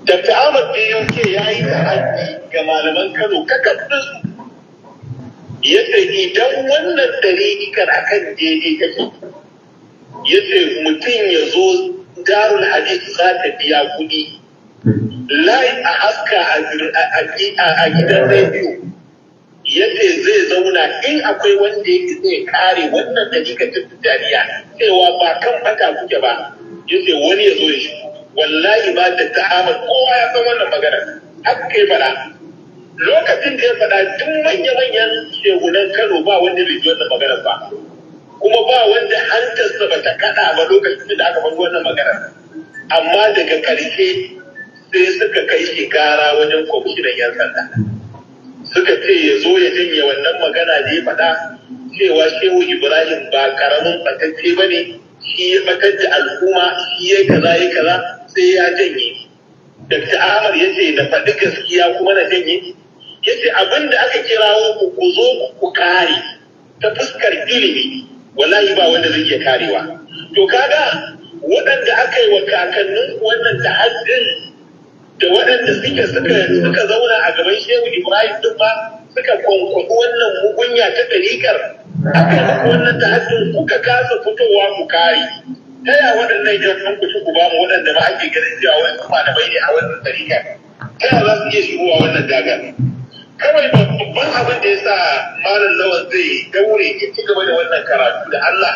Dr. Ahmad BUK ya yi ta'addi ga malaman Kano kakadinsu ya ce idan wannan ɗariƙar a kan daidai kake ya ce mutum ya zo darul hadith za ta biya kuɗi layi a haska a gidan rediyo ya ce zai zauna in akwai wanda ya zai kare wannan ɗariƙar ta tijjaniya cewa ba kan fata kuke ba ya ce wani ya zo ya shi wallahi ba da ta'amar kowa ya san wannan magana haka kai fara lokacin da ya faɗa duk manya-manyan shegunan Kano ba wanda bai wannan magana ba kuma ba wanda hantarsa ba ta kaɗa ba lokacin da aka faɗi wannan magana amma daga karshe sai suka kai shi gara wajen kwamishinan 'yan sanda suka ce ya zo ya janye wannan magana da ya faɗa cewa shehu ibrahim ba karamin ɓatacce ba ne shi ya ɓatar da al'umma shi ya kaza ya kaza sai ya janye Dr. Ahmad ya ce na faɗi gaskiya kuma na janye yace abin da aka kirawo ku ku zo ku kare ta fuskar ilimi wallahi ba wanda zai iya karewa to kaga waɗanda aka yi wa kakannin wannan ta'addin da waɗanda suke suka suka zauna a gaban shehu ibrahim din ba suka kwankwaɗi wannan mugunya ta ɗariƙar aka yi wannan ta'addin kuka kasa fitowa mu kare ta ya waɗannan jami'an ku ku ba mu waɗanda ba ake ganin cewa wani bai ne a wannan ɗariƙar ta ya za su iya shigowa wannan dagar kawai babban abin da ya sa malam lawan zai daure ya ci gaba da wannan karatu da Allah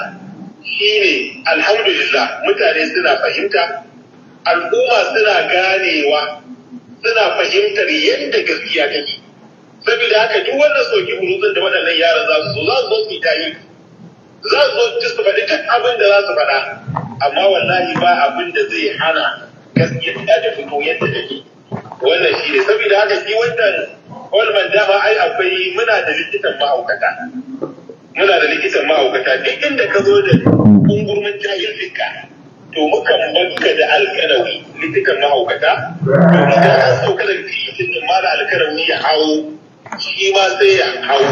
shi ne, alhamdulillah mutane suna fahimta al'umma suna ganewa suna fahimtar yadda gaskiya ta ke. saboda haka duk wannan soki burutsun da waɗannan yaran za su zo za su zo su yi tayi za su zo su faɗi duk abin da za su faɗa amma wallahi ba abin da zai hana gaskiya ta fito yadda take wannan shi ne saboda haka shi wannan wal dama ai akwai muna da likitan ma'aukata, muna da likitan ma'aukata. duk inda ka zo da kungurmin jahilcinka to muka banka da alkarawi likitan ma'aukata. to muka sauka da likitan ma da alkarawi ya hawo shi ma sai ya hawo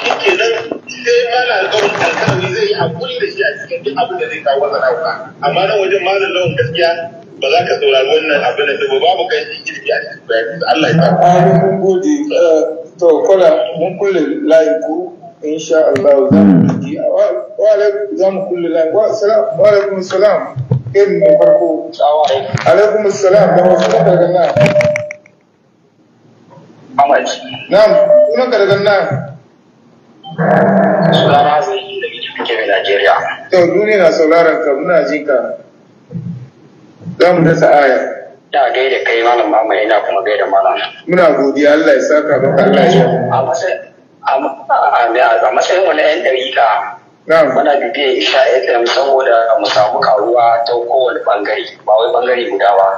shi ke nan sai ma da alkarawi zai yi hakuri da shi a cikin duk abin da zai kawo zarafa amma nan wajen malam lawan gaskiya ba za ka saurari wannan abin da ba babu kai shi girbi a cikin bayani Allah ya sa amin gode eh, to kola mun kulle layin ku insha Allah za mu ji wa alaikum za mu kulle layin wa salam wa alaikum salam irin na farko alaikum salam da wasu daga nan Na'am, kuma ka daga nan. Sunana zai yi da gidi Najeriya. To duniya na sauraron ka muna ji ka. za mu dasa aya da da kai malam Muhammad ina kuma da malam. Muna godiya Allah ya saka ba Allah ya A matsayin wani ‘yan ɗariƙa, muna bibiyar isha FM saboda mu samu karuwa ta kowane ɓangare, ba wai ɓangare guda ba.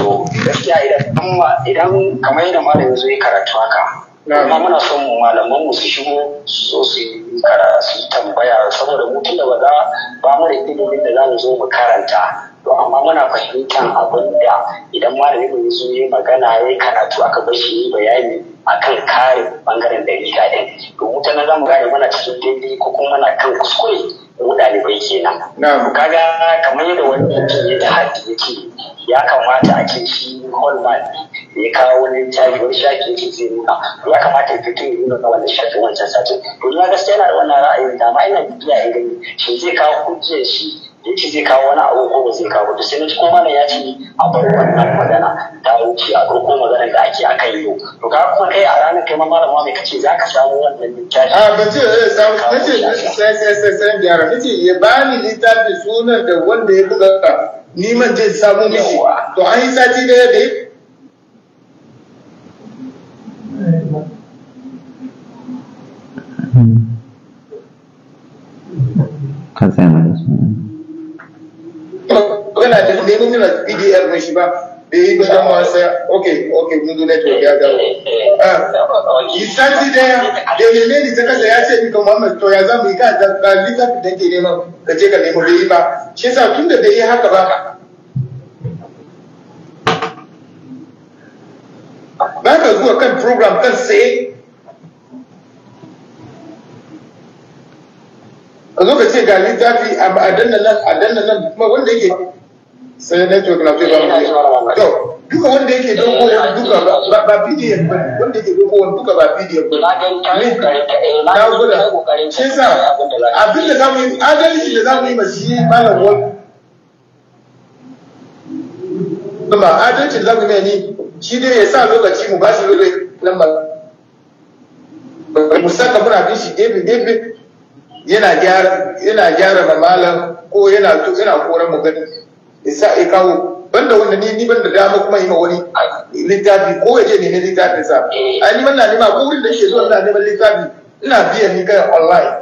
To, gaskiya idan kamar yadda malam yanzu ya karatu haka, amma muna son mu malaman mu su shigo so su yi tambaya saboda mutum da ba za ba mu da ilimin da za mu zo mu karanta to amma muna fahimtar abin da idan malami mai zo yi magana ya yi karatu aka bar shi yi bayani akan kare bangaren dalila ɗin to wuta na zamu gane muna cikin daidai ko kuma muna kan kuskure mu ɗalibai kenan kaga kamar yadda wani mutum ya da yake ya kamata a ce shi holman ya kawo wani littafi shaki yake zai nuna ya kamata ya fito ya nuna na wannan shafi wancan satin to ni gaskiya yana da wannan ra'ayin da ina bibiya ya gani shi zai kawo hujjar shi duk shi zai kawo wani abu ko ba zai kawo to sai na cikin ya ce a bar wannan magana ta wuce a farko magana da ake aka yi yau to ka kuma kai a ranar kai ma malama mai kace za ka samu wannan littafi a ah, ba ce eh sai sai sai sai gyara ce ya ni littafi sunan da wanda ya buga ka ni man je samu mishi to an yi sati daya da Kazanız. la pdf e na shi ba da yi gudun wasa ok ok gundu network ya dawo eh, eh, eh. Ah, sati daya da lele ta kasa ya ce mika muhammad to ya zamu yi ka da littafi da ke nema ka je ka nemo da yi ba shi yasa tun da da yi haka ba ba ka zuwa kan program kan saye a zo ka ce ga littafi a danna nan kuma wanda yake sai network na fiye ba mu to duka wanda yake doko eh, eh, eh, wani duka ba pdf ba wanda yake doko wani duka ba pdf ba na guda shi sa abin da zamu yi adalci da zamu yi ma shi malam wani kuma adalci da zamu yi ne shi dai ya sa lokaci mu ba shi lokaci mu saka muna bin shi gefe gefe yana gyara yana gyara malam ko yana to yana koran mu gani isa ya kawo banda wanda ni ni banda dama kuma yi ma wani littafi ko ya je ne littafin sa eh. ai ni banda nima ko wurin da yake zuwa ina neman littafi ina biya ni kai online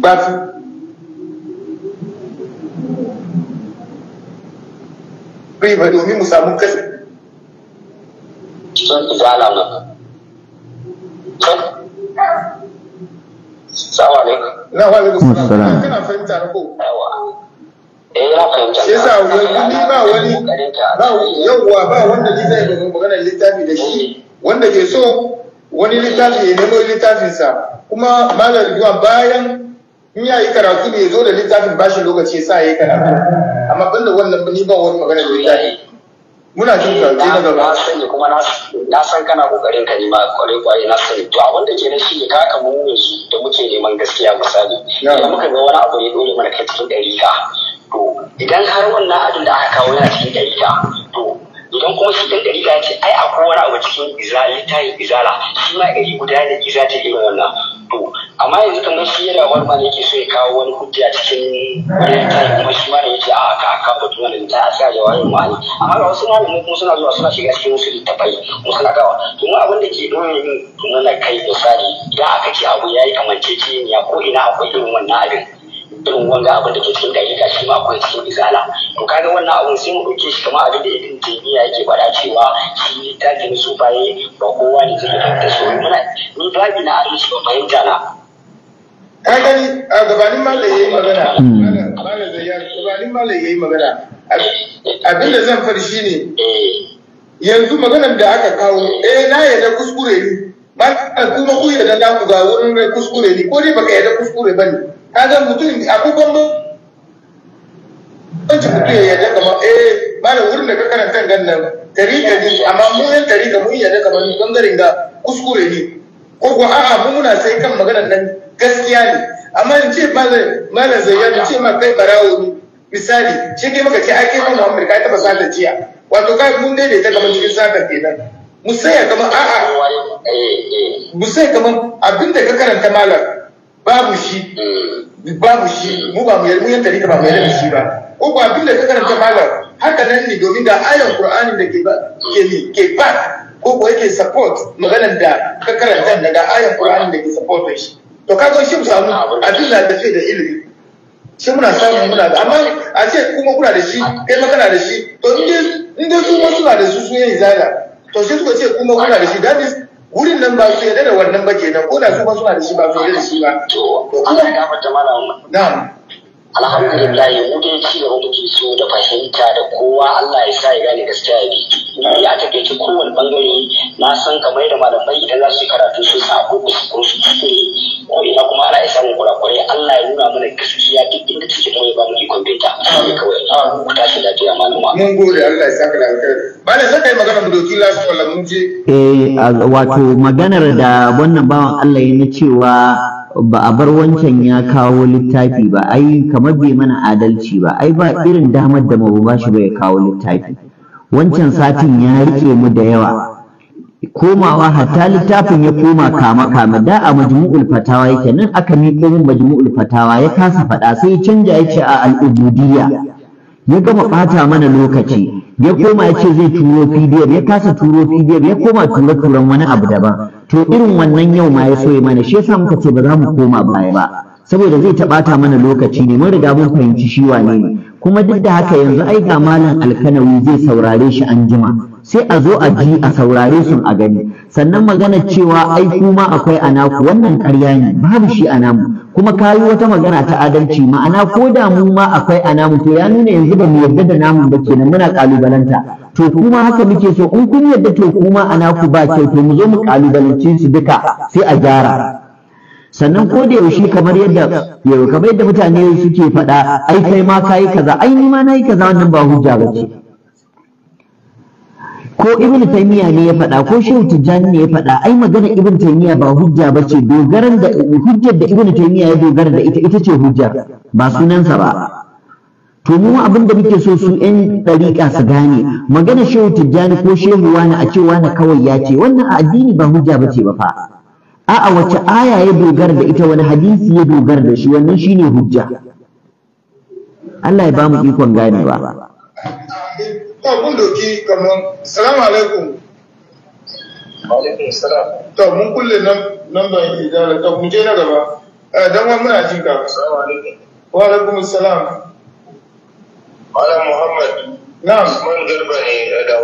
ba su bai ba domin mu samu kasa sun tsala nan Salamu alaikum. Ina wa alaikum salam. Kana fahimta eh, na ko? Eh ya fahimta. Shi yasa wani ba wani ba yawwa ba wanda ni zai domin magana littafi da shi eh. wanda ke so wani littafi ya nemo littafinsa kuma malar yuwa bayan in ya yi karatu ne ya zo da littafin bashi lokaci ya sa ya yi karatu amma banda wannan ni ba wani magana littafi. muna jin ka eh, na gaba na sani kuma na san kana kokarin ka nima kware kwaye na sani to abin da ke na shi ka ka mu da muke neman gaskiya misali idan muka ga wani abu ne dole mana kai cikin ɗari to idan har wannan abin da aka kawo yana cikin ɗari to idan kuma shi ɗan ɗari ce ai akwai wani abu cikin iza izala shi ma ɗari guda da iza ta irin wannan to amma yanzu kamar shi yana wani ma yake so ya kawo wani hujja cikin wani littafin kuma shi ma da yake a ah, ka ka batu wani ta a sa jawabin ma'ani amma ga wasu malamai kuma suna zuwa suna shiga cikin wasu littafai kuma suna gawa to mu abin da ke ɗore min na kai misali idan aka ce abu ya yi ne, ko ina akwai irin wannan abin irin wanga abin da ke cikin dariƙa shi ma akwai cikin izala to kaga wannan abun sai mu ɗauke shi kamar abin da ibn taymiya yake faɗa cewa shi tajin su baye ba kowa ne zai ta su muna ni babi na ahlus ba fahimta na ka gani a gabanin malai yayi magana hmm. gabanin malai yayi magana abin da zan fari ne. Eh. yanzu maganar da aka kawo eh na yadda kuskure ne ba kuma ku da ku ga wurin kuskure ne ko dai baka yadda kuskure ba ne? kaga mutum akwai bambam banci mutum ya yarda kamar eh malam wurin da ka karanta gan nan tarika ne amma mu yan ka mun yarda kamar ni bangaren ga kuskure ne ko ko a mu muna sai kan maganar nan gaskiya ne amma in ce malam malam zayyar ce ma kai barawo ne misali shi kai maka ce ake kai Muhammad kai taba sata jiya wato kai mun ta kamar cikin sallar kenan musaya kamar a'a musaya kamar abinda ka karanta malam babu shi mm. babu shi mm. mu ba mu yarda mu yan ba mu yarda shi ba mm. ko ba abin da ka karanta ah. malam haka nan ne domin ga ayan qur'anin da ke ba ke ke ba ko ko yake support maganar da ka karanta da ayan qur'anin da ke support shi to ka zo shi mu samu ah, abin da tafi da ilimi sai muna samu muna da amma a ce kuma kuna da shi kai ma da shi to in dai su ma suna da su su yin zala to sai suka ce kuma kuna da shi that is wurin nan ba su yarda da wannan ba ko da su ba suna da shi ba su yarda da shi ba to ya gafarta mana wannan. na'am alhamdulillah mu dai ci gaba muke so da fahimta da kowa Allah ya sa ya gane gaskiya ya bi Ya a takaice kowane bangare na san kamar da malamai idan za su karatu su sa ko ko su ne. ko ina kuma ana isa mu kurakure Allah ya nuna mana gaskiya duk inda take kuma ba mu ikon binta kawai ku tashi lafiya malama mun gode Allah ya saka lafiya ne sai kai magana mu doki lasu wallan mun je eh wato maganar da wannan bawan Allah ya na cewa ba a bar wancan ya kawo littafi ba ai kamar bai mana adalci ba ai ba irin damar da mu ba shi ba ya kawo littafi wancan satin ya rike mu da yawa komawa hatta littafin ya koma kama kama da a majmu'ul fatawa yake nan aka miƙo min majmu'ul fatawa ya kasa faɗa sai canja ya ce a al'ubudiyya ya gama ɓata mana lokaci ya koma ya ce zai turo pdf ya kasa turo pdf ya koma tura turan wani abu daban to irin wannan yau ma ya so ya mana shi yasa muka ce ba za mu koma baya ba saboda zai taɓata mana lokaci ne mun riga mun fahimci shi wane ne kuma duk da haka yanzu ai ga malam alkanawi zai saurare shi an jima sai a zo a ji a saurare su a gani sannan magana cewa ai kuma akwai anaku wannan ƙarya ne babu shi anamu kuma kayi wata magana ta adalci ma'ana ko da mu ma akwai anamu to ya nuna yanzu ba mu yarda da namu ba kenan muna kalubalanta to kuma haka muke so in kun yarda to kuma anaku ba kyau to mu zo mu kalubalance su duka sai a gyara sannan ko da yaushe kamar yadda yau kamar yadda mutane suke faɗa ai kai ma kai kaza ai ni ma nayi kaza wannan ba hujja bace ko ibnu taymiya ne ya faɗa ko shehu tijjani ne ya faɗa ai magana ibnu taymiya ba hujja bace dogaran da hujjar da ibnu taymiya ya dogara da ita ita ce hujja ba sunansa ba to mu abin da muke so su yan dariƙa su gane magana shehu tijjani ko shehu wani a ce wani kawai ya ce wannan a addini ba hujja bace ba fa a'a wace aya ya dogara da ita wani hadisi ya dogara da shi wannan shine hujja Allah ya bamu ikon ba to mun doki kaman assalamu alaikum to mun kulle nan nan ba yi da to mun je na gaba eh, dan wani muna jin ka assalamu alaikum wa alaikum assalam ala muhammad Na'am. Man Garba ne daga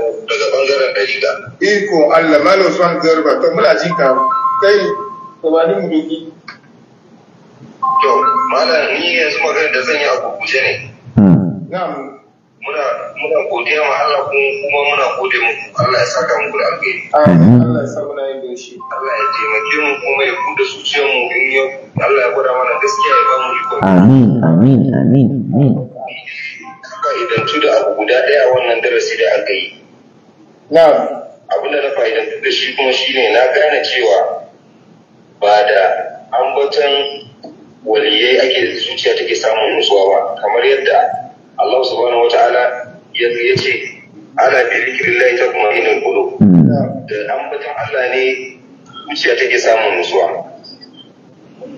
bangaren Dalila. Iko Allah Malam Usman Garba to muna jin ka. kai tamanin doki to malam ni yanzu magana da zan yi abu, gurguje ne hmm. na'am muna muna godiya ma Allah kuma muna gode mu. Allah ya saka muku da alheri amin hmm. Allah ya sa muna yin doshi Allah ya taimake mu kuma ya bude zuciyar mu in yau. Allah ya gwada mana gaskiya ya ba mu iko amin amin amin amin fa'idan tu da abu guda daya wannan darasi da aka yi na'am abin da na fa'idan da shi kuma shine na gane cewa ba da ambaton waliyai ake zuciya take samun nutsuwa ba kamar yadda Allah subhanahu wata'ala ya ce ana bi zikrillahi tatma'innul qulub hmm. da ambaton Allah ne zuciya take samun nutsuwa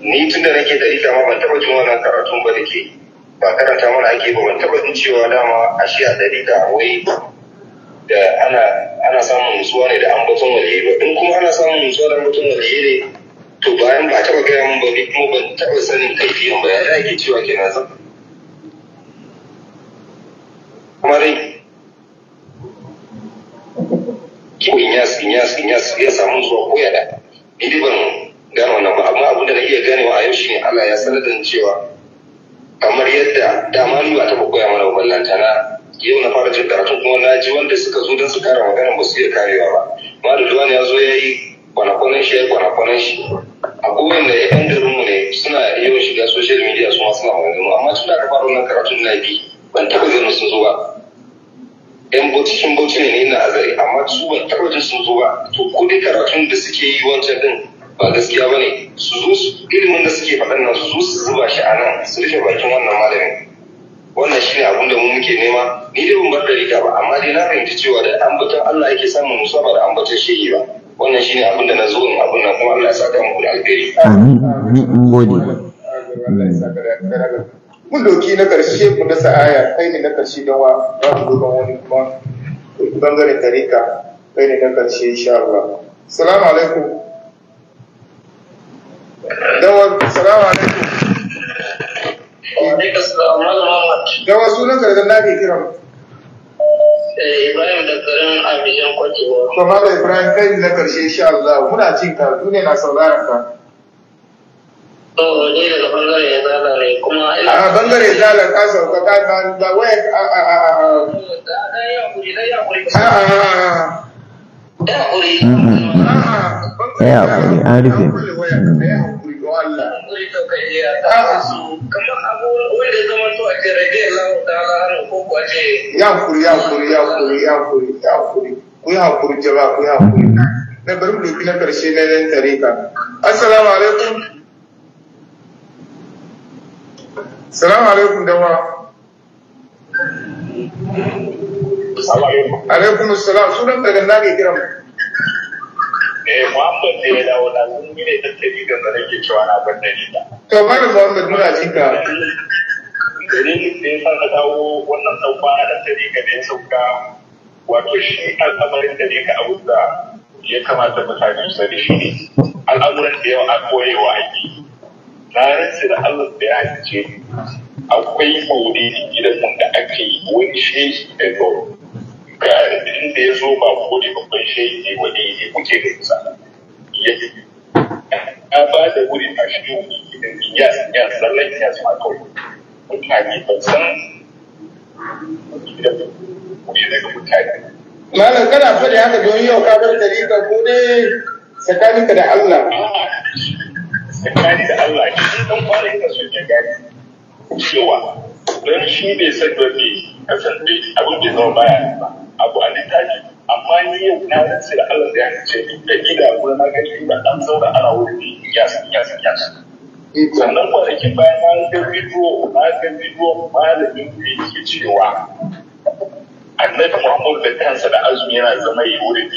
ni tun da nake dari ma ban taba jin wannan karatun ba dake ba karanta mana ake ba ban taba jin cewa dama ashe a dari da wai da ana ana samun nutsuwa ne da ambaton waliyai ba in kuma ana samun nutsuwa da ambaton waliyai ne to bayan ba taɓa gaya min ba ni kuma ban taɓa sanin kaifiyan ba ya ake cewa kenan zan kuma dai ko in ya in ya in ya samu zuwa ko ya da ni ban gano wannan ba amma abin da na iya ganewa a yau shine Allah ya sanar da cewa kamar yadda dama ni ba taɓa koya mana ballanta na yau na fara jin karatu kuma na ji wanda suka zo don su kara magana ba su iya karewa ba ma da ya zo ya yi kwanakwanan shi kwanakwanan shi akwai wanda ya ɗan garinmu ne suna yawan shiga social media su ma suna wani amma tun da aka fara wannan karatun na bi ban taba ganin sun zo ba yan bauchi sun ne ne na azare amma su ban taba jin sun zo ba to ko dai karatun da suke yi wancan din ba gaskiya ba ne su zo su ilimin da suke faɗan nan su zo su zuba shi a nan su rufe bakin wannan malamin wannan shine abun da mu muke nema ni dai ban bar da riga ba amma dai na fahimci cewa da ambaton Allah yake samun musaba da ambaton shehi ba wannan shine abin da na zo in abin nan kuma Allah ya saka mu da alheri amin mun gode mun doki na karshe mu dasa aya kai ne na karshe da wa ba ku ga wani kuma bangaren tarika kai ne na karshe insha Allah assalamu alaikum dawa assalamu alaikum wa dawa sunan ka da na ke kiran Ibrahim eh, da garin Abidjan Kwacewa. To Mala Ibrahim kai na karshe sha Allah muna cin ka duniya na sauraron ka. To ni daga bangare ne kuma ina. A ah, bangare zala ka sauka ka da waya a a a a a a. Ya an rufe. Ya hakuri, Allah. kamar abu wanda zama to a ce rage lahu ta'ala har ko ku a ce ya kuri ya kuri ya kuri ya kuri ya kuri ku ya kuri jaba ku ya kuri na bari mu doki na karshe na nan tare ka assalamu alaikum assalamu alaikum dawa alaikum assalam sunan daga nake kira mu eh Muhammad da ya dawo da sun yi ne tattali da da nake cewa na ban da nita to mara Muhammad muna cinka dalilin da ya sa na dawo wannan sauka da tare ga da ya sauka wato shi al'amarin da ne ka abu da ya kamata mutane su sani shi ne al'amuran da yawa a koyewa ake na rantsi da Allah da ya ce. akwai maulidi gidan mun da ake yi wani shehi da gauru ga da ya zo ba ko ne babban shehi wani ne kuke da isa ya ji ya ba da wuri a shi ya ya sallan ya sa kawai mutane ba san wuri daga mutane malam kana faɗi haka don yau ka bar dalika ko dai tsakaninka da Allah tsakani da Allah shi dan kwarin ka sun ya gani cewa don shi bai san don ne kasance abin da zama baya ba abu a littafi amma ni yau na rantsi da Allah da ya ce da gida ko na gani ni da dan zauna ana wuri ya san ya san ya san eh, sannan kwanakin bayan na ga bidiyo na ga bidiyo malamin da yake cewa annabi Muhammad da kansa da azumi yana zama yi wuri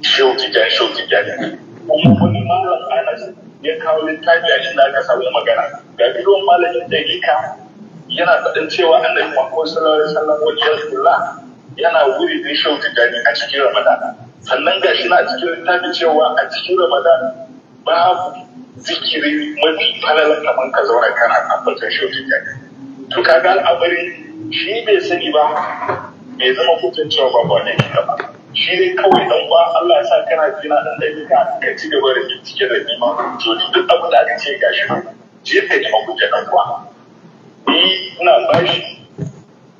shehu tijan shehu tijan kuma wani malam Anas ya kawo littafi a inda aka samu magana ga bidiyon malamin da yana faɗin cewa annabi Muhammad sallallahu alaihi wasallam wajen kula yana wuri din shau gani a cikin ramadan sannan ga shi na cikin littafin cewa a cikin ramadan babu zikiri mafi falalar kamar ka zauna kana tabbatar shau gani to kaga al'amari shi bai sani ba bai zama hutun cewa ba ba ne ba shi dai kawai dan ba Allah ya sa kana jina dan da ka ka ci gaba da bincike da nima to ni duk abin da aka ce gashi je ka ji dan ba ni ina bashi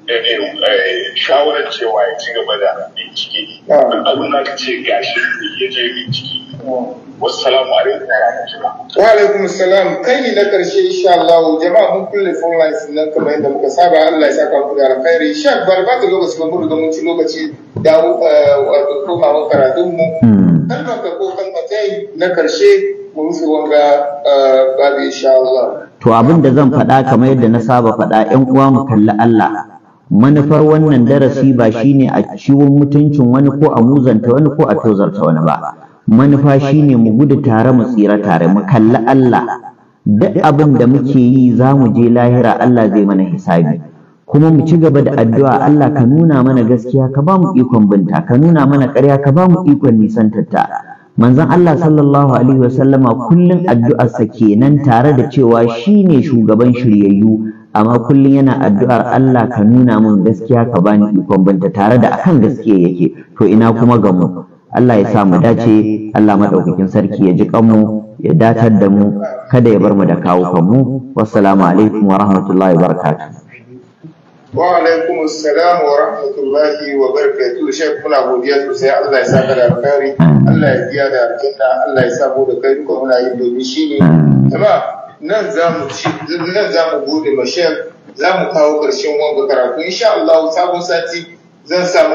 Eh, eh, eh, shawarar cewa ya ci gaba da bincike ah. abin da aka ce gashi ya je bincike ah. wasu salamu alaikum wa rahmatullah wa alaikum salam kai na karshe insha Allah jama'a mun kulle phone lines nan kamar yadda muka saba Allah ya saka ku da alkhairi shek barbata lokaci ba mun mun ci lokaci da wato komawa karatun mu hmm. kalmar ka ko kalmatai na karshe mun rufe wanga babu insha Allah to abin da zan faɗa kamar yadda na saba faɗa ƴan uwa mu kalli Allah manufar wannan darasi ba shine a ciwon mutuncin wani ko a muzanta wani ko a tozarta wani ba manufa shine mu gudu tare mu tsira tare mu kalli Allah duk abin da muke yi za mu je lahira Allah zai mana hisabi kuma mu ci gaba da addu'a Allah ka nuna mana gaskiya ka ba mu ikon binta ka nuna mana ƙarya ka ba mu ikon nisantarta manzon Allah sallallahu alaihi wasallama kullun addu'arsa kenan tare da cewa shi ne shugaban shiryayyu amma kullum yana addu'ar Allah ka nuna min gaskiya ka bani ikon banta tare da akan gaskiya yake to ina kuma ga mu Allah ya sa mu dace Allah madaukakin sarki ya ji kanmu ya datar da mu kada ya bar mu da kawo mu. wassalamu alaikum wa rahmatullahi wa barakatuh assalam wa rahmatullahi wa barakatuh شيخ كنا godiya sosai Allah ya saka da alkhairi Allah ya biya da aljanna Allah ya sa mu da kai duka muna yin domin shine jama'a nan za mu ci nan za mu bude za mu kawo ƙarshen wanga karatu insha Allah sabon sati zan samu